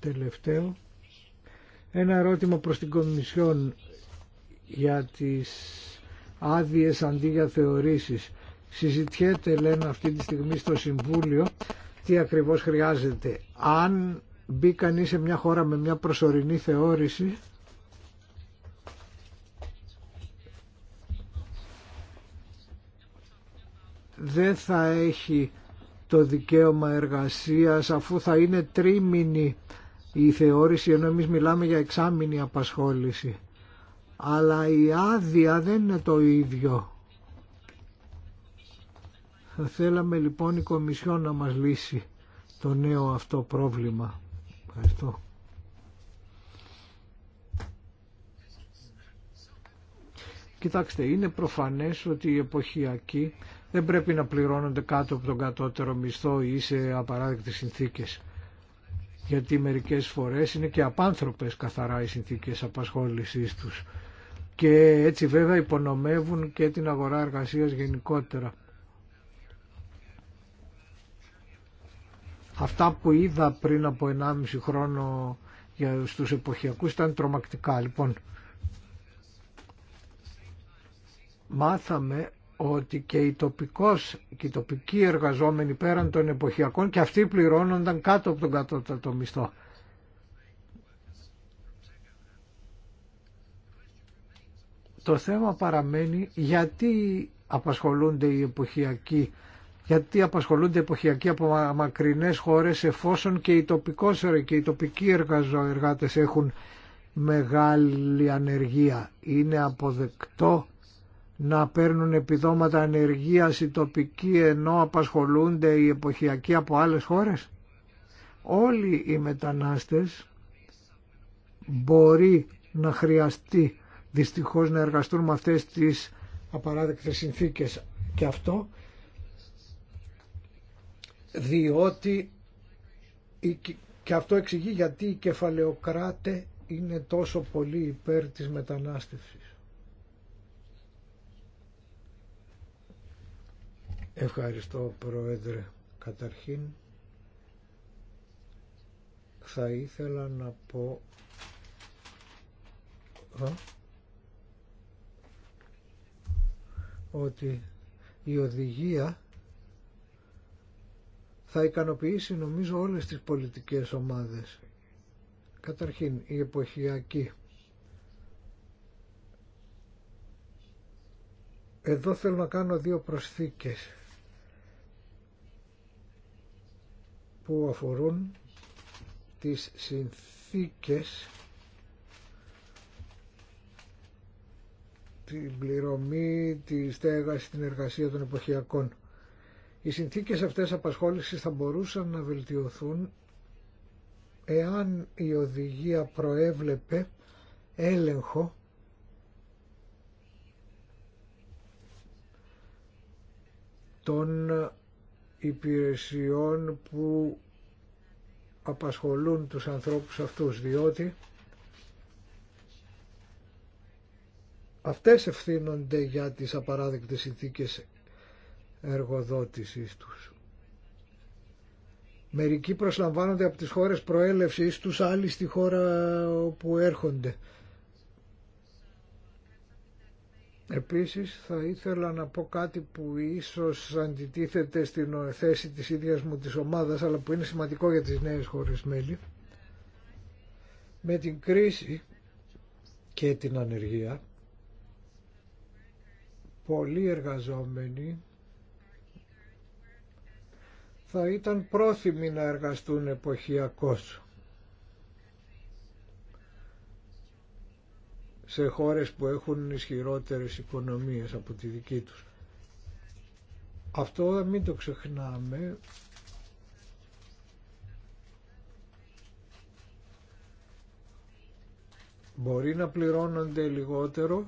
Τελευταίο. Ένα ερώτημα προς την Κομισιόν για τις άδειε αντί για θεωρήσεις. Συζητιέται λένε αυτή τη στιγμή στο Συμβούλιο τι ακριβώς χρειάζεται. Αν μπει κανείς σε μια χώρα με μια προσωρινή θεώρηση δεν θα έχει το δικαίωμα εργασίας αφού θα είναι τρίμηνη η θεώρηση ενώ εμείς μιλάμε για εξάμηνη απασχόληση αλλά η άδεια δεν είναι το ίδιο. Θα θέλαμε λοιπόν η Κομισιόν να μας λύσει το νέο αυτό πρόβλημα. Ευχαριστώ. Κοιτάξτε, είναι προφανές ότι οι εποχιακοί δεν πρέπει να πληρώνονται κάτω από τον κατώτερο μισθό ή σε απαράδεκτες συνθήκες. Γιατί μερικές φορές είναι και απάνθρωπες καθαρά οι συνθήκες απασχόλησής τους και έτσι βέβαια υπονομεύουν και την αγορά εργασίας γενικότερα. Αυτά που είδα πριν από 1,5 χρόνο για στους εποχιακούς ήταν τρομακτικά. Λοιπόν, μάθαμε ότι και οι, τοπικός, και οι τοπικοί εργαζόμενοι πέραν των εποχιακών και αυτοί πληρώνονταν κάτω από τον κατώτατο μισθό. Το θέμα παραμένει γιατί απασχολούνται οι εποχιακοί γιατί απασχολούνται εποχιακοί από μακρινές χώρες εφόσον και οι, τοπικός, και οι τοπικοί εργατες έχουν μεγάλη ανεργία. Είναι αποδεκτό να παίρνουν επιδόματα ανεργίας οι τοπικοί ενώ απασχολούνται οι εποχιακοί από άλλες χώρες. Όλοι οι μετανάστες μπορεί να χρειαστεί δυστυχώς να εργαστούν με αυτές τις απαράδεκτες συνθήκες και αυτό διότι και αυτό εξηγεί γιατί οι κεφαλαιοκράτε είναι τόσο πολύ υπέρ της μετανάστευσης. Ευχαριστώ Πρόεδρε. Καταρχήν θα ήθελα να πω... ότι η οδηγία θα ικανοποιήσει νομίζω όλες τις πολιτικές ομάδες. Καταρχήν η εποχιακή. Εδώ θέλω να κάνω δύο προσθήκες που αφορούν τις συνθήκες την πληρωμή, τη στέγαση, την εργασία των εποχιακών. Οι συνθήκες αυτές απασχόλησης θα μπορούσαν να βελτιωθούν εάν η οδηγία προέβλεπε έλεγχο των υπηρεσιών που απασχολούν τους ανθρώπους αυτούς, διότι Αυτές ευθύνονται για τις απαράδεκτες συνθήκες εργοδότησης τους. Μερικοί προσλαμβάνονται από τις χώρες προέλευσης τους, άλλοι στη χώρα όπου έρχονται. Επίσης θα ήθελα να πω κάτι που ίσως αντιτίθεται στην θέση της ίδιας μου της ομάδας αλλά που είναι σημαντικό για τις νέες χώρες μέλη. Με την κρίση και την ανεργία πολλοί εργαζόμενοι θα ήταν πρόθυμοι να εργαστούν εποχιακώς σε χώρες που έχουν ισχυρότερες οικονομίες από τη δική τους. Αυτό μην το ξεχνάμε μπορεί να πληρώνονται λιγότερο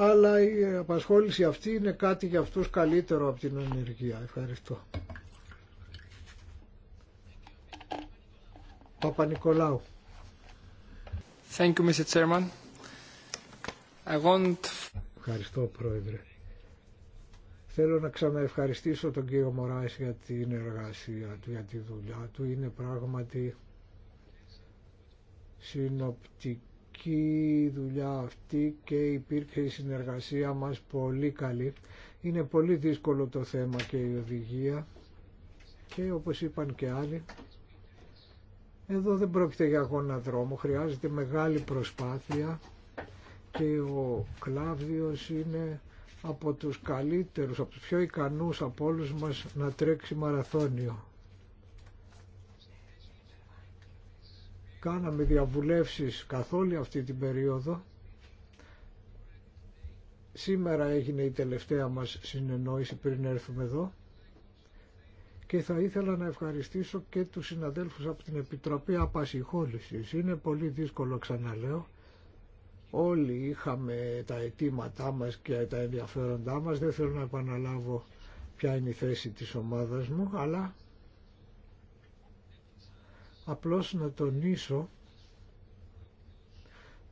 αλλά η απασχόληση αυτή είναι κάτι για αυτούς καλύτερο από την ανεργία. Ευχαριστώ. Παπα-Νικολάου. Ευχαριστώ, Πρόεδρε. Θέλω να ξαναευχαριστήσω τον κύριο Μωράης για την εργασία του, για τη δουλειά του. Είναι πράγματι συνοπτική και η δουλειά αυτή και υπήρχε η συνεργασία μας πολύ καλή. Είναι πολύ δύσκολο το θέμα και η οδηγία και όπως είπαν και άλλοι, εδώ δεν πρόκειται για αγώνα δρόμου, χρειάζεται μεγάλη προσπάθεια και ο Κλάβδιος είναι από τους καλύτερους, από τους πιο ικανούς από όλους μας να τρέξει μαραθώνιο. Κάναμε διαβουλεύσεις καθόλη αυτή την περίοδο. Σήμερα έγινε η τελευταία μας συνεννόηση πριν έρθουμε εδώ και θα ήθελα να ευχαριστήσω και τους συναδέλφους από την Επιτροπή Απασυχόλησης. Είναι πολύ δύσκολο ξαναλέω. Όλοι είχαμε τα αιτήματά μας και τα ενδιαφέροντά μας. Δεν θέλω να επαναλάβω ποια είναι η θέση της ομάδας μου, αλλά απλώς να τονίσω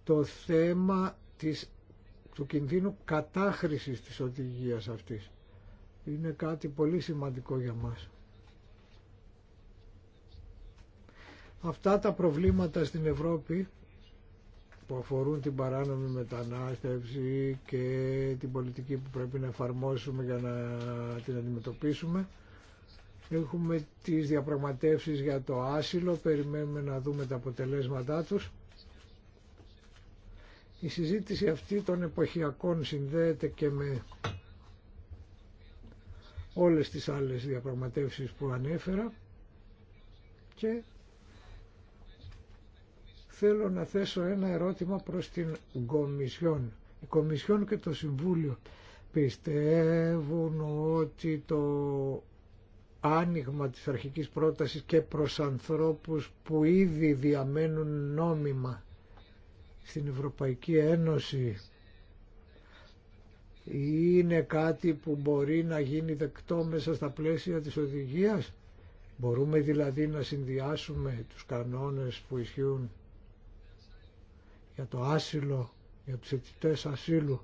το θέμα της, του κινδύνου κατάχρησης της οδηγίας αυτής. Είναι κάτι πολύ σημαντικό για μας. Αυτά τα προβλήματα στην Ευρώπη που αφορούν την παράνομη μετανάστευση και την πολιτική που πρέπει να εφαρμόσουμε για να την αντιμετωπίσουμε Έχουμε τις διαπραγματεύσεις για το άσυλο, περιμένουμε να δούμε τα αποτελέσματά τους. Η συζήτηση αυτή των εποχιακών συνδέεται και με όλες τις άλλες διαπραγματεύσεις που ανέφερα και θέλω να θέσω ένα ερώτημα προς την Κομισιόν. Η Κομισιόν και το Συμβούλιο πιστεύουν ότι το άνοιγμα της αρχικής πρότασης και προς ανθρώπους που ήδη διαμένουν νόμιμα στην Ευρωπαϊκή Ένωση είναι κάτι που μπορεί να γίνει δεκτό μέσα στα πλαίσια της οδηγίας. Μπορούμε δηλαδή να συνδυάσουμε τους κανόνες που ισχύουν για το άσυλο, για τους αιτητές ασύλου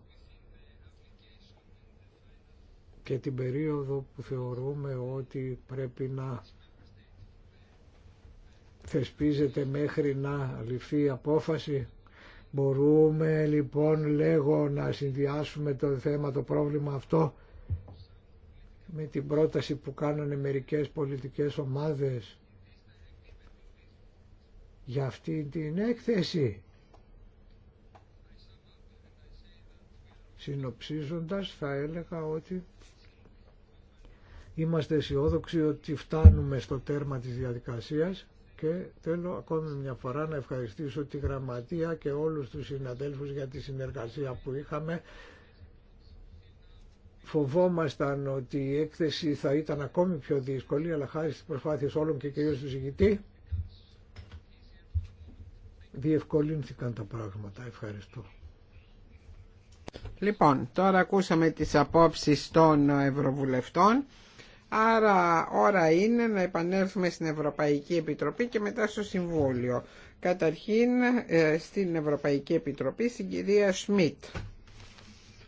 και την περίοδο που θεωρούμε ότι πρέπει να θεσπίζεται μέχρι να ληφθεί η απόφαση. Μπορούμε λοιπόν λέγω να συνδυάσουμε το θέμα, το πρόβλημα αυτό με την πρόταση που κάνανε μερικές πολιτικές ομάδες για αυτή την έκθεση. Συνοψίζοντας θα έλεγα ότι Είμαστε αισιόδοξοι ότι φτάνουμε στο τέρμα της διαδικασίας και θέλω ακόμη μια φορά να ευχαριστήσω τη Γραμματεία και όλους τους συναδέλφους για τη συνεργασία που είχαμε. Φοβόμασταν ότι η έκθεση θα ήταν ακόμη πιο δύσκολη, αλλά χάρη στις προσπάθειες όλων και κυρίως του ζηγητή, διευκολύνθηκαν τα πράγματα. Ευχαριστώ. Λοιπόν, τώρα ακούσαμε τις απόψεις των Ευρωβουλευτών. Άρα ώρα είναι να επανέλθουμε στην Ευρωπαϊκή Επιτροπή και μετά στο Συμβούλιο. Καταρχήν ε, στην Ευρωπαϊκή Επιτροπή, στην κυρία Σμιτ.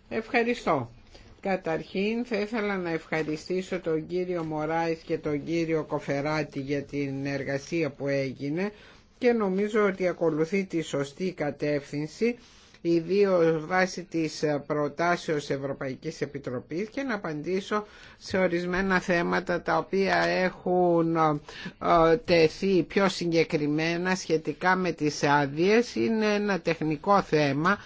Ευχαριστώ. Καταρχήν θα ήθελα να ευχαριστήσω τον κύριο Μωράης και τον κύριο Κοφεράτη για την εργασία που έγινε και νομίζω ότι ακολουθεί τη σωστή κατεύθυνση ιδίω βάσει της προτάσεως Ευρωπαϊκής Επιτροπής και να απαντήσω σε ορισμένα θέματα τα οποία έχουν ε, τεθεί πιο συγκεκριμένα σχετικά με τις άδειε. Είναι ένα τεχνικό θέμα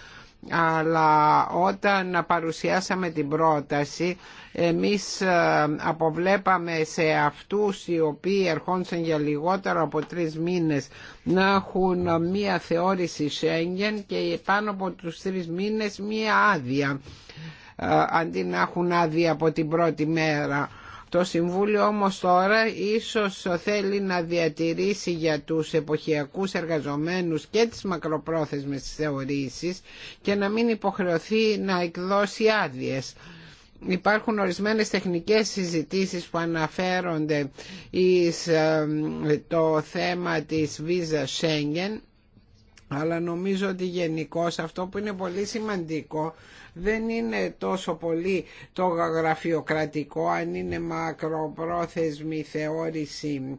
αλλά όταν παρουσιάσαμε την πρόταση εμείς ε, αποβλέπαμε σε αυτούς οι οποίοι ερχόντουσαν για λιγότερο από τρεις μήνες να έχουν μία θεώρηση Σέγγεν και πάνω από τους τρεις μήνες μία άδεια ε, αντί να έχουν άδεια από την πρώτη μέρα το Συμβούλιο όμως τώρα ίσως θέλει να διατηρήσει για τους εποχιακούς εργαζομένους και τις μακροπρόθεσμες θεωρήσεις και να μην υποχρεωθεί να εκδώσει άδειε. Υπάρχουν ορισμένες τεχνικές συζητήσεις που αναφέρονται εις το θέμα της Visa Schengen αλλά νομίζω ότι γενικώ αυτό που είναι πολύ σημαντικό δεν είναι τόσο πολύ το γραφειοκρατικό αν είναι μακροπρόθεσμη θεώρηση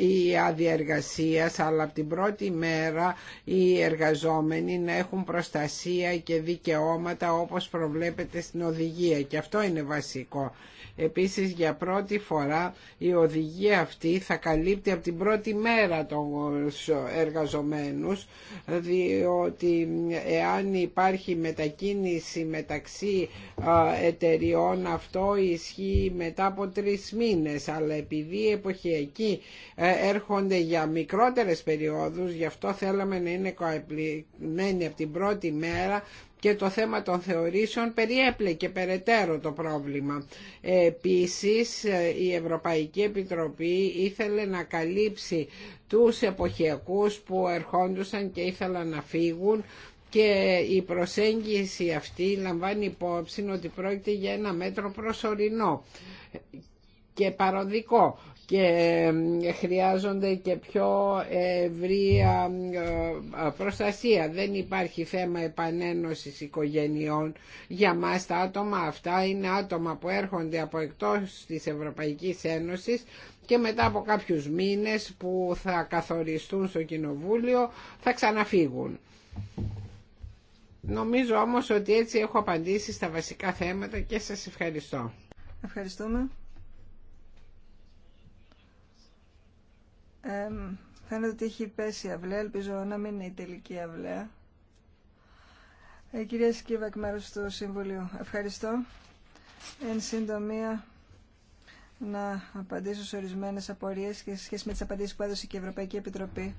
ή ε, αδιεργασίας αλλά από την πρώτη μέρα οι εργαζόμενοι να έχουν προστασία και δικαιώματα όπως προβλέπεται στην οδηγία και αυτό είναι βασικό. Επίσης για πρώτη φορά η οδηγία αυτή θα καλύπτει από την πρώτη μέρα τους εργαζομένους διότι εάν υπάρχει μετακίνηση μεταξύ εταιριών αυτό ισχύει μετά από τρεις μήνες αλλά επειδή εκεί ε, έρχονται για μικρότερες περιόδους γι' αυτό θέλαμε να είναι καλυπτημένοι από την πρώτη μέρα και το θέμα των θεωρήσεων περιέπλεκε περαιτέρω το πρόβλημα. Επίσης η Ευρωπαϊκή Επιτροπή ήθελε να καλύψει τους εποχιακούς που ερχόντουσαν και ήθελαν να φύγουν και η προσέγγιση αυτή λαμβάνει υπόψη ότι πρόκειται για ένα μέτρο προσωρινό και παροδικό και ε, χρειάζονται και πιο ευρία ε, προστασία. Δεν υπάρχει θέμα επανένωσης οικογενειών. Για μας τα άτομα αυτά είναι άτομα που έρχονται από εκτός της Ευρωπαϊκής Ένωσης και μετά από κάποιους μήνες που θα καθοριστούν στο Κοινοβούλιο θα ξαναφύγουν. Νομίζω όμως ότι έτσι έχω απαντήσει στα βασικά θέματα και σας ευχαριστώ. Ευχαριστούμε. Ε, φαίνεται ότι έχει πέσει η αυλαία, ελπίζω να μην είναι η τελική αυλαία. Ε, κυρία Σκύβα, εκ του Συμβουλίου, ευχαριστώ. Εν συντομία, να απαντήσω σε ορισμένε απορίες και σε σχέση με τι απαντήσει που έδωσε και η Ευρωπαϊκή Επιτροπή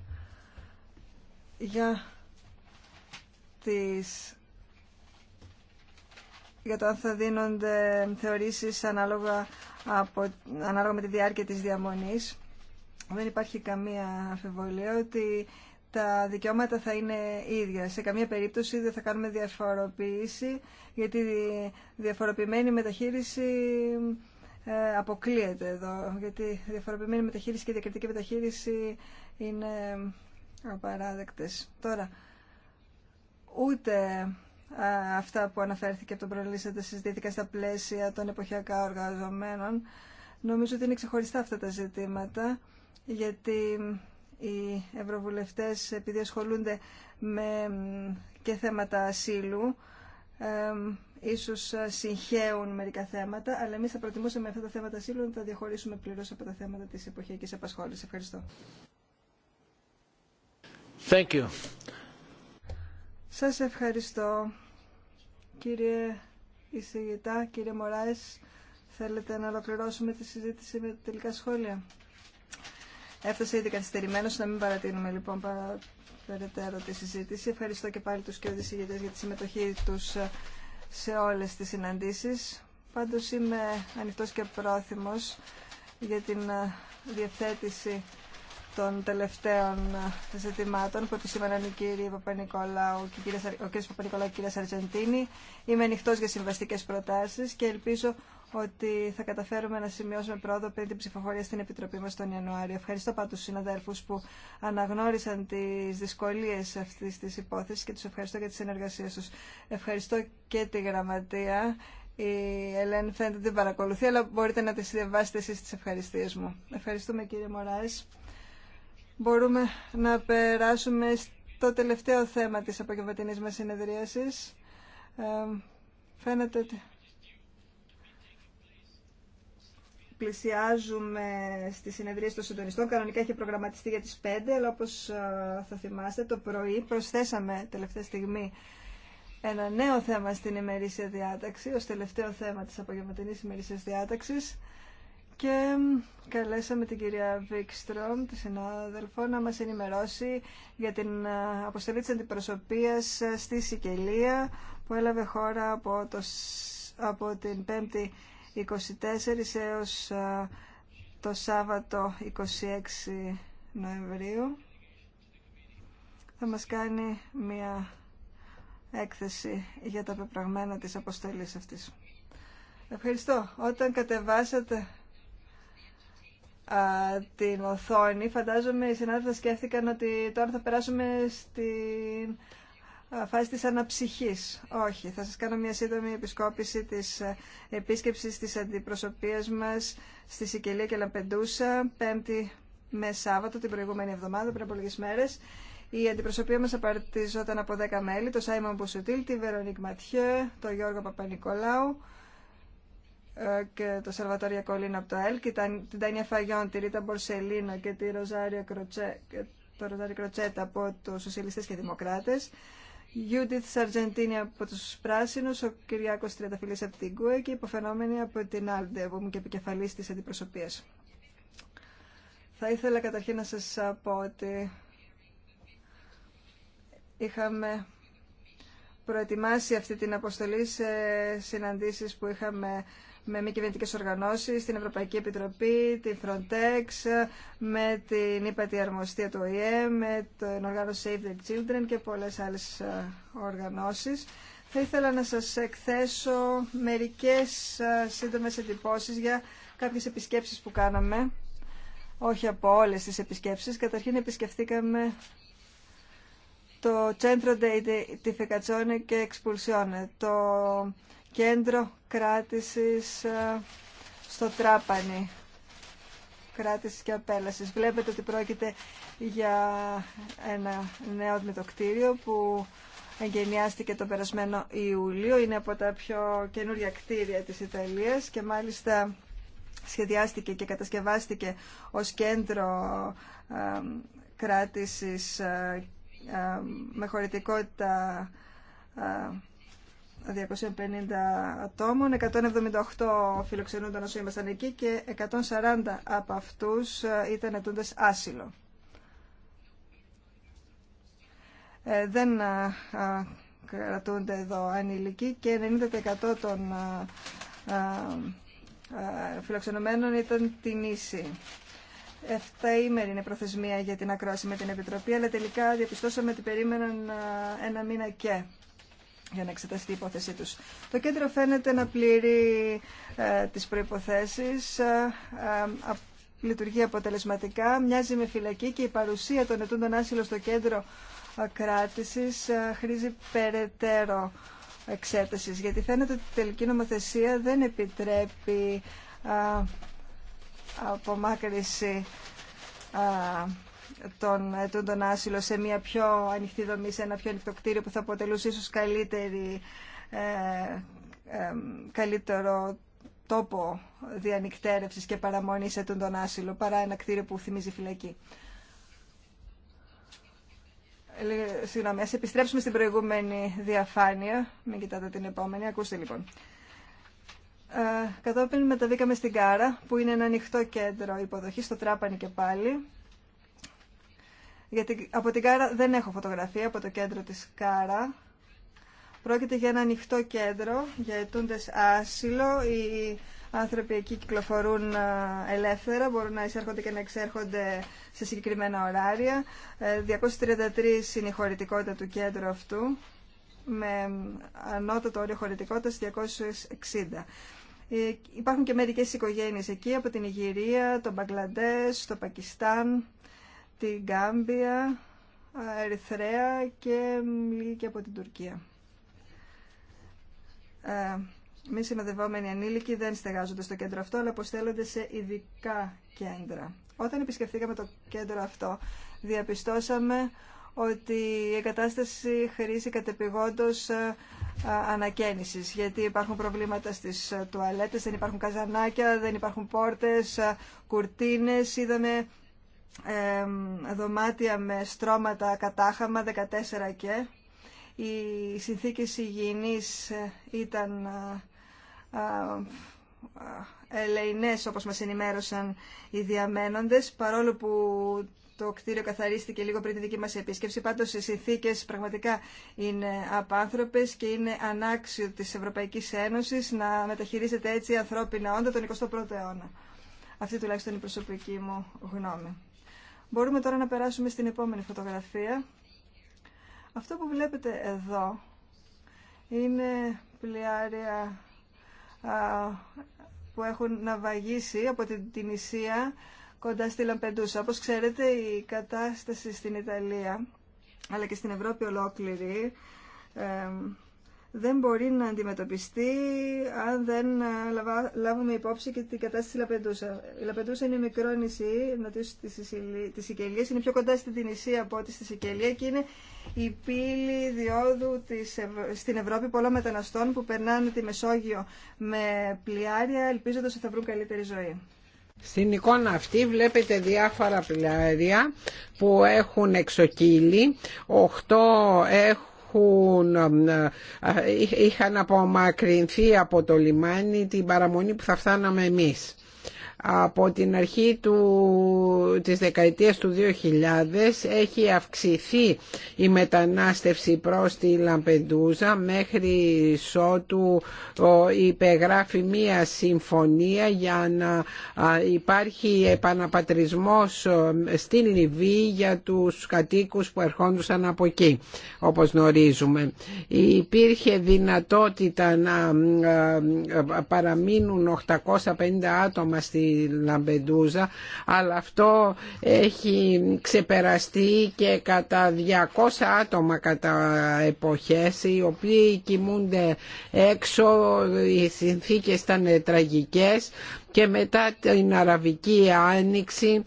για, τις... για το αν θα δίνονται θεωρήσεις ανάλογα, από... ανάλογα με τη διάρκεια τη διαμονή. Δεν υπάρχει καμία αμφιβολία ότι τα δικαιώματα θα είναι ίδια. Σε καμία περίπτωση δεν θα κάνουμε διαφοροποίηση, γιατί διαφοροποιημένη μεταχείριση ε, αποκλείεται εδώ, γιατί διαφοροποιημένη μεταχείριση και διακριτική μεταχείριση είναι απαράδεκτες. Τώρα, ούτε αυτά που αναφέρθηκε από τον προλήσατε συζητήθηκαν στα πλαίσια των εποχιακά οργαζομένων. Νομίζω ότι είναι ξεχωριστά αυτά τα ζητήματα γιατί οι ευρωβουλευτές επειδή ασχολούνται με και θέματα ασύλου ε, ίσως συγχαίουν μερικά θέματα, αλλά εμείς θα προτιμούσαμε αυτά τα θέματα ασύλου να τα διαχωρίσουμε πλήρως από τα θέματα της εποχιακής απασχόλησης. Ευχαριστώ. Thank you. Σας ευχαριστώ. Κύριε Ισηγητά, κύριε Μωράης, θέλετε να ολοκληρώσουμε τη συζήτηση με τελικά σχόλια. Έφτασε ήδη καθυστερημένο, να μην παρατείνουμε λοιπόν περαιτέρω τη συζήτηση. Ευχαριστώ και πάλι του και ηγετέ για τη συμμετοχή του ε, σε όλε τι συναντήσει. Πάντω είμαι ανοιχτό και πρόθυμο για την ε, διευθέτηση των τελευταίων ε, ζητημάτων που επισήμαναν οι κύριοι Παπα-Νικολάου και ο κ. Παπα-Νικολάου και η κυρία Σαρτζεντίνη. Είμαι ανοιχτό για συμβαστικέ προτάσει και ελπίζω ότι θα καταφέρουμε να σημειώσουμε πρόοδο πριν την ψηφοφορία στην Επιτροπή μας τον Ιανουάριο. Ευχαριστώ πάντως τους συναδέλφους που αναγνώρισαν τις δυσκολίες αυτής της υπόθεσης και τους ευχαριστώ για τη συνεργασία τους. Ευχαριστώ και τη Γραμματεία. Η Ελένη φαίνεται την παρακολουθεί, αλλά μπορείτε να τη διαβάσετε εσείς τις ευχαριστίες μου. Ευχαριστούμε κύριε Μωράης. Μπορούμε να περάσουμε στο τελευταίο θέμα της απογευματινής μας συνεδρίασης. Ε, φαίνεται ότι... πλησιάζουμε στη συνεδρία των συντονιστών. Κανονικά είχε προγραμματιστεί για τις 5, αλλά όπως ε, θα θυμάστε το πρωί προσθέσαμε τελευταία στιγμή ένα νέο θέμα στην ημερήσια διάταξη, ως τελευταίο θέμα της απογευματινής ημερήσιας διάταξης και καλέσαμε την κυρία Βίξτρομ τη συνάδελφο, να μας ενημερώσει για την ε, αποστολή της αντιπροσωπείας ε, στη Σικελία που έλαβε χώρα από, το, από την 5η 24 έως το Σάββατο 26 Νοεμβρίου. Θα μας κάνει μια έκθεση για τα πεπραγμένα της αποστολής αυτής. Ευχαριστώ. Όταν κατεβάσατε α, την οθόνη, φαντάζομαι οι συνάδελφοι σκέφτηκαν ότι τώρα θα περάσουμε στην φάση της αναψυχής. Όχι, θα σας κάνω μια σύντομη επισκόπηση της ε, επίσκεψης της αντιπροσωπείας μας στη Σικελία και Λαμπεντούσα, πέμπτη με Σάββατο την προηγούμενη εβδομάδα, πριν από λίγες μέρες. Η αντιπροσωπεία μας απαρτιζόταν από 10 μέλη, το Σάιμον Μπουσουτήλ, τη Βερονίκ Ματιέ, το Γιώργο Παπα-Νικολάου ε, και το Σαλβατόρια Κολίνο από το ΕΛ, και την Τάνια Φαγιόν, τη Ρίτα Μπορσελίνο και τη Ροζάρια Κροτσέ, το Ροζάριο Κροτσέτα από τους Σοσιαλιστές και Δημοκράτες. Judith Αργεντίνη από του πράσινου, ο Κυριάκος Τριανταφυλλής από την ΚΟΕ και υποφαινόμενη από την Άλντε, που μου και επικεφαλή τη αντιπροσωπεία. Θα ήθελα καταρχήν να σα πω ότι είχαμε προετοιμάσει αυτή την αποστολή σε συναντήσεις που είχαμε με μη κυβερνητικέ οργανώσει, την Ευρωπαϊκή Επιτροπή, την Frontex, με την ύπατη αρμοστία του ΟΗΕ, με την οργάνωση Save the Children και πολλέ άλλε οργανώσει. Θα ήθελα να σας εκθέσω μερικές ε, σύντομε εντυπώσεις για κάποιες επισκέψεις που κάναμε. Όχι από όλες τις επισκέψεις. Καταρχήν επισκεφτήκαμε το Centro de Identificazione και Expulsione, το κέντρο κράτησης ε, στο Τράπανη, κράτηση και απέλασης. Βλέπετε ότι πρόκειται για ένα νέο κτίριο που εγκαινιάστηκε το περασμένο Ιούλιο. Είναι από τα πιο καινούργια κτίρια της Ιταλίας και μάλιστα σχεδιάστηκε και κατασκευάστηκε ως κέντρο ε, κράτησης ε, με χωρητικότητα 250 ατόμων, 178 φιλοξενούνταν όσο ήμασταν εκεί και 140 από αυτούς ε, ήταν ετούντες άσυλο. Ε, δεν ε, κρατούνται εδώ ανηλικοί και 90% των α, φιλοξενωμένων ήταν την ίση. ημέρη είναι προθεσμία για την ακρόαση με την Επιτροπή, αλλά τελικά διαπιστώσαμε ότι περίμεναν ένα μήνα και για να εξεταστεί η υπόθεσή τους. Το κέντρο φαίνεται να πληρεί ε, τις προϋποθέσεις, ε, ε, λειτουργεί αποτελεσματικά, μοιάζει με φυλακή και η παρουσία των ετούντων άσυλων στο κέντρο ε, κράτησης ε, χρήζει περαιτέρω εξέτασης, γιατί φαίνεται ότι η τελική νομοθεσία δεν επιτρέπει ε, απομάκρυση τον τον άσυλο σε μια πιο ανοιχτή δομή, σε ένα πιο ανοιχτό κτίριο που θα αποτελούσε ίσως καλύτερη, ε, ε, καλύτερο τόπο διανυκτέρευσης και παραμονής τον άσυλο παρά ένα κτίριο που θυμίζει φυλακή. Συγγνώμη, ας επιστρέψουμε στην προηγούμενη διαφάνεια. Μην κοιτάτε την επόμενη. Ακούστε λοιπόν. Ε, κατόπιν μεταβήκαμε στην Κάρα, που είναι ένα ανοιχτό κέντρο υποδοχής, στο Τράπανη και πάλι. Γιατί από την Κάρα δεν έχω φωτογραφία, από το κέντρο της Κάρα. Πρόκειται για ένα ανοιχτό κέντρο για ετούντες άσυλο. Οι άνθρωποι εκεί κυκλοφορούν ε, ελεύθερα, μπορούν να εισέρχονται και να εξέρχονται σε συγκεκριμένα ωράρια. 233 ε, είναι η χωρητικότητα του κέντρου αυτού, με ανώτατο όριο χωρητικότητας 260. Ε, υπάρχουν και μερικές οικογένειες εκεί από την Ιγυρία, τον Μπαγκλαντές, το Πακιστάν την Γκάμπια, Ερυθρέα και λίγη και από την Τουρκία. Ε, μη συνοδευόμενοι ανήλικοι δεν στεγάζονται στο κέντρο αυτό, αλλά αποστέλλονται σε ειδικά κέντρα. Όταν επισκεφθήκαμε το κέντρο αυτό, διαπιστώσαμε ότι η εγκατάσταση χρήση κατεπηγόντως ε, ανακαίνησης, γιατί υπάρχουν προβλήματα στις ε, τουαλέτες, δεν υπάρχουν καζανάκια, δεν υπάρχουν πόρτες, ε, κουρτίνες, είδαμε δωμάτια με στρώματα κατάχαμα, 14 και. Οι συνθήκες υγιεινής ε, ήταν ε, ε, ελεηνές όπως μας ενημέρωσαν οι διαμένοντες παρόλο που το κτίριο καθαρίστηκε λίγο πριν τη δική μας επίσκεψη πάντως οι συνθήκες πραγματικά είναι απάνθρωπες και είναι ανάξιο της Ευρωπαϊκής Ένωσης να μεταχειρίζεται έτσι ανθρώπινα όντα τον 21ο αιώνα. Αυτή τουλάχιστον είναι η προσωπική μου γνώμη. Μπορούμε τώρα να περάσουμε στην επόμενη φωτογραφία. Αυτό που βλέπετε εδώ είναι πλοιάρια που έχουν ναυαγίσει από την Τινησία κοντά στη Λαμπεντούσα. Όπως ξέρετε η κατάσταση στην Ιταλία αλλά και στην Ευρώπη ολόκληρη δεν μπορεί να αντιμετωπιστεί αν δεν ε, λάβουμε υπόψη και την κατάσταση της Λαπεντούσα. Η Λαπεντούσα είναι μικρό νησί, τη της Σικελίας, είναι πιο κοντά στην Τινησία από ό,τι στη Σικελία και είναι η πύλη διόδου της, στην Ευρώπη πολλών μεταναστών που περνάνε τη Μεσόγειο με πλοιάρια, ελπίζοντας ότι θα βρουν καλύτερη ζωή. Στην εικόνα αυτή βλέπετε διάφορα πλοιάρια που έχουν εξοκύλει 8 έχουν έχουν, ε, ε, είχαν απομακρυνθεί από το λιμάνι την παραμονή που θα φτάναμε εμείς από την αρχή του, της δεκαετίας του 2000 έχει αυξηθεί η μετανάστευση προς τη Λαμπεντούζα μέχρι σότου υπεγράφει μία συμφωνία για να υπάρχει επαναπατρισμός στην Λιβύη για τους κατοίκους που ερχόντουσαν από εκεί όπως γνωρίζουμε. Υπήρχε δυνατότητα να παραμείνουν 850 άτομα στη Λαμπεντούζα αλλά αυτό έχει ξεπεραστεί και κατά 200 άτομα κατά εποχές οι οποίοι κοιμούνται έξω, οι συνθήκες ήταν τραγικές και μετά την Αραβική Άνοιξη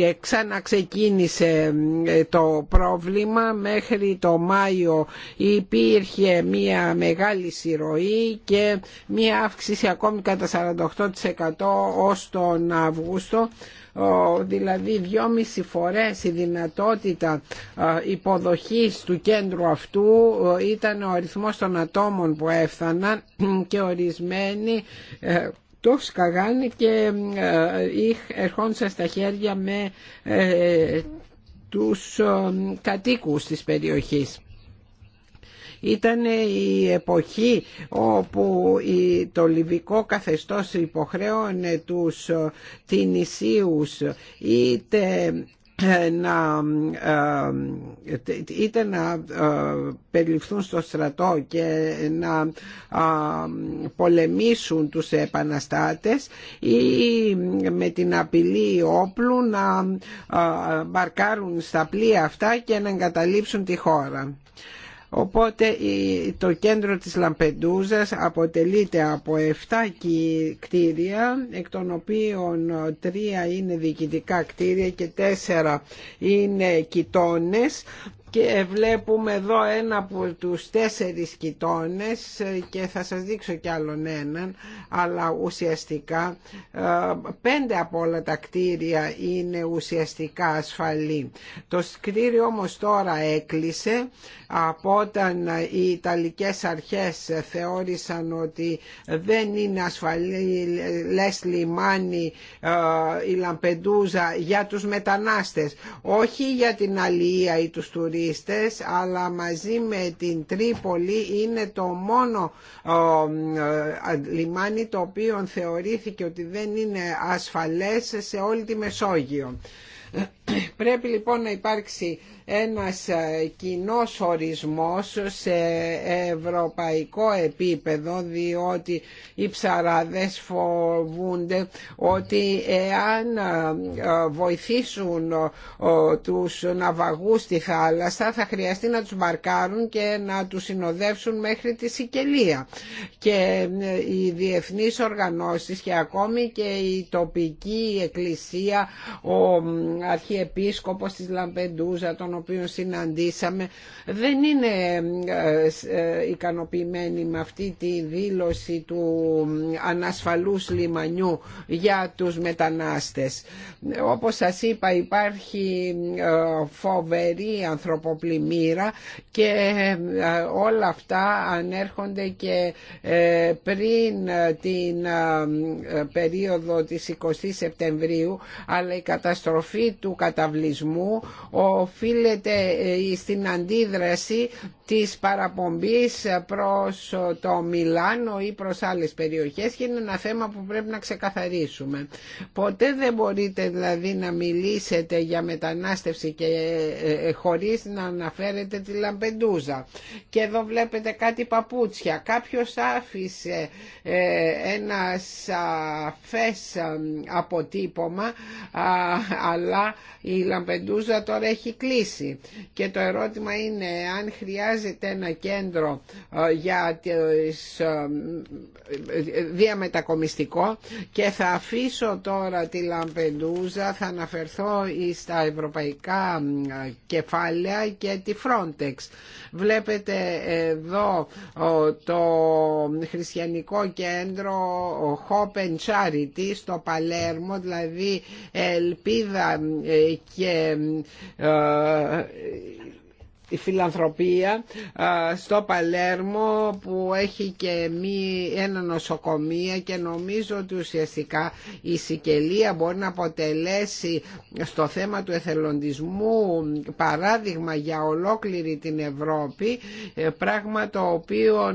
ε, ξαναξεκίνησε ε, το πρόβλημα μέχρι το Μάιο υπήρχε μια μεγάλη συρροή και μια αύξηση ακόμη κατά 48% ως τον Αυγούστο δηλαδή δυόμιση φορές η δυνατότητα υποδοχής του κέντρου αυτού ήταν ο αριθμός των ατόμων που έφταναν και ορισμένοι ε, το σκαγάνε και ε, ερχόντουσαν στα χέρια με ε, τους κατοίκους της περιοχής. Ήταν η εποχή όπου το λιβικό καθεστώς υποχρέωνε τους τινησίους ε, ε, ε, είτε να, είτε να περιληφθούν στο στρατό και να πολεμήσουν τους επαναστάτες ή με την απειλή όπλου να μπαρκάρουν στα πλοία αυτά και να εγκαταλείψουν τη χώρα. Οπότε το κέντρο της Λαμπεντούζας αποτελείται από 7 κτίρια, εκ των οποίων 3 είναι διοικητικά κτίρια και 4 είναι κοιτώνες και βλέπουμε εδώ ένα από τους τέσσερις κοιτώνες και θα σας δείξω κι άλλον έναν αλλά ουσιαστικά ε, πέντε από όλα τα κτίρια είναι ουσιαστικά ασφαλή. Το κτίριο όμως τώρα έκλεισε από όταν οι Ιταλικές αρχές θεώρησαν ότι δεν είναι ασφαλή λες λιμάνι ε, η Λαμπεντούζα για τους μετανάστες όχι για την αλληλεία ή τους αλλά μαζί με την Τρίπολη είναι το μόνο λιμάνι το οποίο θεωρήθηκε ότι δεν είναι ασφαλές σε όλη τη Μεσόγειο. Πρέπει λοιπόν να υπάρξει ένας ε, κοινός ορισμός σε ευρωπαϊκό επίπεδο διότι οι ψαράδες φοβούνται ότι εάν ε, βοηθήσουν ε, τους ναυαγούς στη θάλασσα θα χρειαστεί να τους μαρκάρουν και να τους συνοδεύσουν μέχρι τη Σικελία και οι διεθνείς οργανώσεις και ακόμη και η τοπική εκκλησία ο επίσκοπος της Λαμπεντούζα τον οποίο συναντήσαμε δεν είναι ε, ε, ικανοποιημένοι με αυτή τη δήλωση του ανασφαλούς λιμανιού για τους μετανάστες. Όπως σας είπα υπάρχει ε, φοβερή ανθρωποπλημμύρα και όλα αυτά ανέρχονται και πριν την περίοδο της 20 Σεπτεμβρίου αλλά η καταστροφή του καταβλισμού οφείλεται ε, στην αντίδραση της παραπομπής προς το Μιλάνο ή προς άλλες περιοχές και είναι ένα θέμα που πρέπει να ξεκαθαρίσουμε. Ποτέ δεν μπορείτε δηλαδή να μιλήσετε για μετανάστευση και ε, ε, χωρίς να αναφέρετε τη Λαμπεντούζα. Και εδώ βλέπετε κάτι παπούτσια. Κάποιος άφησε ε, ένα σαφές αποτύπωμα αλλά η Λαμπεντούζα τώρα έχει κλείσει. Και το ερώτημα είναι αν χρειάζεται χρειάζεται ένα κέντρο ε, για τις ε, διαμετακομιστικό και θα αφήσω τώρα τη Λαμπεντούζα, θα αναφερθώ στα ευρωπαϊκά ε, κεφάλαια και τη Frontex. Βλέπετε εδώ το χριστιανικό κέντρο Hope and Charity στο Παλέρμο, δηλαδή ελπίδα και η φιλανθρωπία στο Παλέρμο που έχει και μη, ένα νοσοκομείο και νομίζω ότι ουσιαστικά η Σικελία μπορεί να αποτελέσει στο θέμα του εθελοντισμού παράδειγμα για ολόκληρη την Ευρώπη ε, πράγμα το οποίο ε,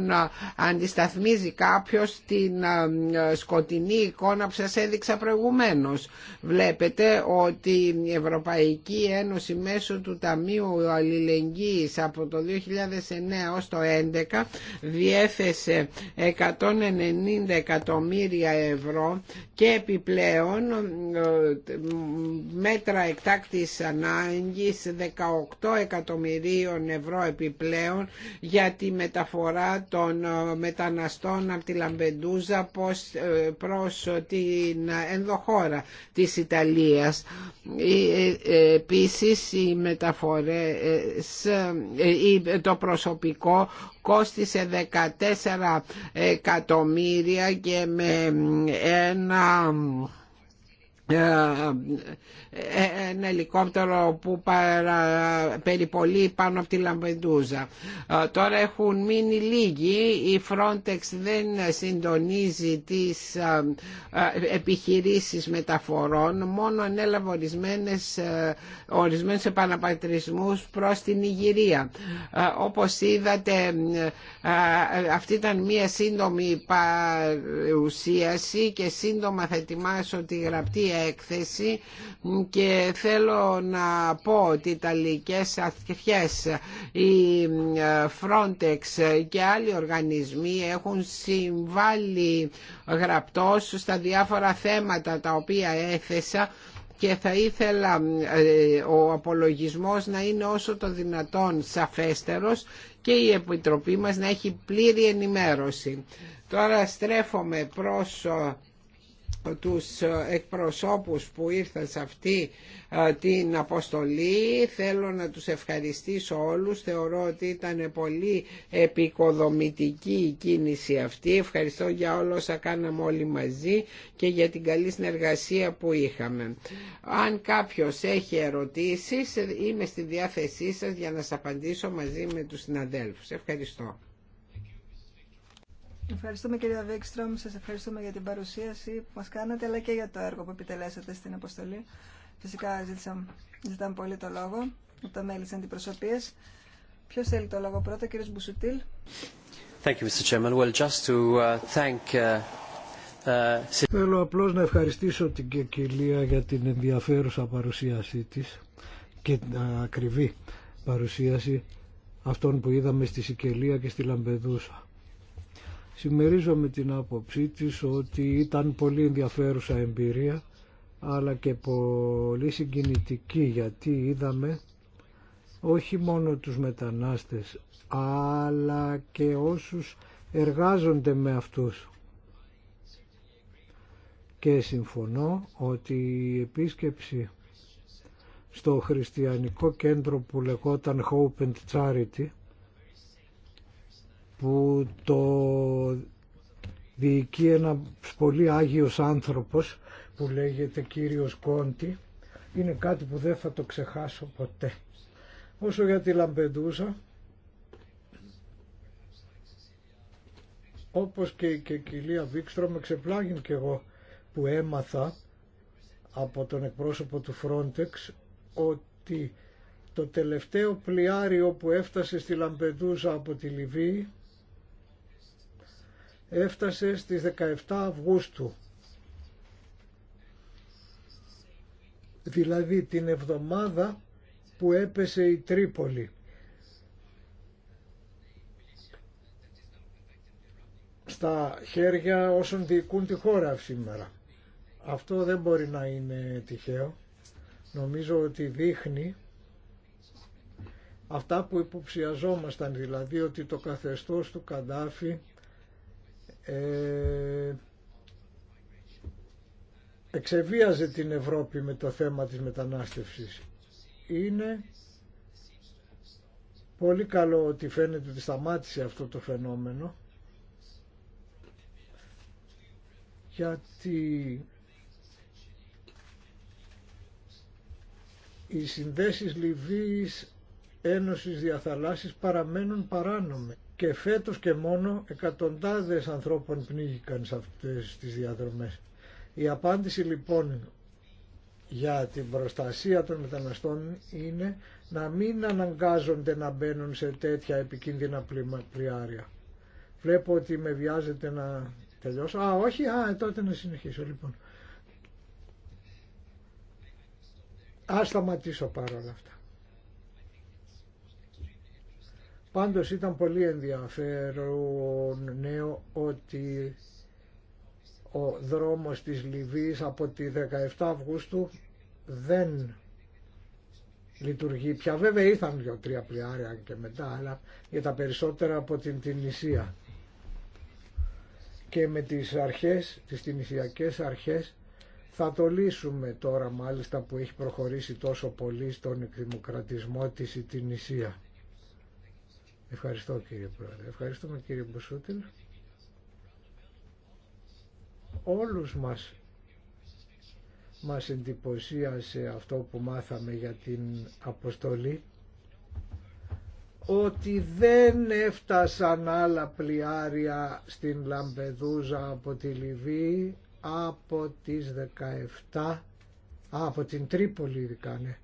αντισταθμίζει κάποιος την ε, σκοτεινή εικόνα που σας έδειξα προηγουμένως. Βλέπετε ότι η Ευρωπαϊκή Ένωση μέσω του Ταμείου Αλληλεγγύης από το 2009 ως το 2011 διέθεσε 190 εκατομμύρια ευρώ και επιπλέον ε, μέτρα εκτάκτης ανάγκης 18 εκατομμυρίων ευρώ επιπλέον για τη μεταφορά των ε, μεταναστών από τη Λαμπεντούζα προς ε, την ενδοχώρα της Ιταλίας. Επίσης οι μεταφορές ε, το προσωπικό κόστισε 14 εκατομμύρια και με ένα ε, ένα ελικόπτερο που παρα, περιπολεί πάνω από τη Λαμπεντούζα. Ε, τώρα έχουν μείνει λίγοι, η Frontex δεν συντονίζει τις ε, ε, επιχειρήσεις μεταφορών, μόνο ανέλαβε ορισμένες, ορισμένους επαναπατρισμούς προς την Ιγυρία. Όπως είδατε αυτή ήταν μία σύντομη παρουσίαση και σύντομα θα ετοιμάσω τη γραπτή έκθεση και θέλω να πω ότι οι Ιταλικές αρχές, η ε, Frontex και άλλοι οργανισμοί έχουν συμβάλει γραπτός στα διάφορα θέματα τα οποία έθεσα και θα ήθελα ε, ο απολογισμός να είναι όσο το δυνατόν σαφέστερος και η Επιτροπή μας να έχει πλήρη ενημέρωση. Τώρα στρέφομαι προς ε, τους ε, εκπροσώπους που ήρθαν σε αυτή ε, την αποστολή. Θέλω να τους ευχαριστήσω όλους. Θεωρώ ότι ήταν πολύ επικοδομητική η κίνηση αυτή. Ευχαριστώ για όλα όσα κάναμε όλοι μαζί και για την καλή συνεργασία που είχαμε. Αν κάποιος έχει ερωτήσεις ε, είμαι στη διάθεσή σας για να σας απαντήσω μαζί με τους συναδέλφους. Ευχαριστώ. Ευχαριστούμε κυρία Βίξτρομ, σας ευχαριστούμε για την παρουσίαση που μας κάνατε, αλλά και για το έργο που επιτελέσατε στην αποστολή. Φυσικά ζητάμε πολύ το λόγο από τα μέλη της αντιπροσωπείας. Ποιος θέλει το λόγο πρώτα, κύριος Μπουσουτήλ. Θέλω απλώς να ευχαριστήσω την Κεκυλία για την ενδιαφέρουσα παρουσίασή της και την ακριβή παρουσίαση αυτών που είδαμε στη Σικελία και στη Λαμπεδούσα. Συμμερίζομαι την άποψή της ότι ήταν πολύ ενδιαφέρουσα εμπειρία αλλά και πολύ συγκινητική γιατί είδαμε όχι μόνο τους μετανάστες αλλά και όσους εργάζονται με αυτούς. Και συμφωνώ ότι η επίσκεψη στο χριστιανικό κέντρο που λεγόταν Hope and Charity που το διοικεί ένα πολύ άγιος άνθρωπος που λέγεται κύριος Κόντι είναι κάτι που δεν θα το ξεχάσω ποτέ. Όσο για τη Λαμπεντούσα, όπως και, η κεκυλία, Βίξτρο με ξεπλάγει και εγώ που έμαθα από τον εκπρόσωπο του Frontex ότι το τελευταίο πλοιάριο που έφτασε στη Λαμπεντούζα από τη Λιβύη έφτασε στις 17 Αυγούστου. Δηλαδή την εβδομάδα που έπεσε η Τρίπολη. στα χέρια όσων διοικούν τη χώρα σήμερα. Αυτό δεν μπορεί να είναι τυχαίο. Νομίζω ότι δείχνει αυτά που υποψιαζόμασταν, δηλαδή ότι το καθεστώς του Καντάφη ε, εξεβίαζε την Ευρώπη με το θέμα της μετανάστευσης. Είναι πολύ καλό ότι φαίνεται ότι σταμάτησε αυτό το φαινόμενο γιατί οι συνδέσεις Λιβύης Ένωσης Διαθαλάσσης παραμένουν παράνομες και φέτος και μόνο εκατοντάδες ανθρώπων πνίγηκαν σε αυτές τις διαδρομές. Η απάντηση λοιπόν για την προστασία των μεταναστών είναι να μην αναγκάζονται να μπαίνουν σε τέτοια επικίνδυνα πλοιάρια. Βλέπω ότι με βιάζεται να τελειώσω. Α, όχι, α, τότε να συνεχίσω λοιπόν. Ας σταματήσω παρόλα αυτά. Πάντως ήταν πολύ ενδιαφέρον νέο ότι ο δρόμος της Λιβύης από τη 17 Αυγούστου δεν λειτουργεί πια. Βέβαια ήρθαν δύο-τρία πλοιάρια και μετά, αλλά για τα περισσότερα από την Τινησία. Και με τις αρχές, τις Τινησιακές αρχές, θα το λύσουμε τώρα μάλιστα που έχει προχωρήσει τόσο πολύ στον εκδημοκρατισμό της η Τινησία. Ευχαριστώ κύριε Πρόεδρε. Ευχαριστούμε κύριε Μπουσούτιλ. Όλους μας μας εντυπωσίασε αυτό που μάθαμε για την αποστολή ότι δεν έφτασαν άλλα πλοιάρια στην Λαμπεδούζα από τη Λιβύη από τις 17 α, από την Τρίπολη ειδικά ναι,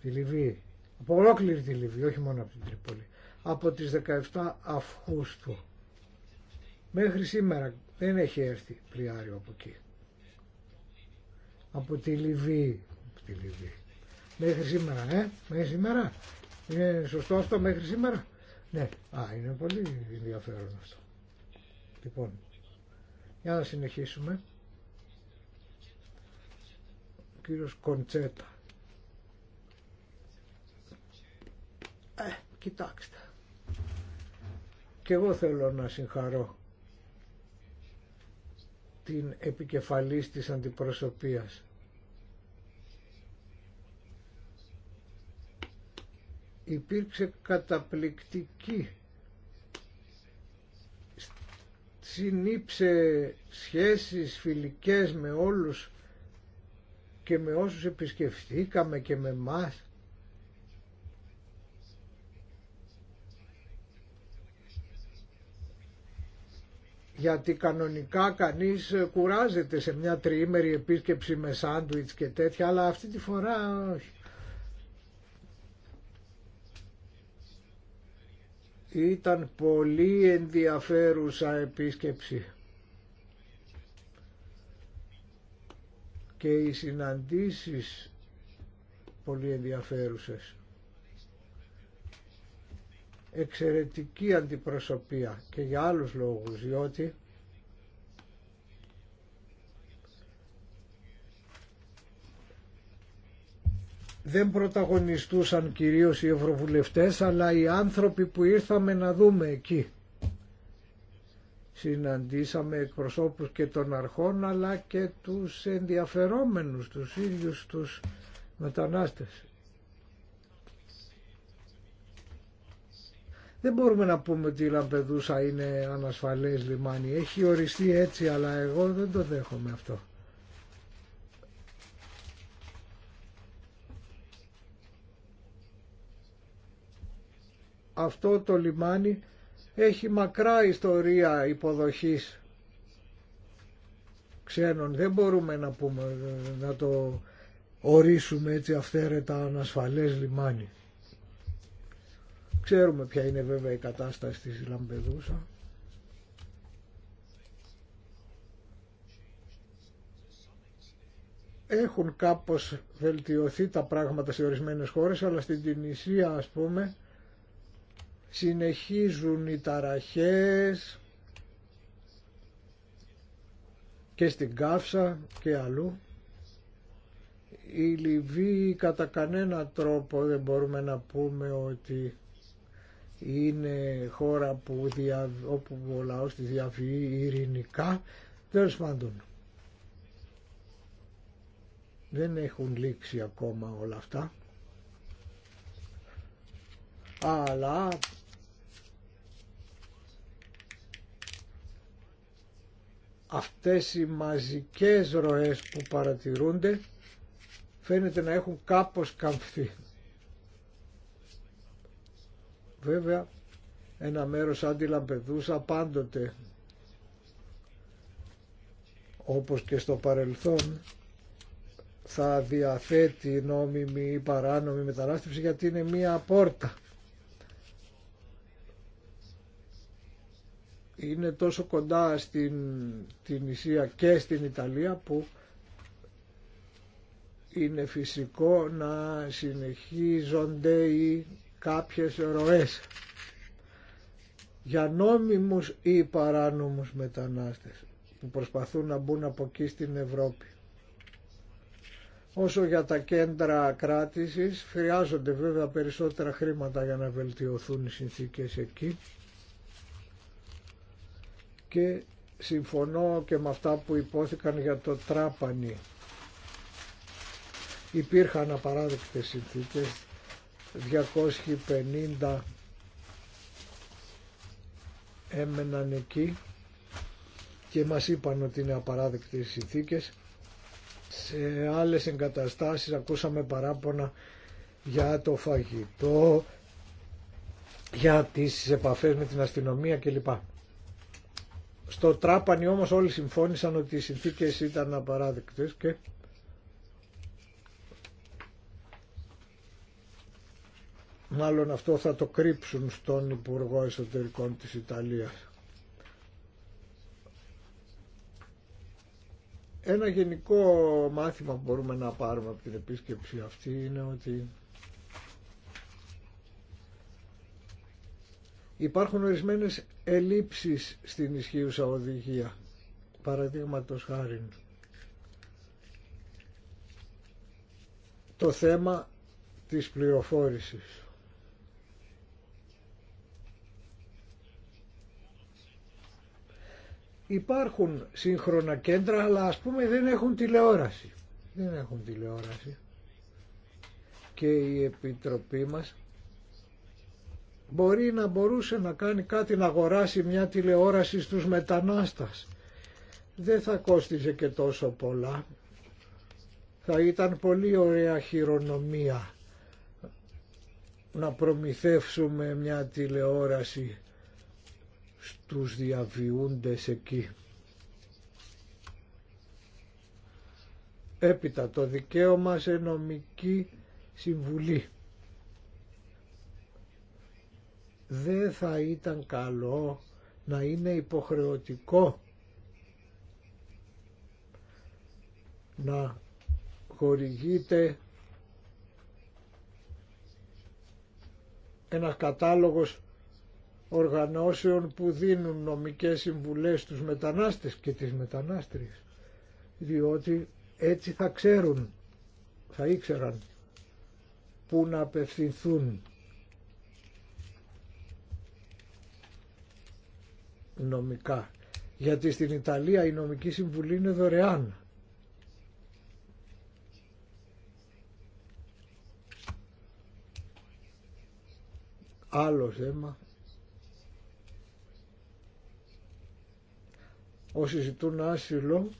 τη Λιβύη από ολόκληρη τη Λιβύη όχι μόνο από την Τρίπολη από τις 17 Αυγούστου. Μέχρι σήμερα δεν έχει έρθει πλοιάριο από εκεί. Από τη Λιβύη. Από τη Λιβύη. Μέχρι σήμερα, ε, μέχρι σήμερα. Είναι σωστό αυτό μέχρι σήμερα. Ναι, α, είναι πολύ ενδιαφέρον αυτό. Λοιπόν, για να συνεχίσουμε. Ο κύριος Κοντσέτα. Ε, κοιτάξτε. Και εγώ θέλω να συγχαρώ την επικεφαλής της αντιπροσωπείας. Υπήρξε καταπληκτική συνήψε σχέσεις φιλικές με όλους και με όσους επισκεφθήκαμε και με μας γιατί κανονικά κανείς κουράζεται σε μια τριήμερη επίσκεψη με σάντουιτς και τέτοια, αλλά αυτή τη φορά όχι. Ήταν πολύ ενδιαφέρουσα επίσκεψη. Και οι συναντήσεις πολύ ενδιαφέρουσες εξαιρετική αντιπροσωπεία και για άλλους λόγους διότι δεν πρωταγωνιστούσαν κυρίως οι ευρωβουλευτές αλλά οι άνθρωποι που ήρθαμε να δούμε εκεί. Συναντήσαμε εκπροσώπους και των αρχών αλλά και τους ενδιαφερόμενους, τους ίδιους τους μετανάστες. Δεν μπορούμε να πούμε ότι η Λαμπεδούσα είναι ανασφαλές λιμάνι. Έχει οριστεί έτσι, αλλά εγώ δεν το δέχομαι αυτό. Αυτό το λιμάνι έχει μακρά ιστορία υποδοχής ξένων. Δεν μπορούμε να, πούμε, να το ορίσουμε έτσι αυθαίρετα ανασφαλές λιμάνι. Ξέρουμε ποια είναι βέβαια η κατάσταση της Λαμπεδούσα. Έχουν κάπως βελτιωθεί τα πράγματα σε ορισμένες χώρες, αλλά στην Τινησία ας πούμε συνεχίζουν οι ταραχές και στην Κάφσα και αλλού. Η Λιβύη κατά κανένα τρόπο δεν μπορούμε να πούμε ότι είναι χώρα που δια, όπου ο λαός τη διαβιεί ειρηνικά τέλος δεν έχουν λήξει ακόμα όλα αυτά αλλά αυτές οι μαζικές ροές που παρατηρούνται φαίνεται να έχουν κάπως καμφθεί Βέβαια ένα μέρος αντιλαμπεδούσα πάντοτε όπως και στο παρελθόν θα διαθέτει νόμιμη ή παράνομη μετανάστευση γιατί είναι μία πόρτα. Είναι τόσο κοντά στην την Ισία και στην Ιταλία που είναι φυσικό να συνεχίζονται οι κάποιες ροές για νόμιμους ή παράνομους μετανάστες που προσπαθούν να μπουν από εκεί στην Ευρώπη. Όσο για τα κέντρα κράτησης, χρειάζονται βέβαια περισσότερα χρήματα για να βελτιωθούν οι συνθήκες εκεί και συμφωνώ και με αυτά που υπόθηκαν για το τράπανι. Υπήρχαν απαράδεκτες συνθήκες 250 έμεναν εκεί και μας είπαν ότι είναι απαράδεκτες οι συνθήκες. Σε άλλες εγκαταστάσεις ακούσαμε παράπονα για το φαγητό, για τις επαφές με την αστυνομία κλπ. Στο τράπανι όμως όλοι συμφώνησαν ότι οι συνθήκες ήταν απαράδεκτες και Μάλλον αυτό θα το κρύψουν στον Υπουργό Εσωτερικών της Ιταλίας. Ένα γενικό μάθημα που μπορούμε να πάρουμε από την επίσκεψη αυτή είναι ότι υπάρχουν ορισμένες ελλείψεις στην ισχύουσα οδηγία. Παραδείγματος χάρη. Το θέμα της πληροφόρησης. Υπάρχουν σύγχρονα κέντρα, αλλά ας πούμε δεν έχουν τηλεόραση. Δεν έχουν τηλεόραση. Και η Επιτροπή μας μπορεί να μπορούσε να κάνει κάτι, να αγοράσει μια τηλεόραση στους μετανάστας. Δεν θα κόστιζε και τόσο πολλά. Θα ήταν πολύ ωραία χειρονομία να προμηθεύσουμε μια τηλεόραση στους διαβιούντες εκεί. Έπειτα το δικαίωμα σε νομική συμβουλή. Δεν θα ήταν καλό να είναι υποχρεωτικό να χορηγείται ένα κατάλογος οργανώσεων που δίνουν νομικές συμβουλές στους μετανάστες και τις μετανάστριες διότι έτσι θα ξέρουν θα ήξεραν που να απευθυνθούν νομικά γιατί στην Ιταλία η νομική συμβουλή είναι δωρεάν άλλο θέμα όσοι ζητούν άσυλο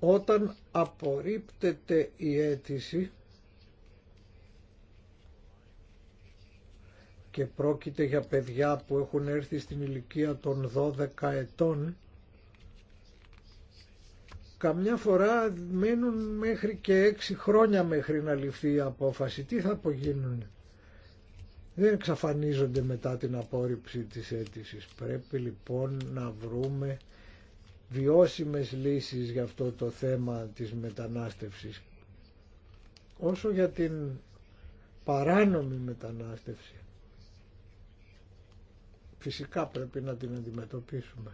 όταν απορρίπτεται η αίτηση και πρόκειται για παιδιά που έχουν έρθει στην ηλικία των 12 ετών καμιά φορά μένουν μέχρι και 6 χρόνια μέχρι να ληφθεί η απόφαση. Τι θα απογίνουν δεν εξαφανίζονται μετά την απόρριψη της αίτηση. Πρέπει λοιπόν να βρούμε βιώσιμες λύσεις για αυτό το θέμα της μετανάστευσης. Όσο για την παράνομη μετανάστευση, φυσικά πρέπει να την αντιμετωπίσουμε.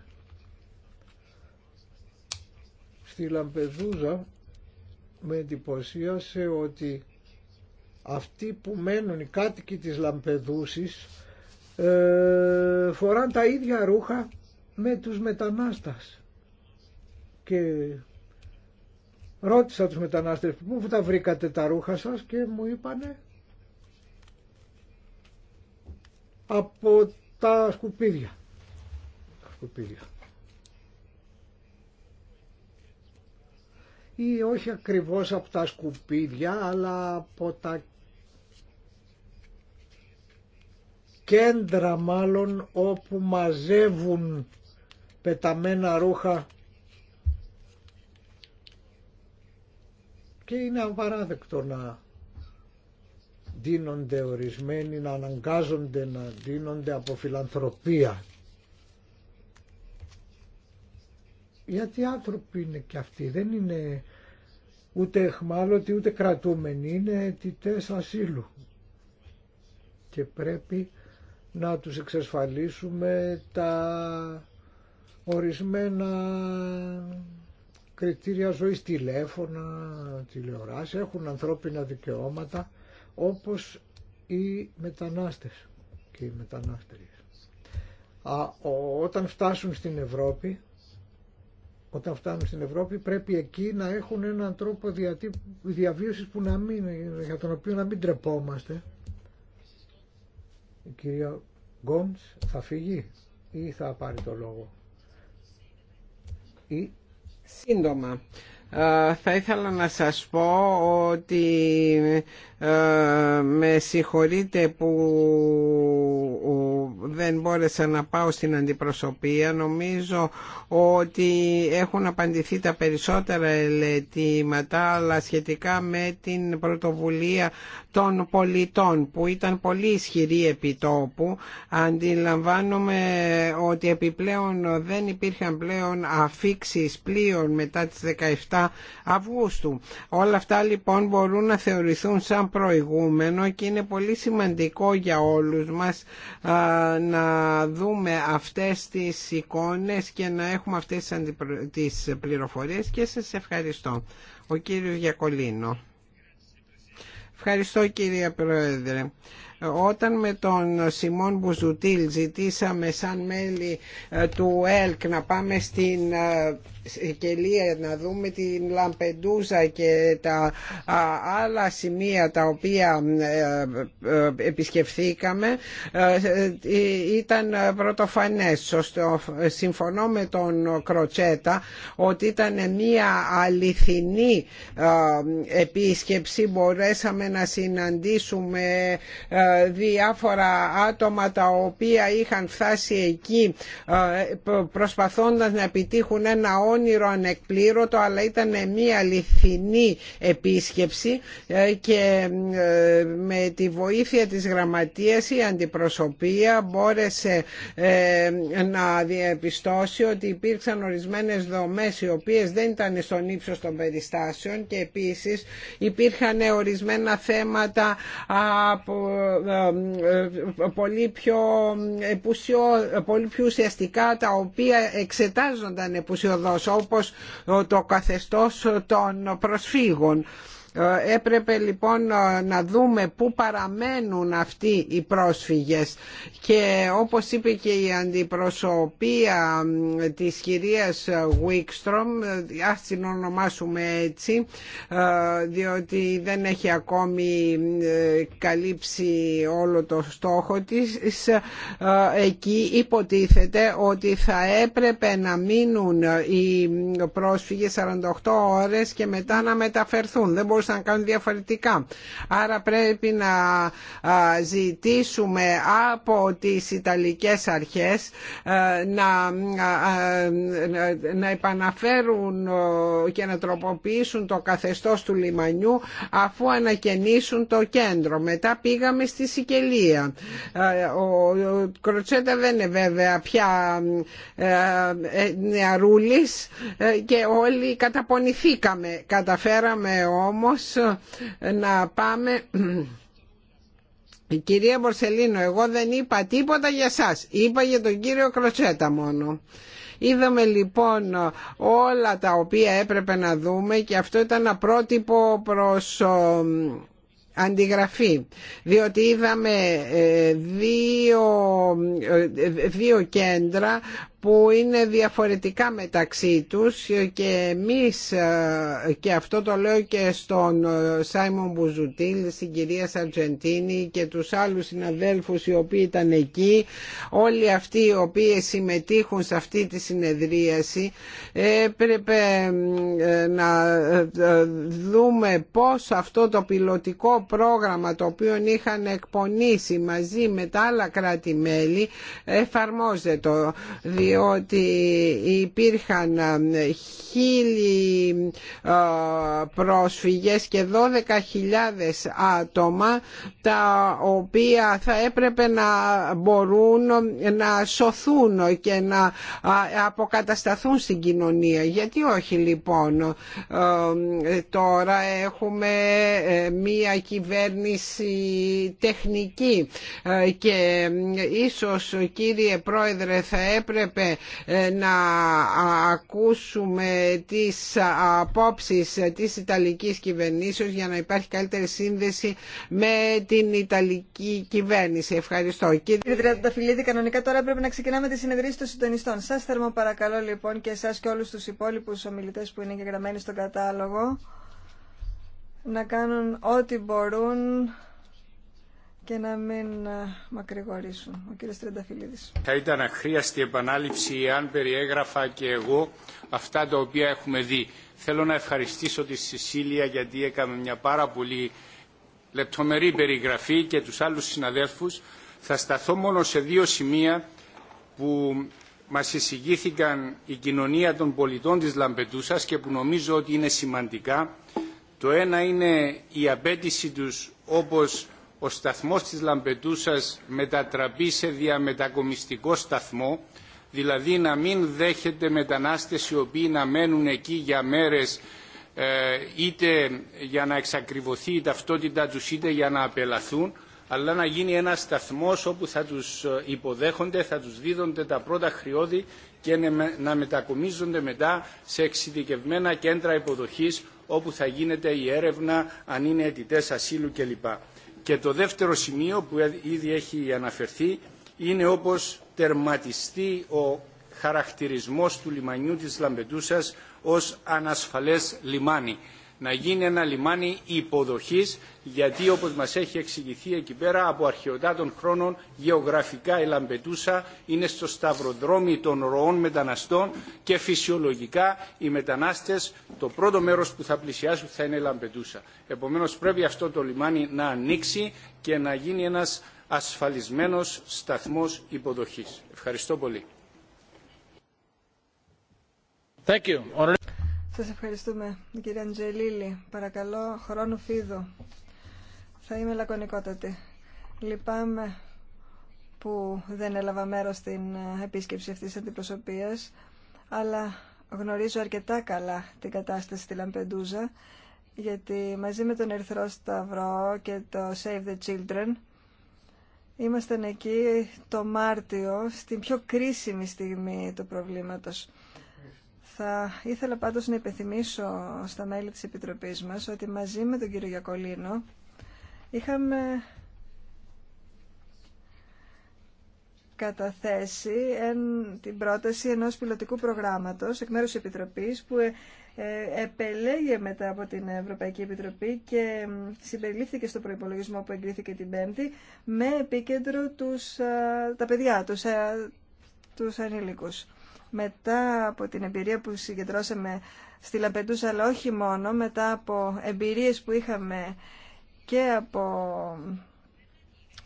Στη Λαμπεδούζα με εντυπωσίασε ότι αυτοί που μένουν οι κάτοικοι της Λαμπεδούσης ε, τα ίδια ρούχα με τους μετανάστας και ρώτησα τους μετανάστες πού τα βρήκατε τα ρούχα σας και μου είπανε από τα σκουπίδια. σκουπίδια. Ή όχι ακριβώς από τα σκουπίδια αλλά από τα κέντρα μάλλον όπου μαζεύουν πεταμένα ρούχα και είναι απαράδεκτο να δίνονται ορισμένοι, να αναγκάζονται να δίνονται από φιλανθρωπία. Γιατί άνθρωποι είναι και αυτοί, δεν είναι ούτε εχμάλωτοι ούτε κρατούμενοι, είναι αιτητές ασύλου και πρέπει να τους εξασφαλίσουμε τα ορισμένα κριτήρια ζωής, τηλέφωνα, τηλεοράση, έχουν ανθρώπινα δικαιώματα όπως οι μετανάστες και οι μετανάστριες. Α, όταν φτάσουν στην Ευρώπη, όταν φτάνουν στην Ευρώπη πρέπει εκεί να έχουν έναν τρόπο διαβίωσης που να μην, για τον οποίο να μην τρεπόμαστε η κυρία Γκόμς θα φύγει ή θα πάρει το λόγο. Ή... Σύντομα, ε, θα ήθελα να σας πω ότι ε, με συγχωρείτε που δεν μπόρεσα να πάω στην αντιπροσωπεία. Νομίζω ότι έχουν απαντηθεί τα περισσότερα ελετήματα αλλά σχετικά με την πρωτοβουλία των πολιτών που ήταν πολύ ισχυρή επιτόπου. Αντιλαμβάνομαι ότι επιπλέον δεν υπήρχαν πλέον αφήξεις πλοίων μετά τις 17 Αυγούστου. Όλα αυτά λοιπόν μπορούν να θεωρηθούν σαν προηγούμενο και είναι πολύ σημαντικό για όλους μας να δούμε αυτές τις εικόνες και να έχουμε αυτές τις πληροφορίες και σας ευχαριστώ. Ο κύριος Γιακολίνο. Ευχαριστώ κύριε Πρόεδρε όταν με τον Σιμών Μπουζουτήλ ζητήσαμε σαν μέλη ε, του ΕΛΚ να πάμε στην ε, Λία να δούμε την Λαμπεντούζα και τα άλλα σημεία τα οποία ε, ε, επισκεφθήκαμε ε, ήταν πρωτοφανές. Συμφωνώ με τον Κροτσέτα ότι ήταν μια αληθινή επίσκεψη. Μπορέσαμε να συναντήσουμε διάφορα άτομα τα οποία είχαν φτάσει εκεί προσπαθώντας να επιτύχουν ένα όνειρο ανεκπλήρωτο αλλά ήταν μια αληθινή επίσκεψη ε, και ε, με τη βοήθεια της γραμματείας η αντιπροσωπεία μπόρεσε ε, να διαπιστώσει ότι υπήρξαν ορισμένες δομές οι οποίες δεν ήταν στον ύψος των περιστάσεων και επίσης υπήρχαν ορισμένα θέματα πολύ πιο, πολύ πιο ουσιαστικά τα οποία εξετάζονταν επουσιοδός όπως το καθεστώς των προσφύγων ε, έπρεπε λοιπόν ε, να δούμε πού παραμένουν αυτοί οι πρόσφυγες και όπως είπε και η αντιπροσωπεία της κυρίας Βίκστρομ, ε, ας την ονομάσουμε έτσι, διότι δεν έχει ακόμη καλύψει όλο το στόχο της, εκεί υποτίθεται ότι θα έπρεπε να μείνουν οι πρόσφυγες 48 ώρες και μετά να μεταφερθούν. Δεν μπορούσαν να κάνουν διαφορετικά. Άρα πρέπει να ζητήσουμε από τις Ιταλικές αρχές να, να επαναφέρουν και να τροποποιήσουν το καθεστώς του λιμανιού αφού ανακαινήσουν το κέντρο. Μετά πήγαμε στη Σικελία. Ο Κροτσέτα δεν είναι βέβαια πια ε, ε, νεαρούλης ε, και όλοι καταπονηθήκαμε. Καταφέραμε όμως όμως ε, να πάμε... κυρία Μπορσελίνο, εγώ δεν είπα τίποτα για σας. Είπα για τον κύριο Κροτσέτα μόνο. Είδαμε λοιπόν όλα τα οποία έπρεπε να δούμε και αυτό ήταν ένα πρότυπο προς ε, αντιγραφή διότι είδαμε ε, δύο, δύο κέντρα που είναι διαφορετικά μεταξύ τους και εμείς ε, και αυτό το λέω και στον ε, Σάιμον Μπουζουτήλ, στην κυρία Σαρτζεντίνη και τους άλλους συναδέλφους οι οποίοι ήταν εκεί όλοι αυτοί οι οποίοι συμμετείχουν σε αυτή τη συνεδρίαση ε, έπρεπε να δούμε πώς αυτό το πιλωτικό πρόγραμμα το οποίο είχαν εκπονήσει μαζί με τα άλλα κράτη-μέλη εφαρμόζεται ότι υπήρχαν ε, χίλιοι ε, πρόσφυγες και 12.000 άτομα τα οποία θα έπρεπε να μπορούν ε, να σωθούν και να αποκατασταθούν στην κοινωνία. Γιατί όχι λοιπόν τώρα έχουμε μία κυβέρνηση τεχνική και ίσως κύριε Πρόεδρε θα έπρεπε ε, να ακούσουμε τις απόψεις της Ιταλικής κυβερνήσεως για να υπάρχει καλύτερη σύνδεση με την Ιταλική κυβέρνηση. Ευχαριστώ. Κύριε Τριανταφυλλίδη, κανονικά τώρα πρέπει να ξεκινάμε τη συνεδρίαση των συντονιστών. Σας θερμό παρακαλώ λοιπόν και εσάς και όλους τους υπόλοιπους ομιλητές που είναι γραμμένοι στον κατάλογο να κάνουν ό,τι μπορούν και να μην ε, μακρηγορήσουν. Ο κύριος Τρενταφυλλίδης. Θα ήταν αχρίαστη επανάληψη αν περιέγραφα και εγώ αυτά τα οποία έχουμε δει. Θέλω να ευχαριστήσω τη Σισίλια γιατί έκαμε μια πάρα πολύ λεπτομερή περιγραφή και τους άλλους συναδέλφους. Θα σταθώ μόνο σε δύο σημεία που μας εισηγήθηκαν η κοινωνία των πολιτών της Λαμπετούσας και που νομίζω ότι είναι σημαντικά. Το ένα είναι η απέτηση τους όπως ο σταθμός της Λαμπετούσας μετατραπεί σε διαμετακομιστικό σταθμό, δηλαδή να μην δέχεται μετανάστες οι οποίοι να μένουν εκεί για μέρες ε, είτε για να εξακριβωθεί η ταυτότητά τους είτε για να απελαθούν, αλλά να γίνει ένα σταθμός όπου θα τους ε, υποδέχονται, θα τους δίδονται τα πρώτα χρειώδη και να μετακομίζονται μετά σε εξειδικευμένα κέντρα υποδοχής όπου θα γίνεται η έρευνα αν είναι αιτητές ασύλου κλπ. Και το δεύτερο σημείο που ήδη έχει αναφερθεί είναι όπως τερματιστεί ο χαρακτηρισμός του λιμανιού της Λαμπετούσας ως ανασφαλές λιμάνι να γίνει ένα λιμάνι υποδοχής γιατί όπως μας έχει εξηγηθεί εκεί πέρα από αρχαιοτάτων χρόνων γεωγραφικά η Λαμπετούσα είναι στο σταυροδρόμι των ροών μεταναστών και φυσιολογικά οι μετανάστες το πρώτο μέρος που θα πλησιάσουν θα είναι η Λαμπετούσα. Επομένως πρέπει αυτό το λιμάνι να ανοίξει και να γίνει ένας ασφαλισμένος σταθμός υποδοχής. Ευχαριστώ πολύ. Σας ευχαριστούμε. Κύριε Αντζελίλη, παρακαλώ, χρόνου φίδου. Θα είμαι λακωνικότατη. Λυπάμαι που δεν έλαβα μέρος στην ε, επίσκεψη αυτής της αντιπροσωπείας, αλλά γνωρίζω αρκετά καλά την κατάσταση στη Λαμπεντούζα, γιατί μαζί με τον Ερθρό Σταυρό και το Save the Children ήμασταν εκεί το Μάρτιο, στην πιο κρίσιμη στιγμή του προβλήματος. Θα ήθελα πάντως να υπενθυμίσω στα μέλη της Επιτροπής μας ότι μαζί με τον κύριο Γιακολίνο είχαμε καταθέσει την πρόταση ενός πιλωτικού προγράμματος εκ μέρους της Επιτροπής που ε, ε, επελέγε μετά από την Ευρωπαϊκή Επιτροπή και συμπεριλήφθηκε στο προϋπολογισμό που εγκρίθηκε την Πέμπτη με επίκεντρο τους, ε, τα παιδιά, τους, τους ανήλικους μετά από την εμπειρία που συγκεντρώσαμε στη Λαμπεντούσα, αλλά όχι μόνο, μετά από εμπειρίες που είχαμε και από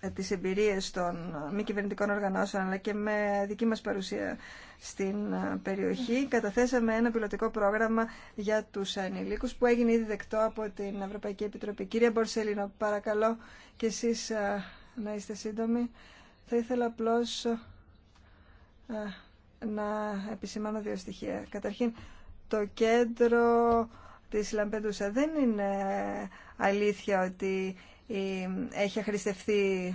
ε, τις εμπειρίες των μη κυβερνητικών οργανώσεων, αλλά και με δική μας παρουσία στην ε, περιοχή, καταθέσαμε ένα πιλωτικό πρόγραμμα για τους ανηλίκους που έγινε ήδη δεκτό από την Ευρωπαϊκή Επιτροπή. Κύριε Μπορσελίνο, παρακαλώ και εσείς ε, να είστε σύντομοι. Θα ήθελα απλώς να επισημάνω δύο στοιχεία. Καταρχήν, το κέντρο της Λαμπεντούσα δεν είναι αλήθεια ότι ε, έχει αχρηστευτεί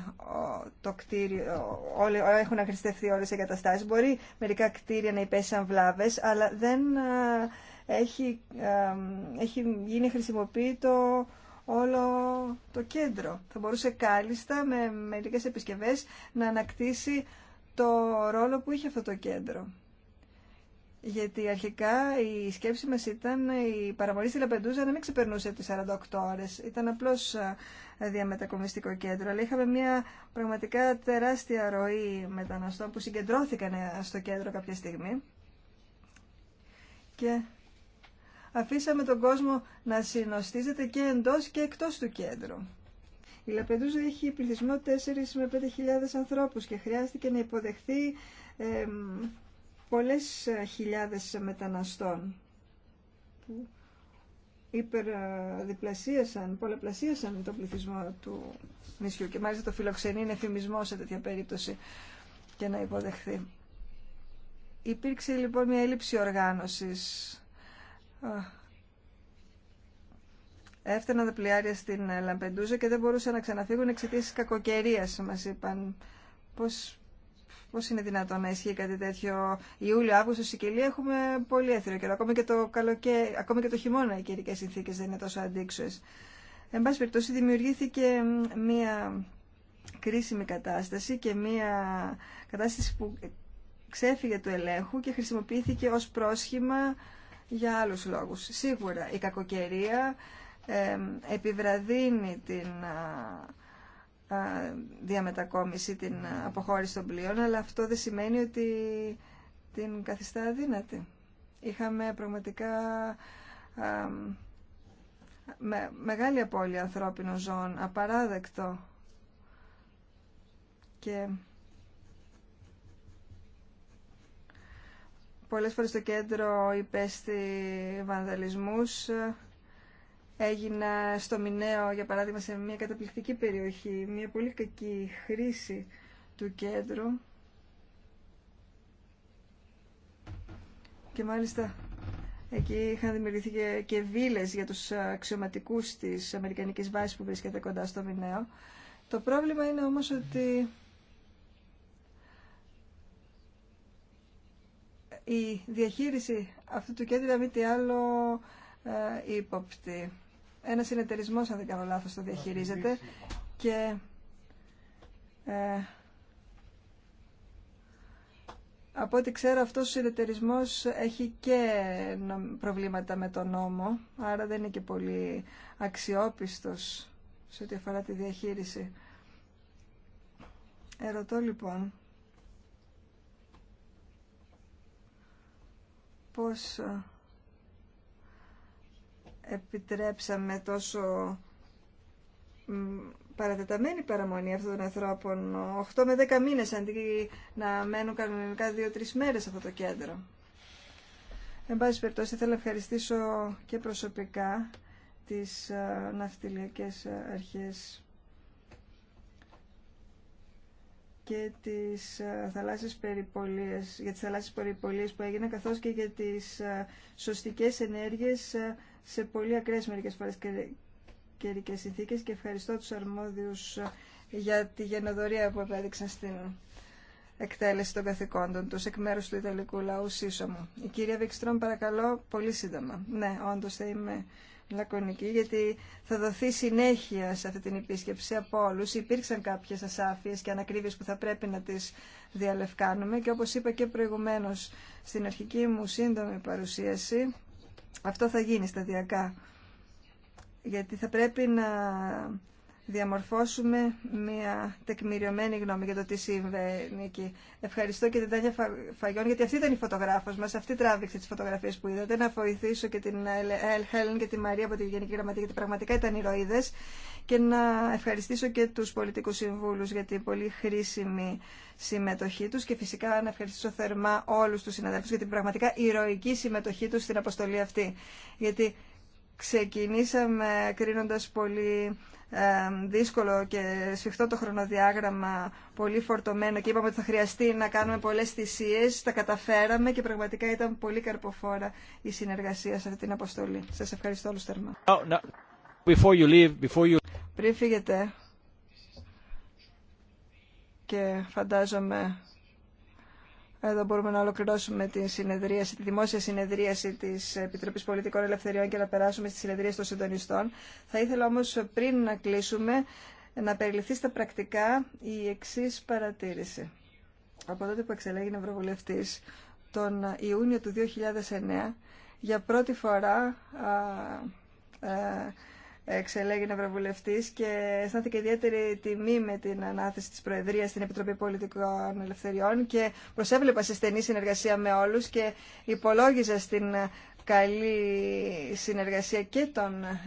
το κτίριο, όλοι, έχουν αχρηστευτεί όλες οι εγκαταστάσεις. Μπορεί μερικά κτίρια να υπέσαν βλάβες, αλλά δεν ε, έχει, ε, έχει γίνει χρησιμοποιητό όλο το κέντρο. Θα μπορούσε κάλλιστα με μερικές επισκευές να ανακτήσει το ρόλο που είχε αυτό το κέντρο. Γιατί αρχικά η σκέψη μας ήταν η παραμονή στη Λαπεντούζα να μην ξεπερνούσε τις 48 ώρες. Ήταν απλώς διαμετακομιστικό κέντρο, αλλά είχαμε μια πραγματικά τεράστια ροή μεταναστών που συγκεντρώθηκαν ε, στο κέντρο κάποια στιγμή. Και αφήσαμε τον κόσμο να συνοστίζεται και εντός και εκτός του κέντρου. Η Λαπεντούζα έχει πληθυσμό 4 με 5.000 ανθρώπους και χρειάστηκε να υποδεχθεί ε, πολλές χιλιάδες μεταναστών που υπερδιπλασίασαν, πολλαπλασίασαν τον πληθυσμό του νησιού και μάλιστα το φιλοξενεί είναι θυμισμό σε τέτοια περίπτωση και να υποδεχθεί. Υπήρξε λοιπόν μια έλλειψη οργάνωσης Έφταναν τα πλοιάρια στην ε, Λαμπεντούζα και δεν μπορούσαν να ξαναφύγουν εξαιτία τη κακοκαιρία, μα είπαν. Πώ πώς είναι δυνατόν να ισχύει κάτι τέτοιο. Ιούλιο, Αύγουστο, Σικελία έχουμε πολύ έθριο καιρό. Ακόμα και το, καλοκαί... Ακόμα και το χειμώνα οι καιρικέ συνθήκε δεν είναι τόσο αντίξωε. Εν πάση περιπτώσει, δημιουργήθηκε μία κρίσιμη κατάσταση και μία κατάσταση που ξέφυγε του ελέγχου και χρησιμοποιήθηκε ως πρόσχημα για άλλους λόγους. Σίγουρα η κακοκαιρία επιβραδύνει την διαμετακόμιση, την αποχώρηση των πλοίων, αλλά αυτό δεν σημαίνει ότι την καθιστά αδύνατη. Είχαμε πραγματικά με, μεγάλη απώλεια ανθρώπινων ζώων, απαράδεκτο και πολλές φορές το κέντρο υπέστη βανδαλισμούς έγινα στο Μινέο, για παράδειγμα, σε μια καταπληκτική περιοχή, μια πολύ κακή χρήση του κέντρου. Και μάλιστα εκεί είχαν δημιουργηθεί και, και βίλες για τους αξιωματικούς της Αμερικανικής βάσης που βρίσκεται κοντά στο Μινέο. Το πρόβλημα είναι όμως ότι η διαχείριση αυτού του κέντρου, ήταν μη τι άλλο, ε, ύποπτη ένα συνεταιρισμό, αν δεν κάνω λάθο, το διαχειρίζεται και ε, από ό,τι ξέρω αυτός ο συνεταιρισμός έχει και προβλήματα με τον νόμο, άρα δεν είναι και πολύ αξιόπιστος σε ό,τι αφορά τη διαχείριση. Ερωτώ λοιπόν πώς ε, επιτρέψαμε τόσο παρατεταμένη παραμονή αυτών των ανθρώπων, 8 με 10 μήνες, αντί να μένουν κανονικά 2-3 μέρες σε αυτό το κέντρο. Εν πάση περιπτώσει, θέλω να ευχαριστήσω και προσωπικά τις ε, ναυτιλιακές ε, αρχές και τις ε, θαλάσσιες περιπολίες, για τις θαλάσσιες περιπολίες που έγιναν, καθώς και για τις σωστικές ενέργειες σε πολύ ακραίες μερικές φορές καιρικέ συνθήκες και ευχαριστώ τους αρμόδιους ε, για τη γενοδορία που επέδειξαν στην εκτέλεση των καθηκόντων τους εκ μέρους του Ιταλικού λαού σύσσωμου. Η κυρία Βικστρόμ παρακαλώ πολύ σύντομα. Ναι, όντως θα είμαι λακωνική γιατί θα δοθεί συνέχεια σε αυτή την επίσκεψη από όλου. Υπήρξαν κάποιες ασάφειες και ανακρίβειες που θα πρέπει να τις διαλευκάνουμε και όπως είπα και προηγουμένω, στην αρχική μου σύντομη παρουσίαση αυτό θα γίνει σταδιακά, γιατί θα πρέπει να διαμορφώσουμε μια τεκμηριωμένη γνώμη για το τι συμβαίνει εκεί. Ευχαριστώ και την Τάνια Φαγιών, γιατί αυτή ήταν η φωτογράφος μας, αυτή τράβηξε τις φωτογραφίες που είδατε, να βοηθήσω και την Ελ Χέλν και τη Μαρία από τη Γενική Γραμματεία, γιατί πραγματικά ήταν ηρωίδες, και να ευχαριστήσω και τους πολιτικούς συμβούλους για την πολύ χρήσιμη συμμετοχή τους και φυσικά να ευχαριστήσω θερμά όλους τους συναδέλφους για την πραγματικά ηρωική συμμετοχή τους στην αποστολή αυτή. Γιατί ξεκινήσαμε κρίνοντας πολύ δύσκολο και σφιχτό το χρονοδιάγραμμα, πολύ φορτωμένο και είπαμε ότι θα χρειαστεί να κάνουμε πολλές θυσίες, τα καταφέραμε και πραγματικά ήταν πολύ καρποφόρα η συνεργασία σε αυτή την αποστολή. Σας ευχαριστώ όλους θερμά. Πριν φύγετε και φαντάζομαι εδώ μπορούμε να ολοκληρώσουμε τη, συνεδρίαση, τη δημόσια συνεδρίαση τη Επιτροπή Πολιτικών Ελευθεριών και να περάσουμε στη συνεδρίαση των συντονιστών. Θα ήθελα όμω πριν να κλείσουμε να περιληφθεί στα πρακτικά η εξή παρατήρηση. Από τότε που εξελέγει Ευρωβουλευτή τον Ιούνιο του 2009, για πρώτη φορά α, ε, εξελέγει βραβουλευτή και αισθάνθηκε ιδιαίτερη τιμή με την ανάθεση τη Προεδρία στην Επιτροπή Πολιτικών Ελευθεριών και προσέβλεπα σε στενή συνεργασία με όλου και υπολόγιζα στην καλή συνεργασία και των